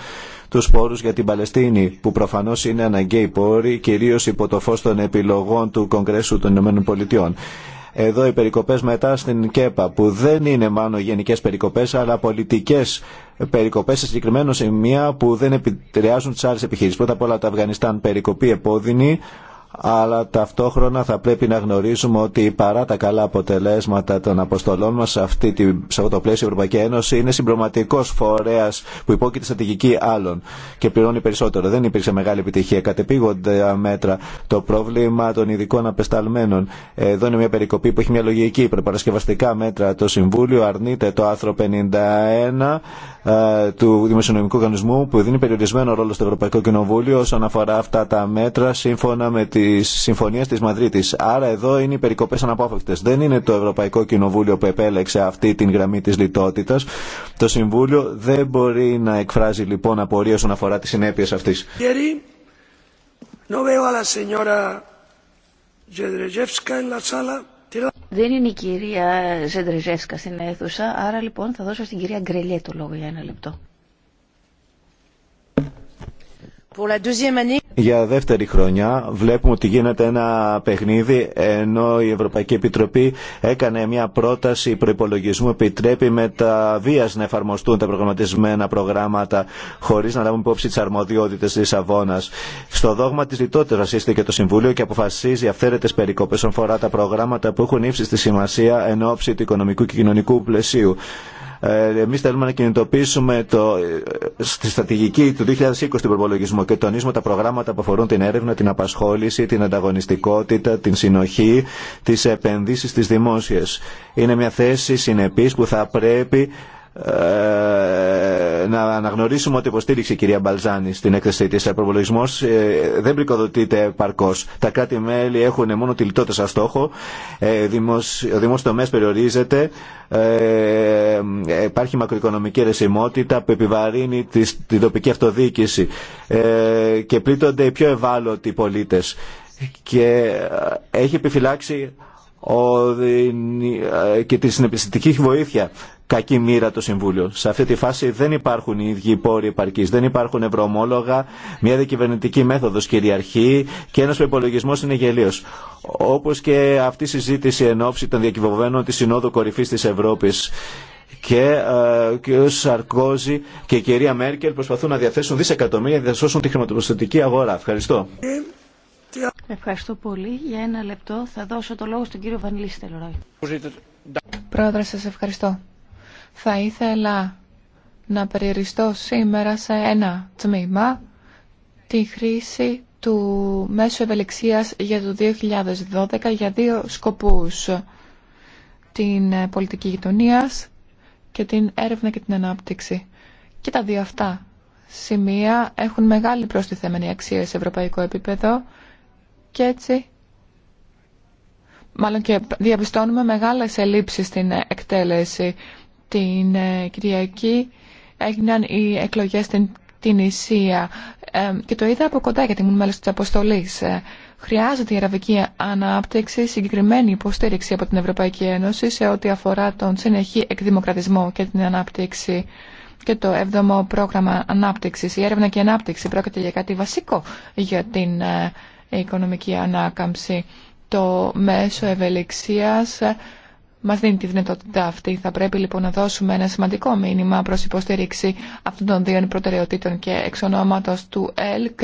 του πόρου για την Παλαιστίνη, που προφανώ είναι αναγκαίοι πόροι, κυρίω υπό το φω των επιλογών του Κογκρέσου των Ηνωμένων Πολιτειών. Εδώ οι περικοπές μετά στην ΚΕΠΑ που δεν είναι μάλλον γενικές περικοπές αλλά πολιτικές περικοπές σε συγκεκριμένο σημεία που δεν επηρεάζουν τις άλλες επιχειρήσεις. Πρώτα απ' όλα το Αφγανιστάν περικοπή επώδυνη αλλά ταυτόχρονα θα πρέπει να γνωρίζουμε ότι παρά τα καλά αποτελέσματα των αποστολών μας σε, αυτή σε αυτό το πλαίσιο η Ευρωπαϊκή Ένωση είναι συμπροματικός φορέας που υπόκειται στρατηγική άλλων και πληρώνει περισσότερο. Δεν υπήρξε μεγάλη επιτυχία. Κατεπήγονται μέτρα το πρόβλημα των ειδικών απεσταλμένων. Εδώ είναι μια περικοπή που έχει μια λογική. Προπαρασκευαστικά μέτρα το Συμβούλιο αρνείται το άρθρο 51 ε, του Δημοσιονομικού Οργανισμού που δίνει περιορισμένο ρόλο στο Ευρωπαϊκό Κοινοβούλιο όσον αφορά αυτά τα μέτρα σύμφωνα με τη τη Συμφωνία τη Μαδρίτη. Άρα εδώ είναι οι περικοπέ αναπόφευκτε. Δεν είναι το Ευρωπαϊκό Κοινοβούλιο που επέλεξε αυτή την γραμμή τη λιτότητα. Το Συμβούλιο δεν μπορεί να εκφράζει λοιπόν απορίες όσον αφορά τι συνέπειε αυτή.
Δεν είναι η κυρία Ζεντρεζεύσκα στην αίθουσα, άρα λοιπόν θα δώσω στην κυρία Γκρελιέ το λόγο για ένα λεπτό.
Για δεύτερη χρονιά βλέπουμε ότι γίνεται ένα παιχνίδι ενώ η Ευρωπαϊκή Επιτροπή έκανε μια πρόταση προπολογισμού επιτρέπει με τα βία να εφαρμοστούν τα προγραμματισμένα προγράμματα χωρί να λάβουν υπόψη τι αρμοδιότητε τη Λισαβόνα. Στο δόγμα τη λιτότητα βασίστηκε το Συμβούλιο και αποφασίζει αυθαίρετε περικόπε όσον φορά τα προγράμματα που έχουν στη σημασία εν ώψη του οικονομικού και κοινωνικού πλαισίου. Ε, Εμεί θέλουμε να κινητοποιήσουμε το, ε, στη στρατηγική του 2020 του προπολογισμό και τονίζουμε τα προγράμματα που αφορούν την έρευνα, την απασχόληση, την ανταγωνιστικότητα, την συνοχή, τι επενδύσει, τι δημόσιες. Είναι μια θέση συνεπή που θα πρέπει ε, να αναγνωρίσουμε ότι υποστήριξε η κυρία Μπαλζάνη στην έκθεσή τη. Ο ε, προπολογισμό ε, δεν πρικοδοτείται παρκώς. Τα κράτη-μέλη έχουν μόνο τη λιτότητα σαν στόχο. ο δημόσιο τομέα περιορίζεται. υπάρχει μακροοικονομική ρεσιμότητα που επιβαρύνει την τοπική αυτοδιοίκηση και πλήττονται οι πιο ευάλωτοι πολίτε. Και έχει επιφυλάξει και τη συνεπιστική βοήθεια κακή μοίρα το Συμβούλιο. Σε αυτή τη φάση δεν υπάρχουν οι ίδιοι πόροι επαρκή, δεν υπάρχουν ευρωομόλογα, μια δικυβερνητική μέθοδο κυριαρχεί και ένα προπολογισμό είναι γελίο. Όπω και αυτή η συζήτηση εν ώψη των διακυβευμένων τη Συνόδου Κορυφή τη Ευρώπη και ε, ο Σαρκόζη και η κυρία Μέρκελ προσπαθούν να διαθέσουν δισεκατομμύρια για να σώσουν τη χρηματοπιστωτική αγορά. Ευχαριστώ.
Ευχαριστώ πολύ. Για ένα λεπτό θα δώσω το λόγο στον κύριο Βανλίστερ.
Πρόεδρε, σας ευχαριστώ. Θα ήθελα να περιοριστώ σήμερα σε ένα τμήμα τη χρήση του μέσου ευελιξίας για το 2012 για δύο σκοπούς την ε, πολιτική γειτονία και την έρευνα και την ανάπτυξη. Και τα δύο αυτά σημεία έχουν μεγάλη προστιθέμενη αξία σε ευρωπαϊκό επίπεδο και έτσι μάλλον και διαπιστώνουμε μεγάλες ελλείψεις στην ε, εκτέλεση την ε, Κυριακή έγιναν οι εκλογές στην την Ισία ε, και το είδα από κοντά γιατί ήμουν μέλος της αποστολής. Ε, χρειάζεται η αραβική ανάπτυξη συγκεκριμένη υποστήριξη από την Ευρωπαϊκή Ένωση σε ό,τι αφορά τον συνεχή εκδημοκρατισμό και την ανάπτυξη και το 7ο πρόγραμμα ανάπτυξης. Η έρευνα και η ανάπτυξη πρόκειται για κάτι βασικό για την οικονομική ανάκαμψη. Το μέσο ευελιξίας Μα δίνει τη δυνατότητα αυτή. Θα πρέπει λοιπόν να δώσουμε ένα σημαντικό μήνυμα προς υποστήριξη αυτών των δύο προτεραιοτήτων και εξ του ΕΛΚ.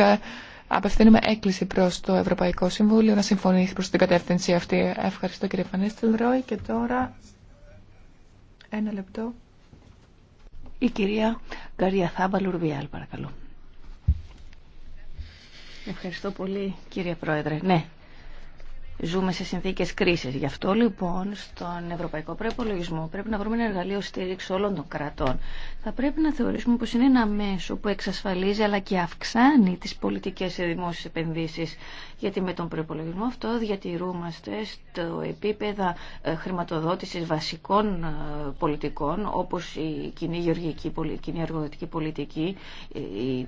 Απευθύνουμε έκκληση προ το Ευρωπαϊκό Συμβούλιο να συμφωνήσει προ την κατεύθυνση αυτή. Ευχαριστώ κύριε Φανίστηλ Ρόι και τώρα ένα λεπτό. Η κυρία Καρία Θάμπα Λουρβιάλ, παρακαλώ.
Ευχαριστώ πολύ κύριε Πρόεδρε. Ναι, Ζούμε σε συνθήκες κρίσης. Γι' αυτό λοιπόν στον Ευρωπαϊκό Προπολογισμό πρέπει να βρούμε ένα εργαλείο στήριξη όλων των κρατών. Θα πρέπει να θεωρήσουμε πως είναι ένα μέσο που εξασφαλίζει αλλά και αυξάνει τις πολιτικές σε δημόσιες επενδύσεις. Γιατί με τον προπολογισμό αυτό διατηρούμαστε στο επίπεδο ε, χρηματοδότησης βασικών ε, πολιτικών όπως η κοινή γεωργική, η κοινή εργοδοτική πολιτική, ε, η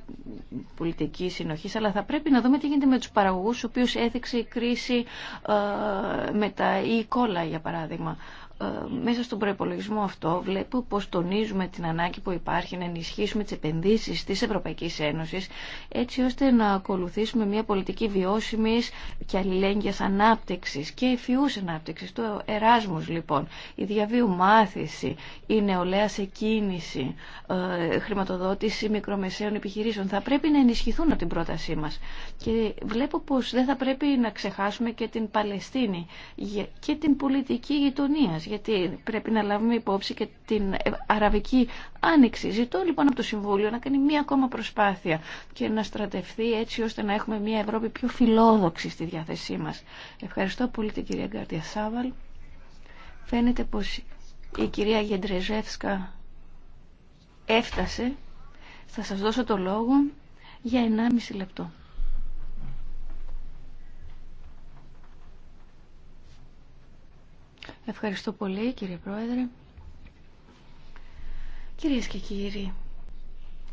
πολιτική συνοχής. Αλλά θα πρέπει να δούμε τι γίνεται με τους παραγωγούς, στους οποίους έδειξε η κρίση ε, με τα e. για παράδειγμα. Ε, μέσα στον προπολογισμό αυτό βλέπω πως τονίζουμε την ανάγκη που υπάρχει να ενισχύσουμε τις επενδύσεις της Ευρωπαϊκής Ένωσης έτσι ώστε να ακολουθήσουμε μια πολιτική βιώσιμης και αλληλέγγυας ανάπτυξης και εφιούς ανάπτυξης το Εράσμο λοιπόν η διαβίου μάθηση, η νεολαία σε κίνηση ε, χρηματοδότηση μικρομεσαίων επιχειρήσεων θα πρέπει να ενισχυθούν από την πρότασή μας και βλέπω πως δεν θα πρέπει να ξεχάσουμε και την Παλαιστίνη και την πολιτική γειτονία γιατί πρέπει να λάβουμε υπόψη και την αραβική άνοιξη. Ζητώ λοιπόν από το Συμβούλιο να κάνει μία ακόμα προσπάθεια και να στρατευθεί έτσι ώστε να έχουμε μία Ευρώπη πιο φιλόδοξη στη διάθεσή μας. Ευχαριστώ πολύ την κυρία Γκάρτια Σάβαλ. Φαίνεται πως η κυρία Γεντρεζεύσκα έφτασε. Θα σας δώσω το λόγο για 1,5 λεπτό. Ευχαριστώ πολύ κύριε Πρόεδρε. Κυρίες και κύριοι,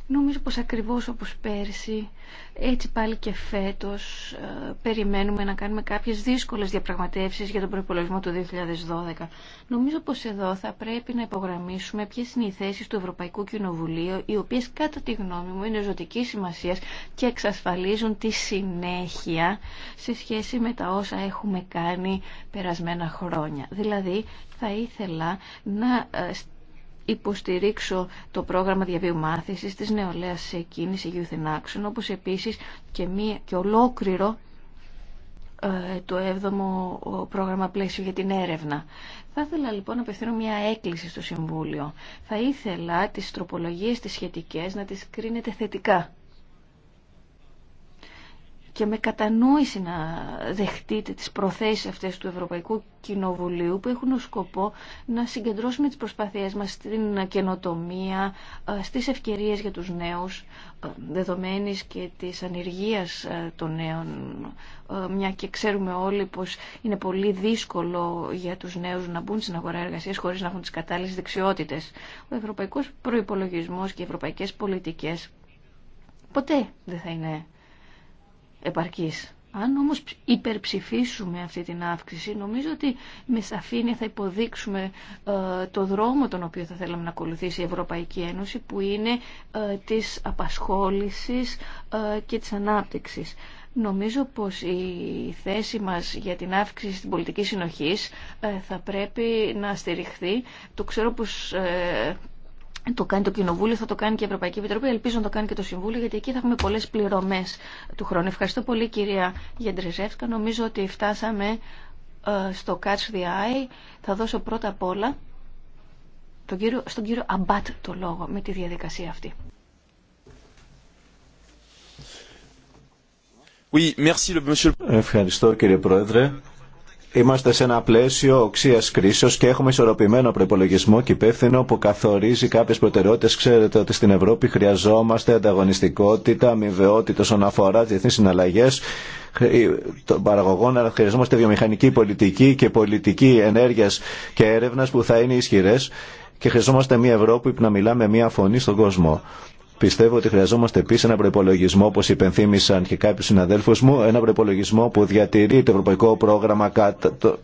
Νομίζω πως ακριβώς όπως πέρσι, έτσι πάλι και φέτος, ε, περιμένουμε να κάνουμε κάποιες δύσκολες διαπραγματεύσεις για τον προπολογισμό του 2012. Νομίζω πως εδώ θα πρέπει να υπογραμμίσουμε ποιες είναι οι θέσεις του Ευρωπαϊκού Κοινοβουλίου, οι οποίες κατά τη γνώμη μου είναι ζωτική σημασίας και εξασφαλίζουν τη συνέχεια σε σχέση με τα όσα έχουμε κάνει περασμένα χρόνια. Δηλαδή, θα ήθελα να ε, υποστηρίξω το πρόγραμμα διαβίου μάθησης της νεολαίας σε κίνηση Youth in Action, όπως επίσης και, και ολόκληρο ε, το έβδομο πρόγραμμα πλαίσιο για την έρευνα. Θα ήθελα λοιπόν να απευθύνω μια έκκληση στο Συμβούλιο. Θα ήθελα τις τροπολογίες τις σχετικές να τις κρίνετε θετικά και με κατανόηση να δεχτείτε τις προθέσεις αυτές του Ευρωπαϊκού Κοινοβουλίου που έχουν ως σκοπό να συγκεντρώσουμε τις προσπάθειές μας στην καινοτομία, ε, στις ευκαιρίες για τους νέους, ε, δεδομένης και της ανεργίας ε, των νέων, μια και ξέρουμε όλοι πως είναι πολύ δύσκολο για τους νέους να μπουν στην αγορά εργασίας χωρίς να έχουν τις κατάλληλες δεξιότητες. Ο ευρωπαϊκός προϋπολογισμός και οι ευρωπαϊκές πολιτικές ποτέ δεν θα είναι επαρκής. Αν όμως υπερψηφίσουμε αυτή την αύξηση, νομίζω ότι με σαφήνεια θα υποδείξουμε ε, το δρόμο τον οποίο θα θέλαμε να ακολουθήσει η Ευρωπαϊκή Ένωση, που είναι ε, της απασχόλησης ε, και της ανάπτυξης. Νομίζω πως η θέση μας για την αύξηση της πολιτική συνοχής θα πρέπει να στηριχθεί. Το ξέρω πως το κάνει το Κοινοβούλιο, θα το κάνει και η Ευρωπαϊκή Επιτροπή. Ελπίζω να το κάνει και το Συμβούλιο, γιατί εκεί θα έχουμε πολλέ πληρωμέ του χρόνου. Ευχαριστώ πολύ, κυρία Γεντριζεύσκα. Νομίζω ότι φτάσαμε ε, στο Catch the Eye. Θα δώσω πρώτα απ' όλα τον κύριο, στον κύριο Αμπάτ το λόγο με τη διαδικασία αυτή.
Ευχαριστώ κύριε Πρόεδρε. Είμαστε σε ένα πλαίσιο οξία κρίσεω και έχουμε ισορροπημένο προπολογισμό και υπεύθυνο που καθορίζει κάποιε προτεραιότητε. Ξέρετε ότι στην Ευρώπη χρειαζόμαστε ανταγωνιστικότητα, αμοιβαιότητα όσον αφορά τι διεθνεί συναλλαγέ ε, των παραγωγών, αλλά χρειαζόμαστε βιομηχανική πολιτική και πολιτική ενέργεια και έρευνα που θα είναι ισχυρέ και χρειαζόμαστε μια Ευρώπη που να μιλά με μια φωνή στον κόσμο. Πιστεύω ότι χρειαζόμαστε επίση ένα προπολογισμό, όπω υπενθύμησαν και κάποιοι συναδέλφου μου, ένα προπολογισμό που διατηρεί το ευρωπαϊκό πρόγραμμα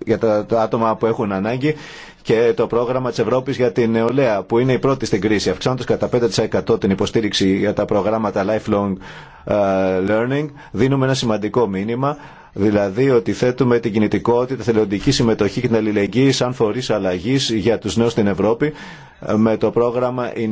για τα άτομα που έχουν ανάγκη και το πρόγραμμα τη Ευρώπη για την νεολαία, που είναι η πρώτη στην κρίση, αυξάνοντα κατά 5% την υποστήριξη για τα προγράμματα lifelong ε, learning, δίνουμε ένα σημαντικό μήνυμα Δηλαδή ότι θέτουμε την κινητικότητα, τη θελοντική συμμετοχή και την αλληλεγγύη σαν φορεί αλλαγή για του νέου στην Ευρώπη. Με το πρόγραμμα η,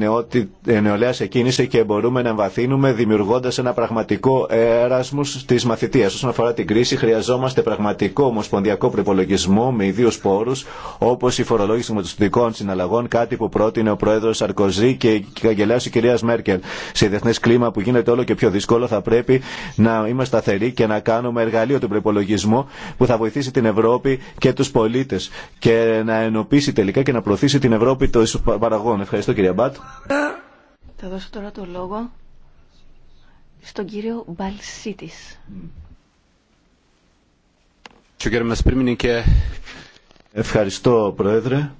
νεολαία σε και μπορούμε να εμβαθύνουμε δημιουργώντα ένα πραγματικό έρασμο τη μαθητεία. Όσον αφορά την κρίση, χρειαζόμαστε πραγματικό ομοσπονδιακό προπολογισμό με ιδίου πόρου, όπω η φορολόγηση των συναλλαγών, κάτι που πρότεινε ο πρόεδρο Σαρκοζή και η καγκελάριο κυρία Μέρκελ. Σε διεθνέ κλίμα που γίνεται όλο και πιο δύσκολο, θα πρέπει να είμαστε σταθεροί και να κάνουμε εργαλείο προπολογισμό που θα βοηθήσει την Ευρώπη και του πολίτε και να ενοποιήσει τελικά και να προωθήσει την Ευρώπη των παραγών. Ευχαριστώ κύριε Μπάτ.
Θα δώσω τώρα το λόγο στον κύριο Μπαλσίτη.
Ευχαριστώ Πρόεδρε.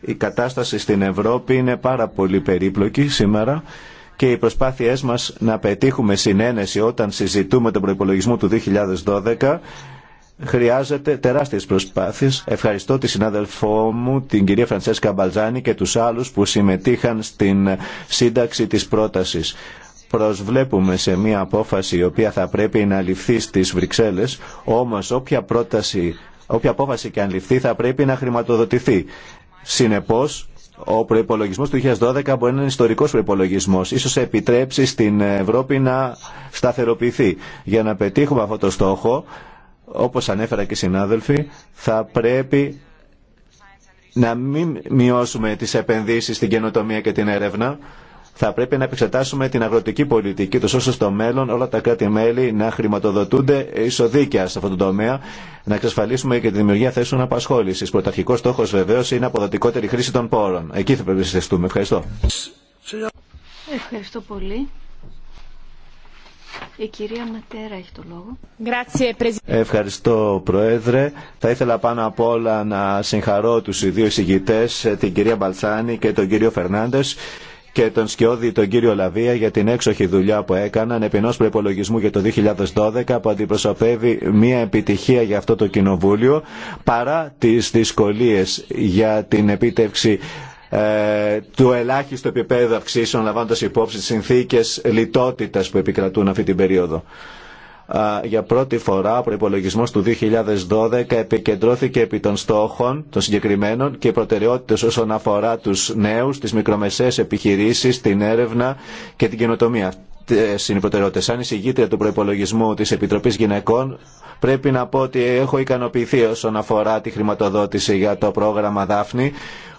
Η κατάσταση στην Ευρώπη είναι πάρα πολύ περίπλοκη σήμερα και οι προσπάθειές μας να πετύχουμε συνένεση όταν συζητούμε τον προϋπολογισμό του 2012 χρειάζεται τεράστιες προσπάθειες. Ευχαριστώ τη συνάδελφό μου, την κυρία Φραντσέσκα Μπαλζάνη και τους άλλους που συμμετείχαν στην σύνταξη της πρότασης. Προσβλέπουμε σε μια απόφαση η οποία θα πρέπει να ληφθεί στις Βρυξέλλες, όμως όποια, πρόταση, απόφαση και αν ληφθεί θα πρέπει να χρηματοδοτηθεί. Συνεπώς ο προπολογισμό του 2012 μπορεί να είναι ιστορικό προπολογισμό. σω επιτρέψει στην Ευρώπη να σταθεροποιηθεί. Για να πετύχουμε αυτό το στόχο, όπω ανέφερα και οι συνάδελφοι, θα πρέπει να μην μειώσουμε τι επενδύσει στην καινοτομία και την έρευνα θα πρέπει να επεξετάσουμε την αγροτική πολιτική, του ώστε στο μέλλον όλα τα κράτη-μέλη να χρηματοδοτούνται ισοδίκαια σε αυτό το τομέα, να εξασφαλίσουμε και τη δημιουργία θέσεων απασχόληση. Πρωταρχικό στόχο βεβαίω είναι αποδοτικότερη χρήση των πόρων. Εκεί θα πρέπει να συστηθούμε. Ευχαριστώ.
Ευχαριστώ πολύ. Η κυρία Ματέρα έχει το λόγο.
Ευχαριστώ Πρόεδρε. Θα ήθελα πάνω απ' όλα να συγχαρώ τους δύο εισηγητές, την κυρία Μπαλτσάνη και τον κύριο Φερνάντες και τον Σκιώδη τον κύριο Λαβία για την έξοχη δουλειά που έκαναν επί ενός προπολογισμού για το 2012 που αντιπροσωπεύει μια επιτυχία για αυτό το κοινοβούλιο παρά τις δυσκολίες για την επίτευξη ε, του ελάχιστου επίπεδου αυξήσεων λαμβάνοντας υπόψη τις συνθήκες λιτότητας που επικρατούν αυτή την περίοδο για πρώτη φορά ο προπολογισμό του 2012 επικεντρώθηκε επί των στόχων των συγκεκριμένων και προτεραιότητε όσον αφορά του νέου, τι μικρομεσαίε επιχειρήσει, την έρευνα και την καινοτομία. Είναι Αν εισηγήτρια του προπολογισμού τη Επιτροπή Γυναικών, πρέπει να πω ότι έχω ικανοποιηθεί όσον αφορά τη χρηματοδότηση για το πρόγραμμα Δάφνη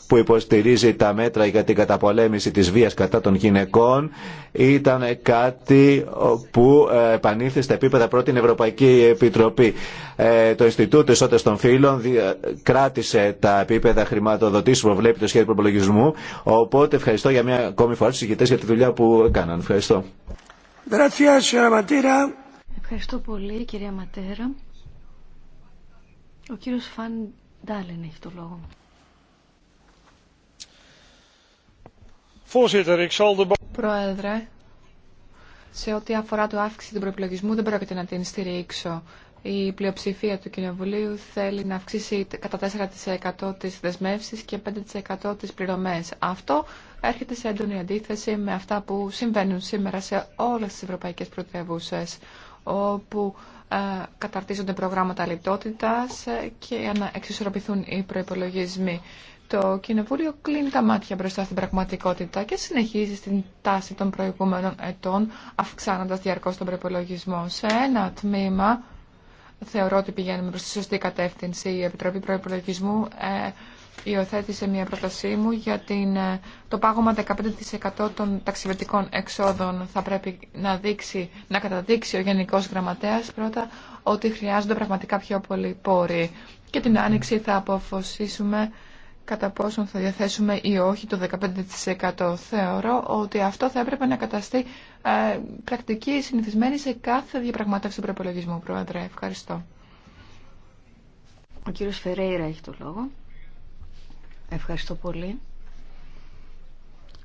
που υποστηρίζει τα μέτρα για την καταπολέμηση της βίας κατά των γυναικών ήταν κάτι που ε, επανήλθε στα επίπεδα πρώτη Ευρωπαϊκή Επιτροπή. Ε, το Ινστιτούτο Ισότητας των Φύλων ε, κράτησε τα επίπεδα χρηματοδοτήσεων που βλέπει το σχέδιο προπολογισμού. Οπότε ευχαριστώ για μια ακόμη φορά τους ηγητές για τη δουλειά που έκαναν. Ευχαριστώ. Ευχαριστώ
πολύ κυρία Ματέρα. Ο κύριος Φαν Ντάλεν έχει το λόγο.
Πρόεδρε, σε ό,τι αφορά το αύξηση του προπολογισμού δεν πρόκειται να την στηρίξω. Η πλειοψηφία του Κοινοβουλίου θέλει να αυξήσει κατά 4% τις δεσμεύσεις και 5% τις πληρωμές. Αυτό έρχεται σε έντονη αντίθεση με αυτά που συμβαίνουν σήμερα σε όλες τις ευρωπαϊκές πρωτεύουσε όπου ε, καταρτίζονται προγράμματα λιτότητας ε, και να εξισορροπηθούν οι προϋπολογισμοί το Κοινοβούλιο κλείνει τα μάτια μπροστά στην πραγματικότητα και συνεχίζει στην τάση των προηγούμενων ετών, αυξάνοντας διαρκώς τον προπολογισμό. Σε ένα τμήμα, θεωρώ ότι πηγαίνουμε προς τη σωστή κατεύθυνση, η Επιτροπή Προϋπολογισμού ε, υιοθέτησε μια πρότασή μου για την, ε, το πάγωμα 15% των ταξιδιωτικών εξόδων. Θα πρέπει να, δείξει, να καταδείξει ο Γενικός Γραμματέας πρώτα ότι χρειάζονται πραγματικά πιο πολλοί πόροι. Και την άνοιξη θα αποφασίσουμε κατά πόσον θα διαθέσουμε ή όχι το 15%. Θεωρώ ότι αυτό θα έπρεπε να καταστεί ε, πρακτική συνηθισμένη σε κάθε διαπραγματεύση του προπολογισμού, Πρόεδρε. Ευχαριστώ. Ο κύριος Φερέιρα έχει το λόγο.
Ευχαριστώ πολύ.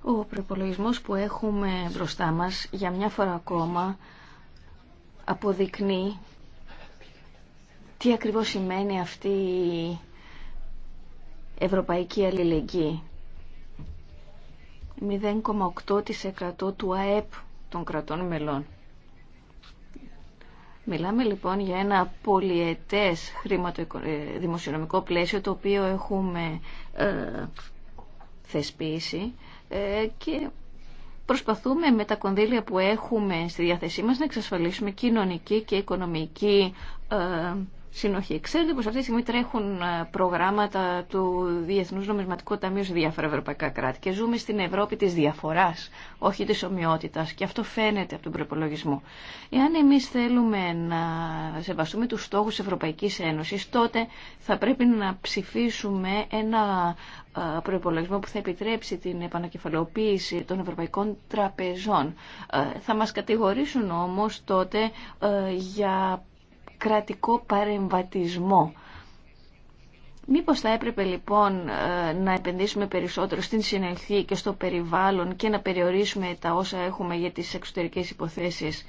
Ο προπολογισμό που έχουμε μπροστά μας για μια φορά ακόμα αποδεικνύει τι ακριβώς σημαίνει αυτή η Ευρωπαϊκή Αλληλεγγύη. 0,8% του ΑΕΠ των κρατών μελών. Μιλάμε λοιπόν για ένα πολυετές ε, δημοσιονομικό πλαίσιο το οποίο έχουμε ε, θεσπίσει ε, και προσπαθούμε με τα κονδύλια που έχουμε στη διάθεσή μας να εξασφαλίσουμε κοινωνική και οικονομική συνοχή. Ξέρετε πως αυτή τη στιγμή τρέχουν ε, προγράμματα του Διεθνούς Νομισματικού Ταμείου σε διάφορα ευρωπαϊκά κράτη και ζούμε στην Ευρώπη της διαφοράς, όχι της ομοιότητας και αυτό φαίνεται από τον προπολογισμό. Εάν εμείς θέλουμε να σεβαστούμε τους στόχους της Ευρωπαϊκής Ένωσης, τότε θα πρέπει να ψηφίσουμε ένα ε, προπολογισμό που θα επιτρέψει την επανακεφαλοποίηση των ευρωπαϊκών τραπεζών. Ε, θα μας κατηγορήσουν όμως τότε για κρατικό παρεμβατισμό. Μήπως θα έπρεπε λοιπόν ε, να επενδύσουμε περισσότερο στην συνεχή και στο περιβάλλον και να περιορίσουμε τα όσα έχουμε για τις εξωτερικές υποθέσεις.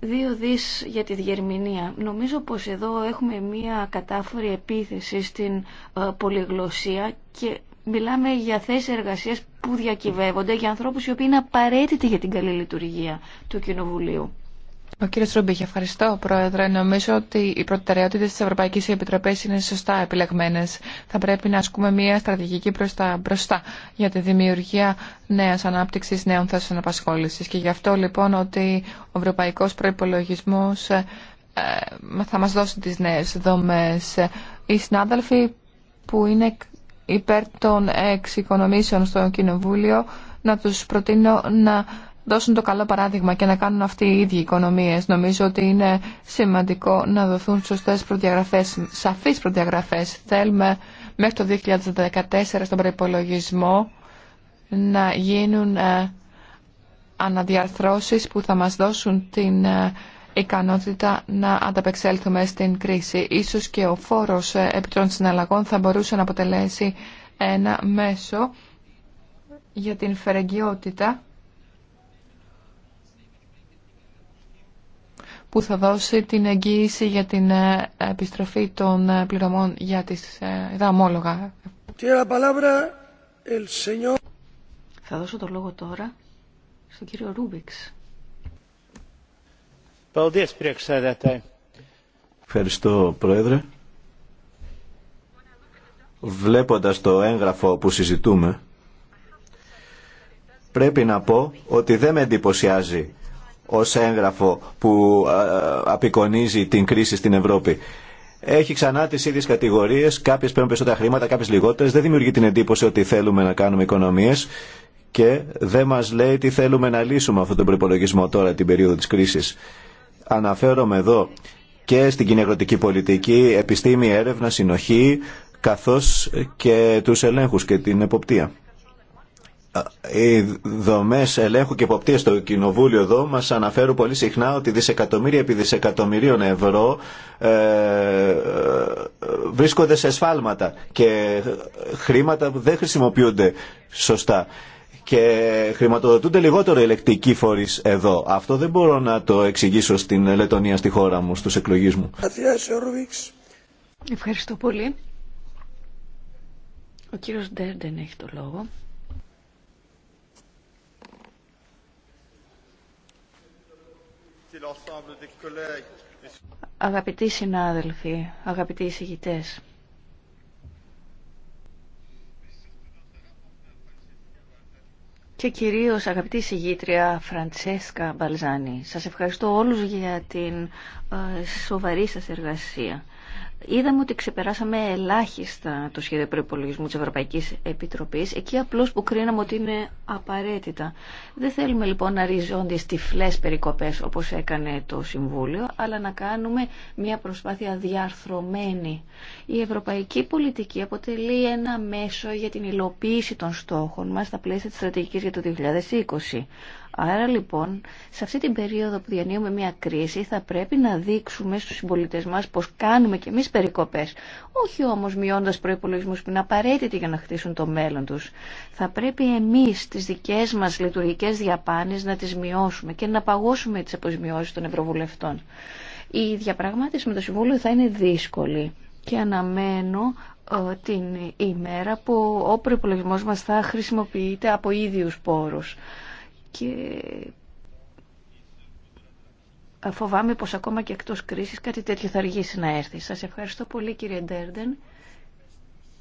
Δύο δις για τη διερμηνία. Νομίζω πως εδώ έχουμε μία κατάφορη επίθεση στην ε, πολυγλωσία και μιλάμε για θέσεις εργασίας που διακυβεύονται για ανθρώπους οι οποίοι είναι
απαραίτητοι για την καλή λειτουργία του Κοινοβουλίου. Ο κύριος ευχαριστώ Πρόεδρε. Νομίζω ότι οι προτεραιότητες της Ευρωπαϊκής Επιτροπής είναι σωστά επιλεγμένες. Θα πρέπει να ασκούμε μια στρατηγική προς τα μπροστά για τη δημιουργία νέας ανάπτυξης νέων θέσεων απασχόλησης. Και γι' αυτό λοιπόν ότι ο Ευρωπαϊκός Προϋπολογισμός ε, ε, θα μας δώσει τις νέες δομές. Οι συνάδελφοι που είναι υπέρ των εξοικονομήσεων στο Κοινοβούλιο να τους προτείνω να δώσουν το καλό παράδειγμα και να κάνουν αυτοί οι ίδιοι οικονομίε. Νομίζω ότι είναι σημαντικό να δοθούν σωστές προδιαγραφέ, σαφείς προδιαγραφέ, Θέλουμε μέχρι το 2014 στον προπολογισμό να γίνουν ε, αναδιαρθρώσεις που θα μας δώσουν την ε, ικανότητα να ανταπεξέλθουμε στην κρίση. Ίσως και ο φόρος ε, επί των συναλλαγών θα μπορούσε να αποτελέσει ένα μέσο για την φερεγγιότητα που θα δώσει την εγγύηση για την ε, επιστροφή των ε, πληρωμών για τις δαμόλογα.
Ε, θα δώσω το λόγο τώρα στον κύριο Ρούμπιξ.
Ευχαριστώ, Πρόεδρε. Βλέποντας το έγγραφο που συζητούμε, πρέπει να πω ότι δεν με εντυπωσιάζει ως έγγραφο που ε, απεικονίζει την κρίση στην Ευρώπη. Έχει ξανά τι ίδιε κατηγορίε, κάποιε παίρνουν περισσότερα χρήματα, κάποιε λιγότερε. Δεν δημιουργεί την εντύπωση ότι θέλουμε να κάνουμε οικονομίε και δεν μα λέει τι θέλουμε να λύσουμε αυτόν τον προπολογισμό τώρα την περίοδο τη κρίση. Αναφέρομαι εδώ και στην κοινωνική πολιτική, επιστήμη, έρευνα, συνοχή, καθώς και τους ελέγχους και την εποπτεία οι δομέ ελέγχου και υποπτήρια στο Κοινοβούλιο εδώ Μα αναφέρουν πολύ συχνά ότι δισεκατομμύρια επί δισεκατομμυρίων ευρώ ε, βρίσκονται σε σφάλματα και χρήματα που δεν χρησιμοποιούνται σωστά και χρηματοδοτούνται λιγότερο ηλεκτρικοί φορείς εδώ. Αυτό δεν μπορώ να το εξηγήσω στην Λετωνία, στη χώρα μου, στου εκλογεί μου.
Ευχαριστώ πολύ. Ο κύριος Ντέρντεν έχει το λόγο. Αγαπητοί συνάδελφοι, αγαπητοί εισηγητές, και κυρίως αγαπητή συγγήτρια Φραντσέσκα Μπαλζάνη, σας ευχαριστώ όλους για την ε, σοβαρή σας εργασία. Είδαμε ότι ξεπεράσαμε ελάχιστα το σχέδιο προπολογισμού τη Ευρωπαϊκή Επιτροπή, εκεί απλώ που κρίναμε ότι είναι απαραίτητα. Δεν θέλουμε λοιπόν να ριζώνται τυφλέ περικοπέ όπω έκανε το Συμβούλιο, αλλά να κάνουμε μια προσπάθεια διαρθρωμένη. Η ευρωπαϊκή πολιτική αποτελεί ένα μέσο για την υλοποίηση των στόχων μα στα πλαίσια τη στρατηγική για το 2020. Άρα λοιπόν, σε αυτή την περίοδο που διανύουμε μια κρίση, θα πρέπει να δείξουμε στους συμπολίτες μας πως κάνουμε και εμείς περικοπές. Όχι όμως μειώντας προϋπολογισμούς που είναι απαραίτητοι για να χτίσουν το μέλλον τους. Θα πρέπει εμείς τις δικές μας λειτουργικές διαπάνες να τις μειώσουμε και να παγώσουμε τις αποζημιώσεις των Ευρωβουλευτών. Η διαπραγμάτευση με το Συμβούλιο θα είναι δύσκολη και αναμένω ε, την ημέρα που ο προπολογισμό μας θα χρησιμοποιείται από ίδιους πόρους και φοβάμαι πως ακόμα και εκτός κρίσης κάτι τέτοιο θα αργήσει να έρθει. Σας ευχαριστώ πολύ κύριε Ντέρντεν.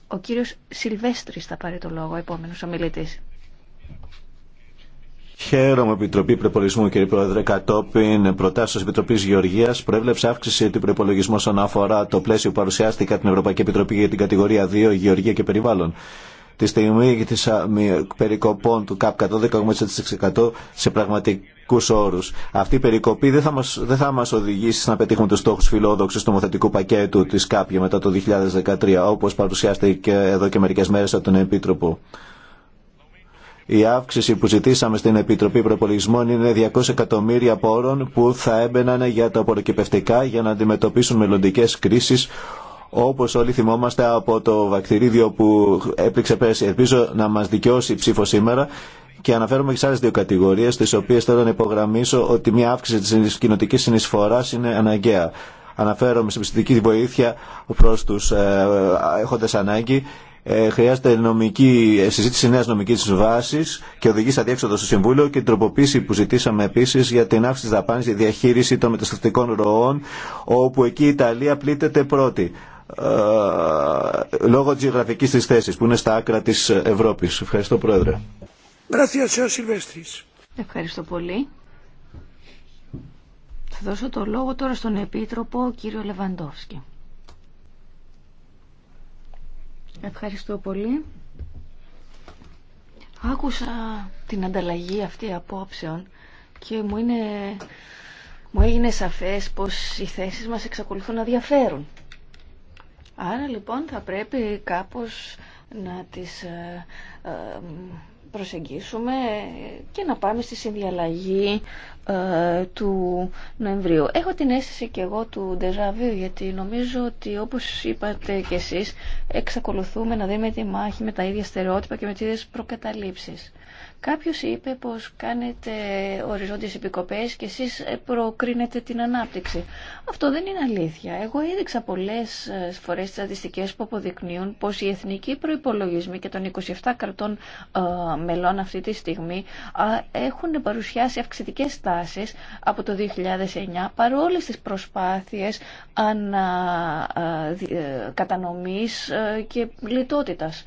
Ο κύριος Σιλβέστρης θα πάρει το λόγο, επόμενος ομιλητής.
Χαίρομαι, Επιτροπή Προπολογισμού, κύριε Πρόεδρε. Κατόπιν προτάσεω Επιτροπή Γεωργία, προέβλεψε αύξηση του προπολογισμού όσον αφορά το πλαίσιο που παρουσιάστηκε από την Ευρωπαϊκή Επιτροπή για την κατηγορία 2 Γεωργία και Περιβάλλον τη στιγμή της περικοπών του ΚΑΠ 110,6% σε πραγματικούς όρους. Αυτή η περικοπή δεν θα, μας, δεν θα μας οδηγήσει να πετύχουμε τους στόχους φιλόδοξης του νομοθετικού πακέτου της ΚΑΠ μετά το 2013, όπως παρουσιάστηκε εδώ και μερικές μέρες από τον Επίτροπο. Η αύξηση που ζητήσαμε στην Επιτροπή Προπολογισμών είναι 200 εκατομμύρια πόρων που θα έμπαιναν για τα απορροκυπευτικά για να αντιμετωπίσουν μελλοντικέ κρίσεις όπως όλοι θυμόμαστε από το βακτηρίδιο που έπληξε πέρσι. Ελπίζω να μας δικαιώσει η ψήφο σήμερα και αναφέρομαι και σε άλλες δύο κατηγορίες, τις οποίες θέλω να υπογραμμίσω ότι μια αύξηση της κοινοτικής συνεισφοράς είναι αναγκαία. Αναφέρομαι στην πιστική βοήθεια προς τους ε, έχοντες ανάγκη, ε, χρειάζεται νομική, ε, συζήτηση νέα νομική βάση και οδηγεί στα διέξοδο στο Συμβούλιο και την τροποποίηση που ζητήσαμε επίση για την αύξηση τη δαπάνη για διαχείριση των μεταστατικών ροών, όπου εκεί η Ιταλία πλήττεται πρώτη. Ε, λόγω της γραφικής της θέσης που είναι στα άκρα της Ευρώπης. Ευχαριστώ Πρόεδρε.
Ευχαριστώ πολύ. Θα δώσω το λόγο τώρα στον Επίτροπο κύριο Λεβαντόφσκι. Ευχαριστώ πολύ. Άκουσα την ανταλλαγή αυτή απόψεων και μου, είναι, μου έγινε σαφές πως οι θέσεις μας εξακολουθούν να διαφέρουν. Άρα λοιπόν θα πρέπει κάπως να τις ε, ε, προσεγγίσουμε και να πάμε στη συνδιαλλαγή ε, του Νοεμβρίου. Έχω την αίσθηση και εγώ του Ντεζαβίου γιατί νομίζω ότι όπως είπατε και εσείς εξακολουθούμε να δίνουμε τη μάχη με τα ίδια στερεότυπα και με τις ίδιες προκαταλήψεις. Κάποιος είπε πως κάνετε οριζόντιες επικοπές και εσείς προκρίνετε την ανάπτυξη. Αυτό δεν είναι αλήθεια. Εγώ έδειξα πολλές ε, φορές στατιστικές που αποδεικνύουν πως οι εθνικοί προϋπολογισμοί και των 27 κρατών ε, μελών αυτή τη στιγμή ε, έχουν παρουσιάσει αυξητικές τάσεις από το 2009 παρόλες τις προσπάθειες ανα, κατανομής και λιτότητας.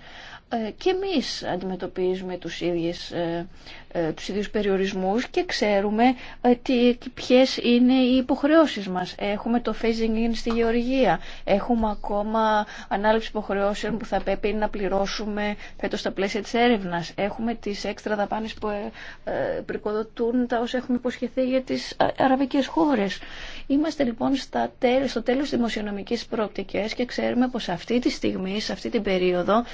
Ε, και εμείς αντιμετωπίζουμε τους ίδιους, ε, ε, τους ίδιους περιορισμούς και ξέρουμε τι, ποιες είναι οι υποχρεώσεις μας. Έχουμε το phasing in στη γεωργία, έχουμε ακόμα ανάληψη υποχρεώσεων που θα πρέπει να πληρώσουμε φέτος στα πλαίσια της έρευνας. Έχουμε τις έξτρα δαπάνες που πρικοδοτούν τα όσα έχουμε υποσχεθεί για τις αραβικές χώρες. Είμαστε λοιπόν στα στο τέλος δημοσιονομικής προοπτικές και ξέρουμε πως αυτή τη στιγμή, σε αυτή την περίοδο,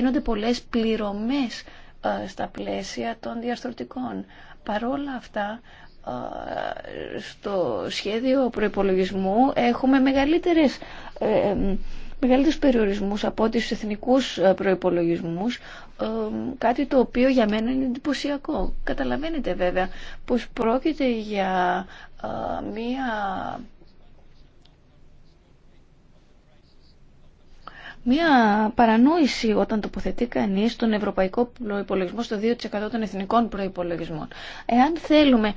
γίνονται πολλές πληρωμές ε, στα πλαίσια των διαστροτικών. Παρόλα αυτά, ε, στο σχέδιο προϋπολογισμού έχουμε μεγαλύτερες, ε, περιορισμούς από τις εθνικού εθνικούς ε, προϋπολογισμούς, κάτι το οποίο για μένα είναι εντυπωσιακό. Καταλαβαίνετε βέβαια πως πρόκειται για μία μια παρανόηση όταν τοποθετεί κανεί τον ευρωπαϊκό προπολογισμό στο 2% των εθνικών προπολογισμών. Εάν θέλουμε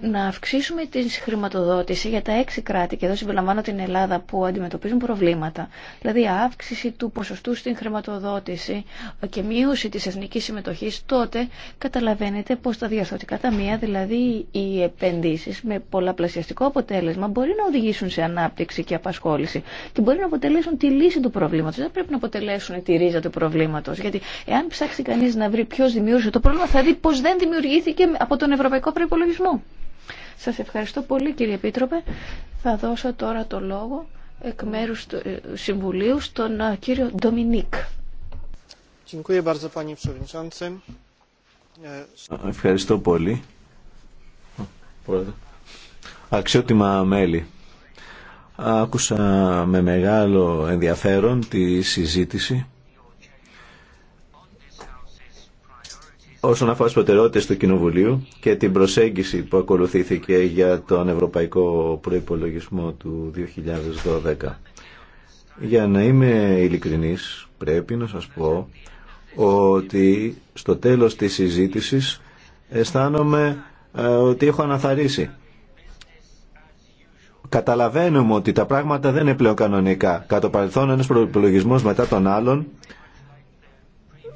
να αυξήσουμε τη χρηματοδότηση για τα έξι κράτη, και εδώ συμπεριλαμβάνω την Ελλάδα που αντιμετωπίζουν προβλήματα, δηλαδή αύξηση του ποσοστού στην χρηματοδότηση και μείωση της εθνικής συμμετοχής, τότε καταλαβαίνετε πως τα διαρθρωτικά ταμεία, δηλαδή οι επενδύσεις με πολλαπλασιαστικό αποτέλεσμα, μπορεί να οδηγήσουν σε ανάπτυξη και απασχόληση και μπορεί να αποτελέσουν τη λύση του προβλήματος. Δεν πρέπει να αποτελέσουν τη ρίζα του προβλήματος, γιατί εάν ψάξει κανείς να βρει ποιο δημιούργησε το πρόβλημα, θα δει πως δεν δημιουργήθηκε από τον Ευρωπαϊκό Σα Σας ευχαριστώ πολύ κύριε Επίτροπε. Θα δώσω τώρα το λόγο εκ μέρους του ε, Συμβουλίου στον ε, κύριο
Ντομινίκ. Ε, ευχαριστώ πολύ. Αξιότιμα μέλη. Άκουσα με μεγάλο ενδιαφέρον τη συζήτηση όσον αφορά τι προτεραιότητε του Κοινοβουλίου και την προσέγγιση που ακολουθήθηκε για τον Ευρωπαϊκό Προπολογισμό του 2012. Για να είμαι ειλικρινής, πρέπει να σας πω ότι στο τέλος της συζήτησης αισθάνομαι ε, ότι έχω αναθαρίσει. Καταλαβαίνουμε ότι τα πράγματα δεν είναι πλέον κανονικά. Κατά το παρελθόν ένας μετά τον άλλον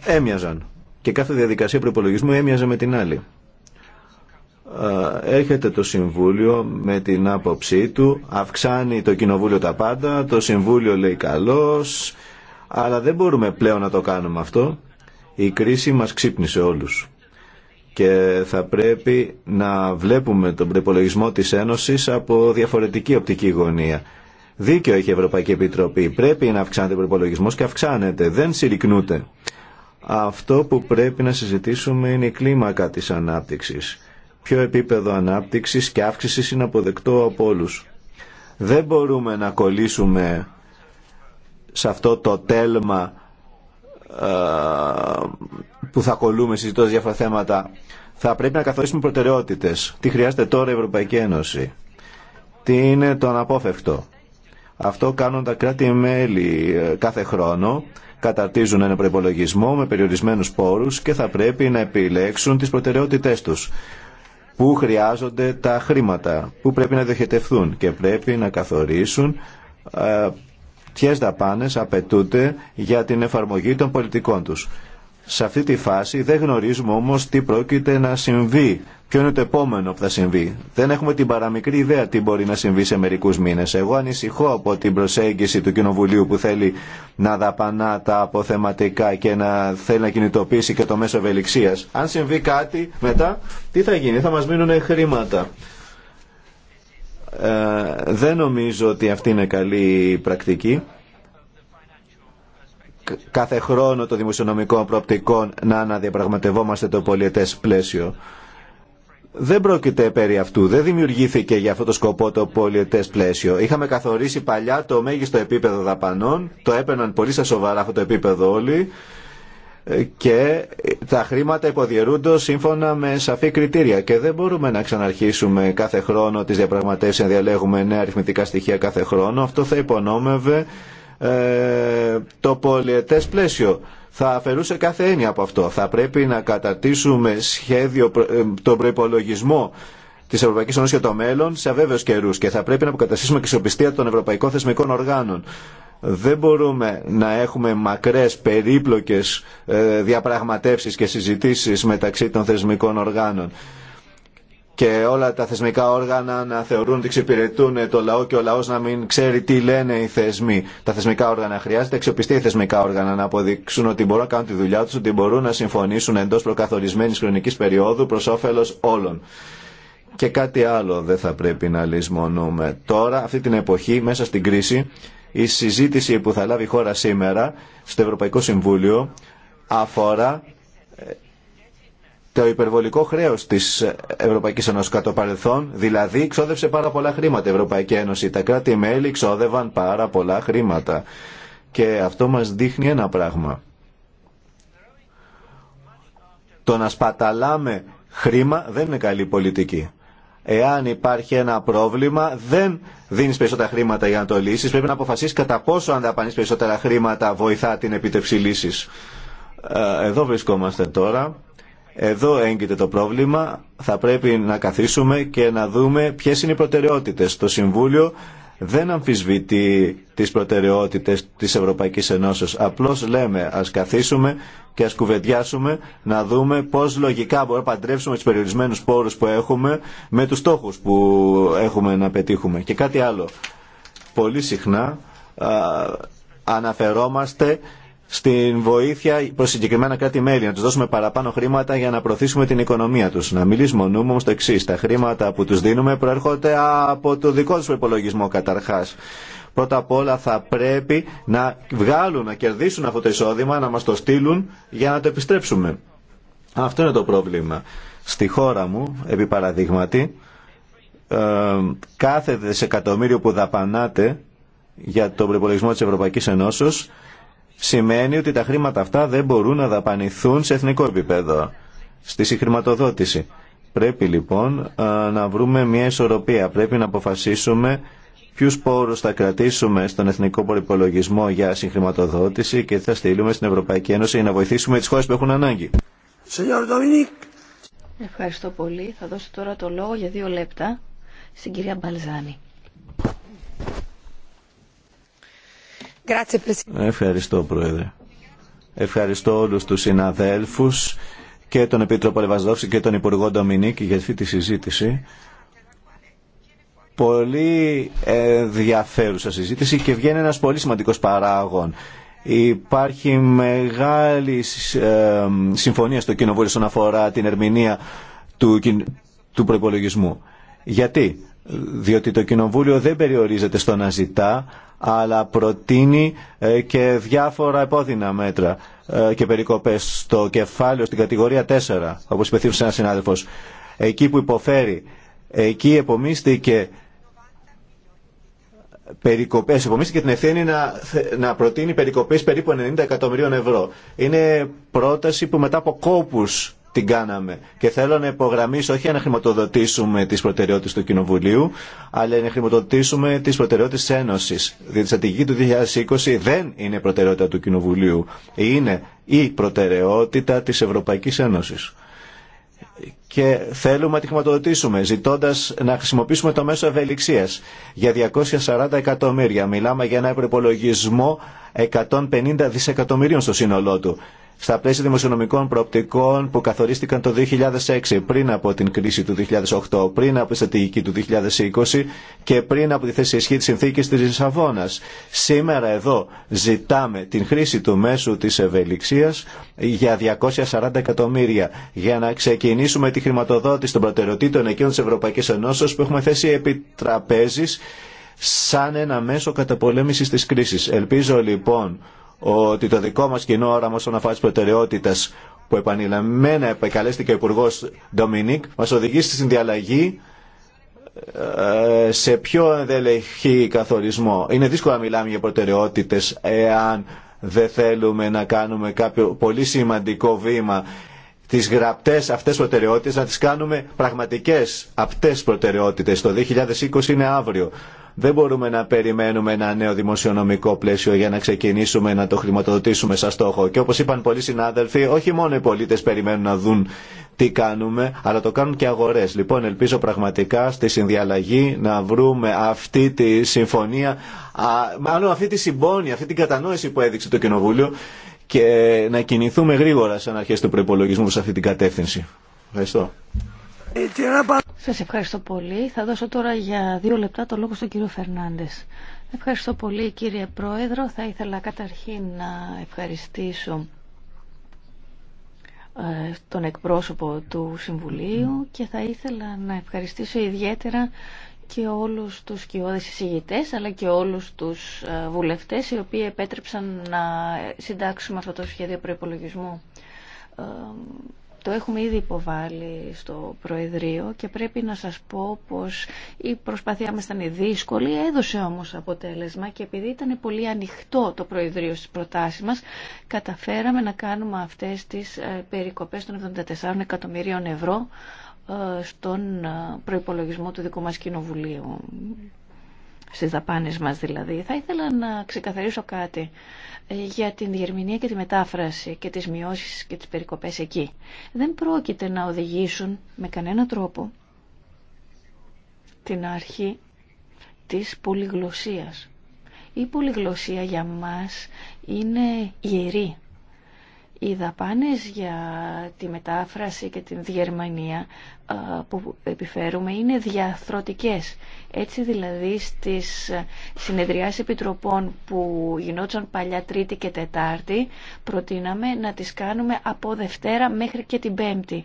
έμοιαζαν και κάθε διαδικασία προπολογισμού έμοιαζε με την άλλη. Έρχεται το Συμβούλιο με την άποψή του, αυξάνει το Κοινοβούλιο τα πάντα, το Συμβούλιο λέει καλός, αλλά δεν μπορούμε πλέον να το κάνουμε αυτό. Η κρίση μας ξύπνησε όλους και θα πρέπει να βλέπουμε τον προπολογισμό της Ένωσης από διαφορετική οπτική γωνία. Δίκιο έχει η Ευρωπαϊκή Επιτροπή. Πρέπει να αυξάνεται ο προπολογισμό και αυξάνεται, δεν συρρυκνούται. Αυτό που πρέπει να συζητήσουμε είναι η κλίμακα της ανάπτυξης. Ποιο επίπεδο ανάπτυξης και αύξησης είναι αποδεκτό από όλους. Δεν μπορούμε να κολλήσουμε σε αυτό το τέλμα ε, που θα κολλούμε συζητώντας διάφορα θέματα. Θα πρέπει να καθορίσουμε προτεραιότητες. Τι χρειάζεται τώρα η Ευρωπαϊκή Ένωση. Τι είναι το αναπόφευκτο. Αυτό κάνουν τα κράτη-μέλη ε, κάθε χρόνο καταρτίζουν ένα προπολογισμό με περιορισμένους πόρους και θα πρέπει να επιλέξουν τις προτεραιότητές τους. Πού χρειάζονται τα χρήματα, πού πρέπει να διοχετευθούν και πρέπει να καθορίσουν ε, ποιες δαπάνες απαιτούνται για την εφαρμογή των πολιτικών τους. Σε αυτή τη φάση δεν γνωρίζουμε όμως τι πρόκειται να συμβεί Ποιο είναι το επόμενο που θα συμβεί. Δεν έχουμε την παραμικρή ιδέα τι μπορεί να συμβεί σε μερικού μήνε. Εγώ ανησυχώ από την προσέγγιση του Κοινοβουλίου που θέλει να δαπανά τα αποθεματικά και να θέλει να κινητοποιήσει και το μέσο ευελιξία. Αν συμβεί κάτι μετά, τι θα γίνει, θα μα μείνουν χρήματα. Ε, δεν νομίζω ότι αυτή είναι καλή πρακτική κάθε χρόνο το δημοσιονομικό Προοπτικό να αναδιαπραγματευόμαστε το πολιετές πλαίσιο δεν πρόκειται περί αυτού. Δεν δημιουργήθηκε για αυτό το σκοπό το πολιετέ πλαίσιο. Είχαμε καθορίσει παλιά το μέγιστο επίπεδο δαπανών, το έπαιρναν πολύ στα σοβαρά αυτό το επίπεδο όλοι και τα χρήματα υποδιαιρούνται σύμφωνα με σαφή κριτήρια και δεν μπορούμε να ξαναρχίσουμε κάθε χρόνο τις διαπραγματεύσει να διαλέγουμε νέα αριθμητικά στοιχεία κάθε χρόνο. Αυτό θα υπονόμευε ε, το πολιετές πλαίσιο. Θα αφαιρούσε κάθε έννοια από αυτό. Θα πρέπει να κατατήσουμε σχέδιο, ε, τον προπολογισμό τη Ευρωπαϊκή Ένωση για το μέλλον σε αβέβαιου καιρού και θα πρέπει να αποκαταστήσουμε και ισοπιστία των ευρωπαϊκών θεσμικών οργάνων. Δεν μπορούμε να έχουμε μακρές, περίπλοκες ε, διαπραγματεύσεις και συζητήσεις μεταξύ των θεσμικών οργάνων και όλα τα θεσμικά όργανα να θεωρούν ότι εξυπηρετούν το λαό και ο λαός να μην ξέρει τι λένε οι θεσμοί. Τα θεσμικά όργανα χρειάζεται οι θεσμικά όργανα να αποδείξουν ότι μπορούν να κάνουν τη δουλειά τους, ότι μπορούν να συμφωνήσουν εντός προκαθορισμένης χρονικής περίοδου προς όφελος όλων. Και κάτι άλλο δεν θα πρέπει να λησμονούμε. Τώρα, αυτή την εποχή, μέσα στην κρίση, η συζήτηση που θα λάβει η χώρα σήμερα στο Ευρωπαϊκό Συμβούλιο αφορά ε, το υπερβολικό χρέο τη Ευρωπαϊκή Ένωση κατά το παρελθόν, δηλαδή ξόδευσε πάρα πολλά χρήματα η Ευρωπαϊκή Ένωση. Τα κράτη-μέλη ξόδευαν πάρα πολλά χρήματα. Και αυτό μα δείχνει ένα πράγμα. Το να σπαταλάμε χρήμα δεν είναι καλή πολιτική. Εάν υπάρχει ένα πρόβλημα, δεν δίνει περισσότερα χρήματα για να το λύσει. Πρέπει να αποφασίσει κατά πόσο αν δαπανεί περισσότερα χρήματα βοηθά την επίτευξη λύση. Ε, εδώ βρισκόμαστε τώρα εδώ έγκυται το πρόβλημα. Θα πρέπει να καθίσουμε και να δούμε ποιες είναι οι προτεραιότητες. Το Συμβούλιο δεν αμφισβητεί τις προτεραιότητες της Ευρωπαϊκής Ενώσεως. Απλώς λέμε ας καθίσουμε και ας κουβεντιάσουμε να δούμε πώς λογικά μπορούμε να παντρέψουμε τις περιορισμένους πόρους που έχουμε με τους στόχους που έχουμε να πετύχουμε. Και κάτι άλλο. Πολύ συχνά αναφερόμαστε στην βοήθεια προ συγκεκριμένα κράτη-μέλη, να του δώσουμε παραπάνω χρήματα για να προωθήσουμε την οικονομία του. Να μιλήσουμε μόνο όμω το εξή. Τα χρήματα που του δίνουμε προέρχονται από το δικό του προπολογισμό καταρχά. Πρώτα απ' όλα θα πρέπει να βγάλουν, να κερδίσουν αυτό το εισόδημα, να μα το στείλουν για να το επιστρέψουμε. Αυτό είναι το πρόβλημα. Στη χώρα μου, επί παραδείγματι, ε, κάθε δισεκατομμύριο που δαπανάτε για τον προπολογισμό της Ευρωπαϊκής Ενώσεως σημαίνει ότι τα χρήματα αυτά δεν μπορούν να δαπανηθούν σε εθνικό επίπεδο, στη συγχρηματοδότηση. Πρέπει λοιπόν να βρούμε μια ισορροπία. Πρέπει να αποφασίσουμε ποιους πόρους θα κρατήσουμε στον εθνικό προπολογισμό για συγχρηματοδότηση και θα στείλουμε στην Ευρωπαϊκή Ένωση για να βοηθήσουμε τις χώρες που έχουν ανάγκη.
Ευχαριστώ πολύ. Θα δώσω τώρα το λόγο για δύο λεπτά στην κυρία Μπαλζάνη.
Ευχαριστώ, Πρόεδρε. Ευχαριστώ όλους τους συναδέλφους και τον Επίτροπο Λεβασδόφση και τον Υπουργό Ντομινίκη για αυτή τη συζήτηση. Πολύ ενδιαφέρουσα συζήτηση και βγαίνει ένας πολύ σημαντικός παράγων. Υπάρχει μεγάλη ε, συμφωνία στο Κοινοβούλιο όσον αφορά την ερμηνεία του, του προπολογισμού. Γιατί? Διότι το Κοινοβούλιο δεν περιορίζεται στο να ζητά, αλλά προτείνει ε, και διάφορα επώδυνα μέτρα ε, και περικοπές στο κεφάλαιο, στην κατηγορία 4, όπως υπεθύμισε ένας συνάδελφος. Εκεί που υποφέρει, εκεί επομίστηκε περικοπές, επομίστηκε την ευθύνη να, να προτείνει περικοπές περίπου 90 εκατομμυρίων ευρώ. Είναι πρόταση που μετά από κόπους την κάναμε. Και θέλω να υπογραμμίσω όχι να χρηματοδοτήσουμε τι προτεραιότητε του Κοινοβουλίου, αλλά να χρηματοδοτήσουμε τι προτεραιότητε τη Ένωση. Διότι η στρατηγική του 2020 δεν είναι προτεραιότητα του Κοινοβουλίου. Είναι η προτεραιότητα τη Ευρωπαϊκή Ένωση. Και θέλουμε να τη χρηματοδοτήσουμε, ζητώντα να χρησιμοποιήσουμε το μέσο ευελιξία για 240 εκατομμύρια. Μιλάμε για ένα προπολογισμό 150 δισεκατομμυρίων στο σύνολό του στα πλαίσια δημοσιονομικών προοπτικών που καθορίστηκαν το 2006, πριν από την κρίση του 2008, πριν από τη στρατηγική του 2020 και πριν από τη θέση ισχύ της συνθήκης της Λισαβόνας. Σήμερα εδώ ζητάμε την χρήση του μέσου της ευελιξίας για 240 εκατομμύρια για να ξεκινήσουμε τη χρηματοδότηση των προτεραιοτήτων εκείνων της Ευρωπαϊκής Ενώσεως που έχουμε θέσει επί τραπέζης σαν ένα μέσο καταπολέμησης της κρίσης. Ελπίζω λοιπόν ότι το δικό μας κοινό όραμα στον αφάση προτεραιότητας που επανειλημμένα επεκαλέστηκε ο Υπουργό Ντομινίκ μας οδηγεί στη συνδιαλλαγή ε, σε πιο ενδελεχή καθορισμό. Είναι δύσκολο να μιλάμε για προτεραιότητες εάν δεν θέλουμε να κάνουμε κάποιο πολύ σημαντικό βήμα τις γραπτές αυτές προτεραιότητες να τις κάνουμε πραγματικές απτές προτεραιότητες. Το 2020 είναι αύριο. Δεν μπορούμε να περιμένουμε ένα νέο δημοσιονομικό πλαίσιο για να ξεκινήσουμε να το χρηματοδοτήσουμε σαν στόχο. Και όπως είπαν πολλοί συνάδελφοι, όχι μόνο οι πολίτες περιμένουν να δουν τι κάνουμε, αλλά το κάνουν και αγορές. Λοιπόν, ελπίζω πραγματικά στη συνδιαλλαγή να βρούμε αυτή τη συμφωνία, μάλλον αυτή τη συμπόνια, αυτή την κατανόηση που έδειξε το Κοινοβούλιο και να κινηθούμε γρήγορα σαν αρχές του προπολογισμού σε αυτή την κατεύθυνση. Ευχαριστώ.
Σας ευχαριστώ πολύ. Θα δώσω τώρα για δύο λεπτά το λόγο στον κύριο Φερνάντες. Ευχαριστώ πολύ κύριε Πρόεδρο. Θα ήθελα καταρχήν να ευχαριστήσω ε, τον εκπρόσωπο του Συμβουλίου και θα ήθελα να ευχαριστήσω ιδιαίτερα και όλους τους κοιόδες εισηγητές αλλά και όλους τους ε, βουλευτές οι οποίοι επέτρεψαν να συντάξουμε αυτό το σχέδιο προϋπολογισμού. Ε, το έχουμε ήδη υποβάλει στο Προεδρείο και πρέπει να σας πω πως η προσπάθειά μας ήταν δύσκολη, έδωσε όμως αποτέλεσμα και επειδή ήταν πολύ ανοιχτό το Προεδρείο στις προτάσεις μας, καταφέραμε να κάνουμε αυτές τις ε, περικοπές των 74 εκατομμυρίων ευρώ ε, στον ε, προϋπολογισμό του δικού μας κοινοβουλίου στις δαπάνες μας δηλαδή. Θα ήθελα να ξεκαθαρίσω κάτι ε, για την διερμηνία και τη μετάφραση και τις μειώσεις και τις περικοπές εκεί. Δεν πρόκειται να οδηγήσουν με κανένα τρόπο την αρχή της πολυγλωσσίας. Η πολυγλωσία για μας είναι ιερή οι δαπάνες για τη μετάφραση και την διερμανία ε, που επιφέρουμε είναι διαθροτικές. Έτσι δηλαδή στις συνεδριάσεις επιτροπών που γινόταν παλιά Τρίτη και Τετάρτη προτείναμε να τις κάνουμε από Δευτέρα μέχρι και την Πέμπτη.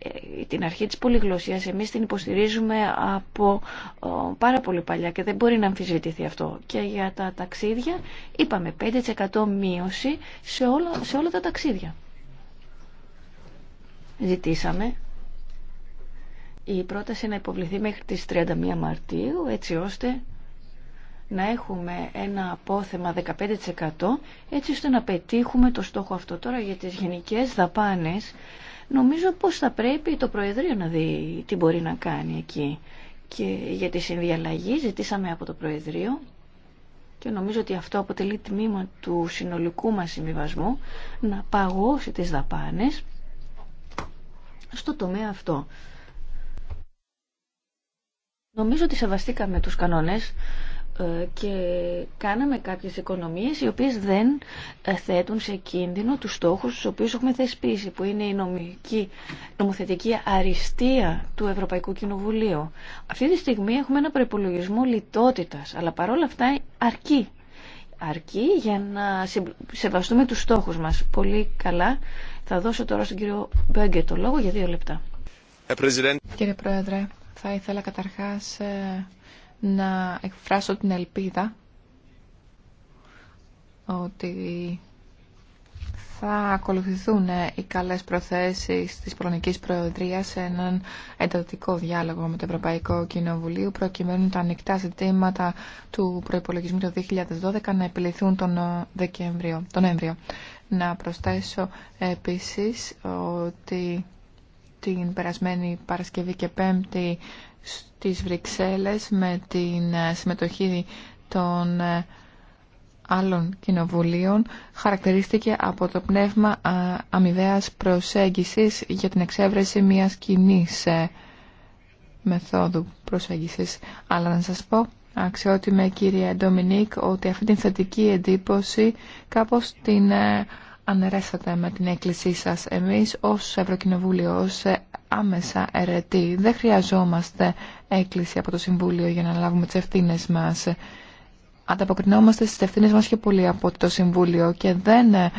Ε, την αρχή της πολυγλωσσίας εμείς την υποστηρίζουμε από ε, πάρα πολύ παλιά και δεν μπορεί να αμφισβητηθεί αυτό. Και για τα ταξίδια είπαμε 5% μείωση σε όλα, σε όλα τα ταξίδια. Ζητήσαμε η πρόταση να υποβληθεί μέχρι τις 31 Μαρτίου έτσι ώστε να έχουμε ένα απόθεμα 15% έτσι ώστε να πετύχουμε το στόχο αυτό τώρα για τις γενικές δαπάνες Νομίζω πως θα πρέπει το Προεδρείο να δει τι μπορεί να κάνει εκεί. Και για τη συνδιαλλαγή ζητήσαμε από το Προεδρείο και νομίζω ότι αυτό αποτελεί τμήμα του συνολικού μας συμβιβασμού να παγώσει τις δαπάνες στο τομέα αυτό. Νομίζω ότι σεβαστήκαμε τους κανόνες ε, και κάναμε κάποιες οικονομίες οι οποίες δεν ε, θέτουν σε κίνδυνο τους στόχους τους οποίους έχουμε θεσπίσει που είναι η νομική, νομοθετική αριστεία του Ευρωπαϊκού Κοινοβουλίου. Αυτή τη στιγμή έχουμε ένα προπολογισμό λιτότητας αλλά παρόλα αυτά αρκεί. Αρκεί για να σεβαστούμε τους στόχους μας. Πολύ καλά. Θα δώσω τώρα στον κύριο Μπέγκε το λόγο για δύο λεπτά.
Κύριε
Πρόεδρε, θα ήθελα καταρχάς ε, να εκφράσω την ελπίδα ότι θα ακολουθηθούν οι καλές προθέσεις της Πολωνικής Προεδρίας σε έναν εντατικό διάλογο με το Ευρωπαϊκό Κοινοβουλίο προκειμένου τα ανοιχτά ζητήματα του προϋπολογισμού του 2012 να επιληθούν τον ε, Δεκέμβριο, τον Να προσθέσω επίσης ότι την περασμένη Παρασκευή και Πέμπτη στις Βρυξέλλες με την ε, συμμετοχή των ε, άλλων κοινοβουλίων χαρακτηρίστηκε από το πνεύμα ε, αμοιβαίας προσέγγισης για την εξέβρεση μιας κοινή μεθόδου προσέγγισης. Αλλά να σας πω, αξιότιμε κυρία Ντομινίκ, ότι αυτή την θετική εντύπωση κάπως την αναιρέσατε με την έκκλησή σας. Εμείς ως Ευρωκοινοβούλιο, ως άμεσα αιρετή. δεν χρειαζόμαστε έκκληση από το Συμβούλιο για να λάβουμε τις ευθύνε μας. Ανταποκρινόμαστε στις ευθύνε μας και πολύ από το Συμβούλιο και δεν ε,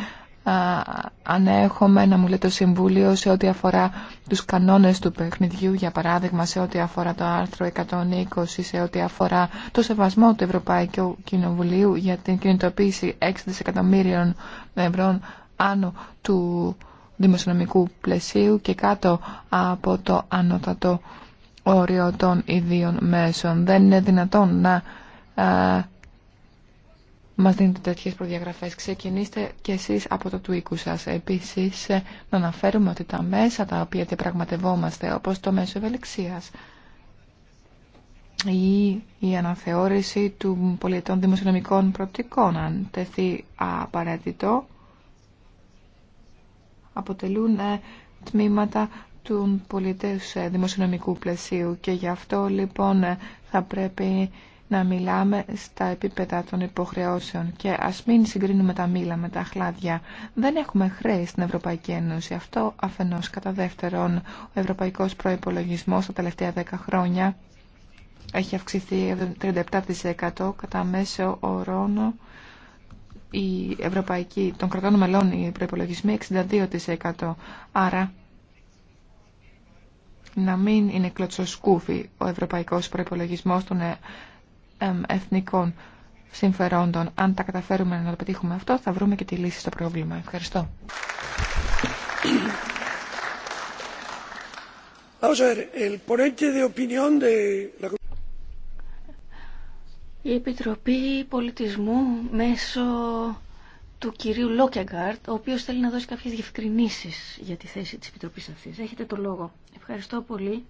ανέχομαι να μου λέει το Συμβούλιο σε ό,τι αφορά τους κανόνες του παιχνιδιού, για παράδειγμα σε ό,τι αφορά το άρθρο 120, σε ό,τι αφορά το σεβασμό του Ευρωπαϊκού Κοινοβουλίου για την κινητοποίηση 6 δισεκατομμύριων ευρώ άνω του δημοσιονομικού πλαισίου και κάτω από το ανώτατο όριο των ιδίων μέσων. Δεν είναι δυνατόν να α, ε, μας δίνετε τέτοιες προδιαγραφές. Ξεκινήστε κι εσείς από το του οίκου σας. Επίσης, ε, να αναφέρουμε ότι τα μέσα τα οποία διαπραγματευόμαστε, όπως το μέσο ευελιξίας ή η αναθεώρηση του πολιτών δημοσιονομικών προοπτικών, αν τεθεί απαραίτητο, αποτελούν ε, τμήματα του πολιτές ε, δημοσιονομικού πλαισίου και γι' αυτό λοιπόν ε, θα πρέπει να μιλάμε στα επίπεδα των υποχρεώσεων και ας μην συγκρίνουμε τα μήλα με τα χλάδια. Δεν έχουμε χρέη στην Ευρωπαϊκή Ένωση. Αυτό αφενός κατά δεύτερον ο ευρωπαϊκός προϋπολογισμός τα τελευταία 10 χρόνια έχει αυξηθεί 37% κατά μέσο ορόνο η ευρωπαϊκή των κρατών μελών οι προπολογισμοί 62%. Άρα να μην είναι κλωτσοσκούφι ο ευρωπαϊκός προπολογισμό των ε, εθνικών συμφερόντων. Αν τα καταφέρουμε να το πετύχουμε αυτό, θα βρούμε και τη λύση στο πρόβλημα. Ευχαριστώ.
Η Επιτροπή Πολιτισμού μέσω του κυρίου Λόκιαγκάρτ, ο οποίος θέλει να δώσει κάποιες διευκρινήσεις για τη θέση της Επιτροπής αυτής. Έχετε το λόγο. Ευχαριστώ πολύ.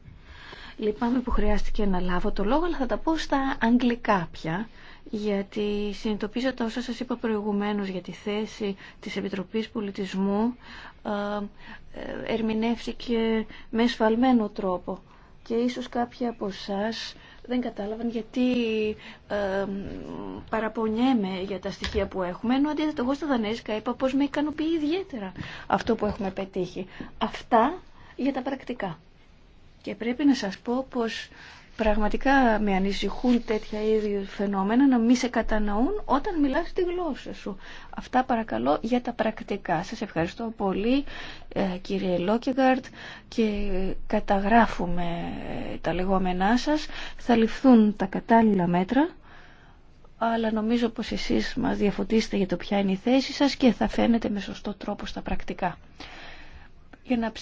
Λυπάμαι που χρειάστηκε να λάβω το λόγο, αλλά θα τα πω στα αγγλικά πια, γιατί συνειδητοποίησα τα όσα σας είπα προηγουμένως για τη θέση της Επιτροπής Πολιτισμού ε, ε, ερμηνεύτηκε με σφαλμένο τρόπο και ίσως κάποιοι από εσά δεν κατάλαβαν γιατί ε, παραπονιέμαι για τα στοιχεία που έχουμε, ενώ αντίθετα εγώ στα Δανέζικα είπα πως με ικανοποιεί ιδιαίτερα αυτό που έχουμε πετύχει. Αυτά για τα πρακτικά. Και πρέπει να σας πω πως πραγματικά με ανησυχούν τέτοια ίδια φαινόμενα να μη σε κατανοούν όταν μιλάς τη γλώσσα σου. Αυτά παρακαλώ για τα πρακτικά. Σας ευχαριστώ πολύ ε, κύριε Λόκεγκαρτ και καταγράφουμε ε, τα λεγόμενά σας. Θα ληφθούν τα κατάλληλα μέτρα αλλά νομίζω πως εσείς μας διαφωτίσετε για το ποια είναι η θέση σας και θα φαίνεται με σωστό τρόπο στα πρακτικά.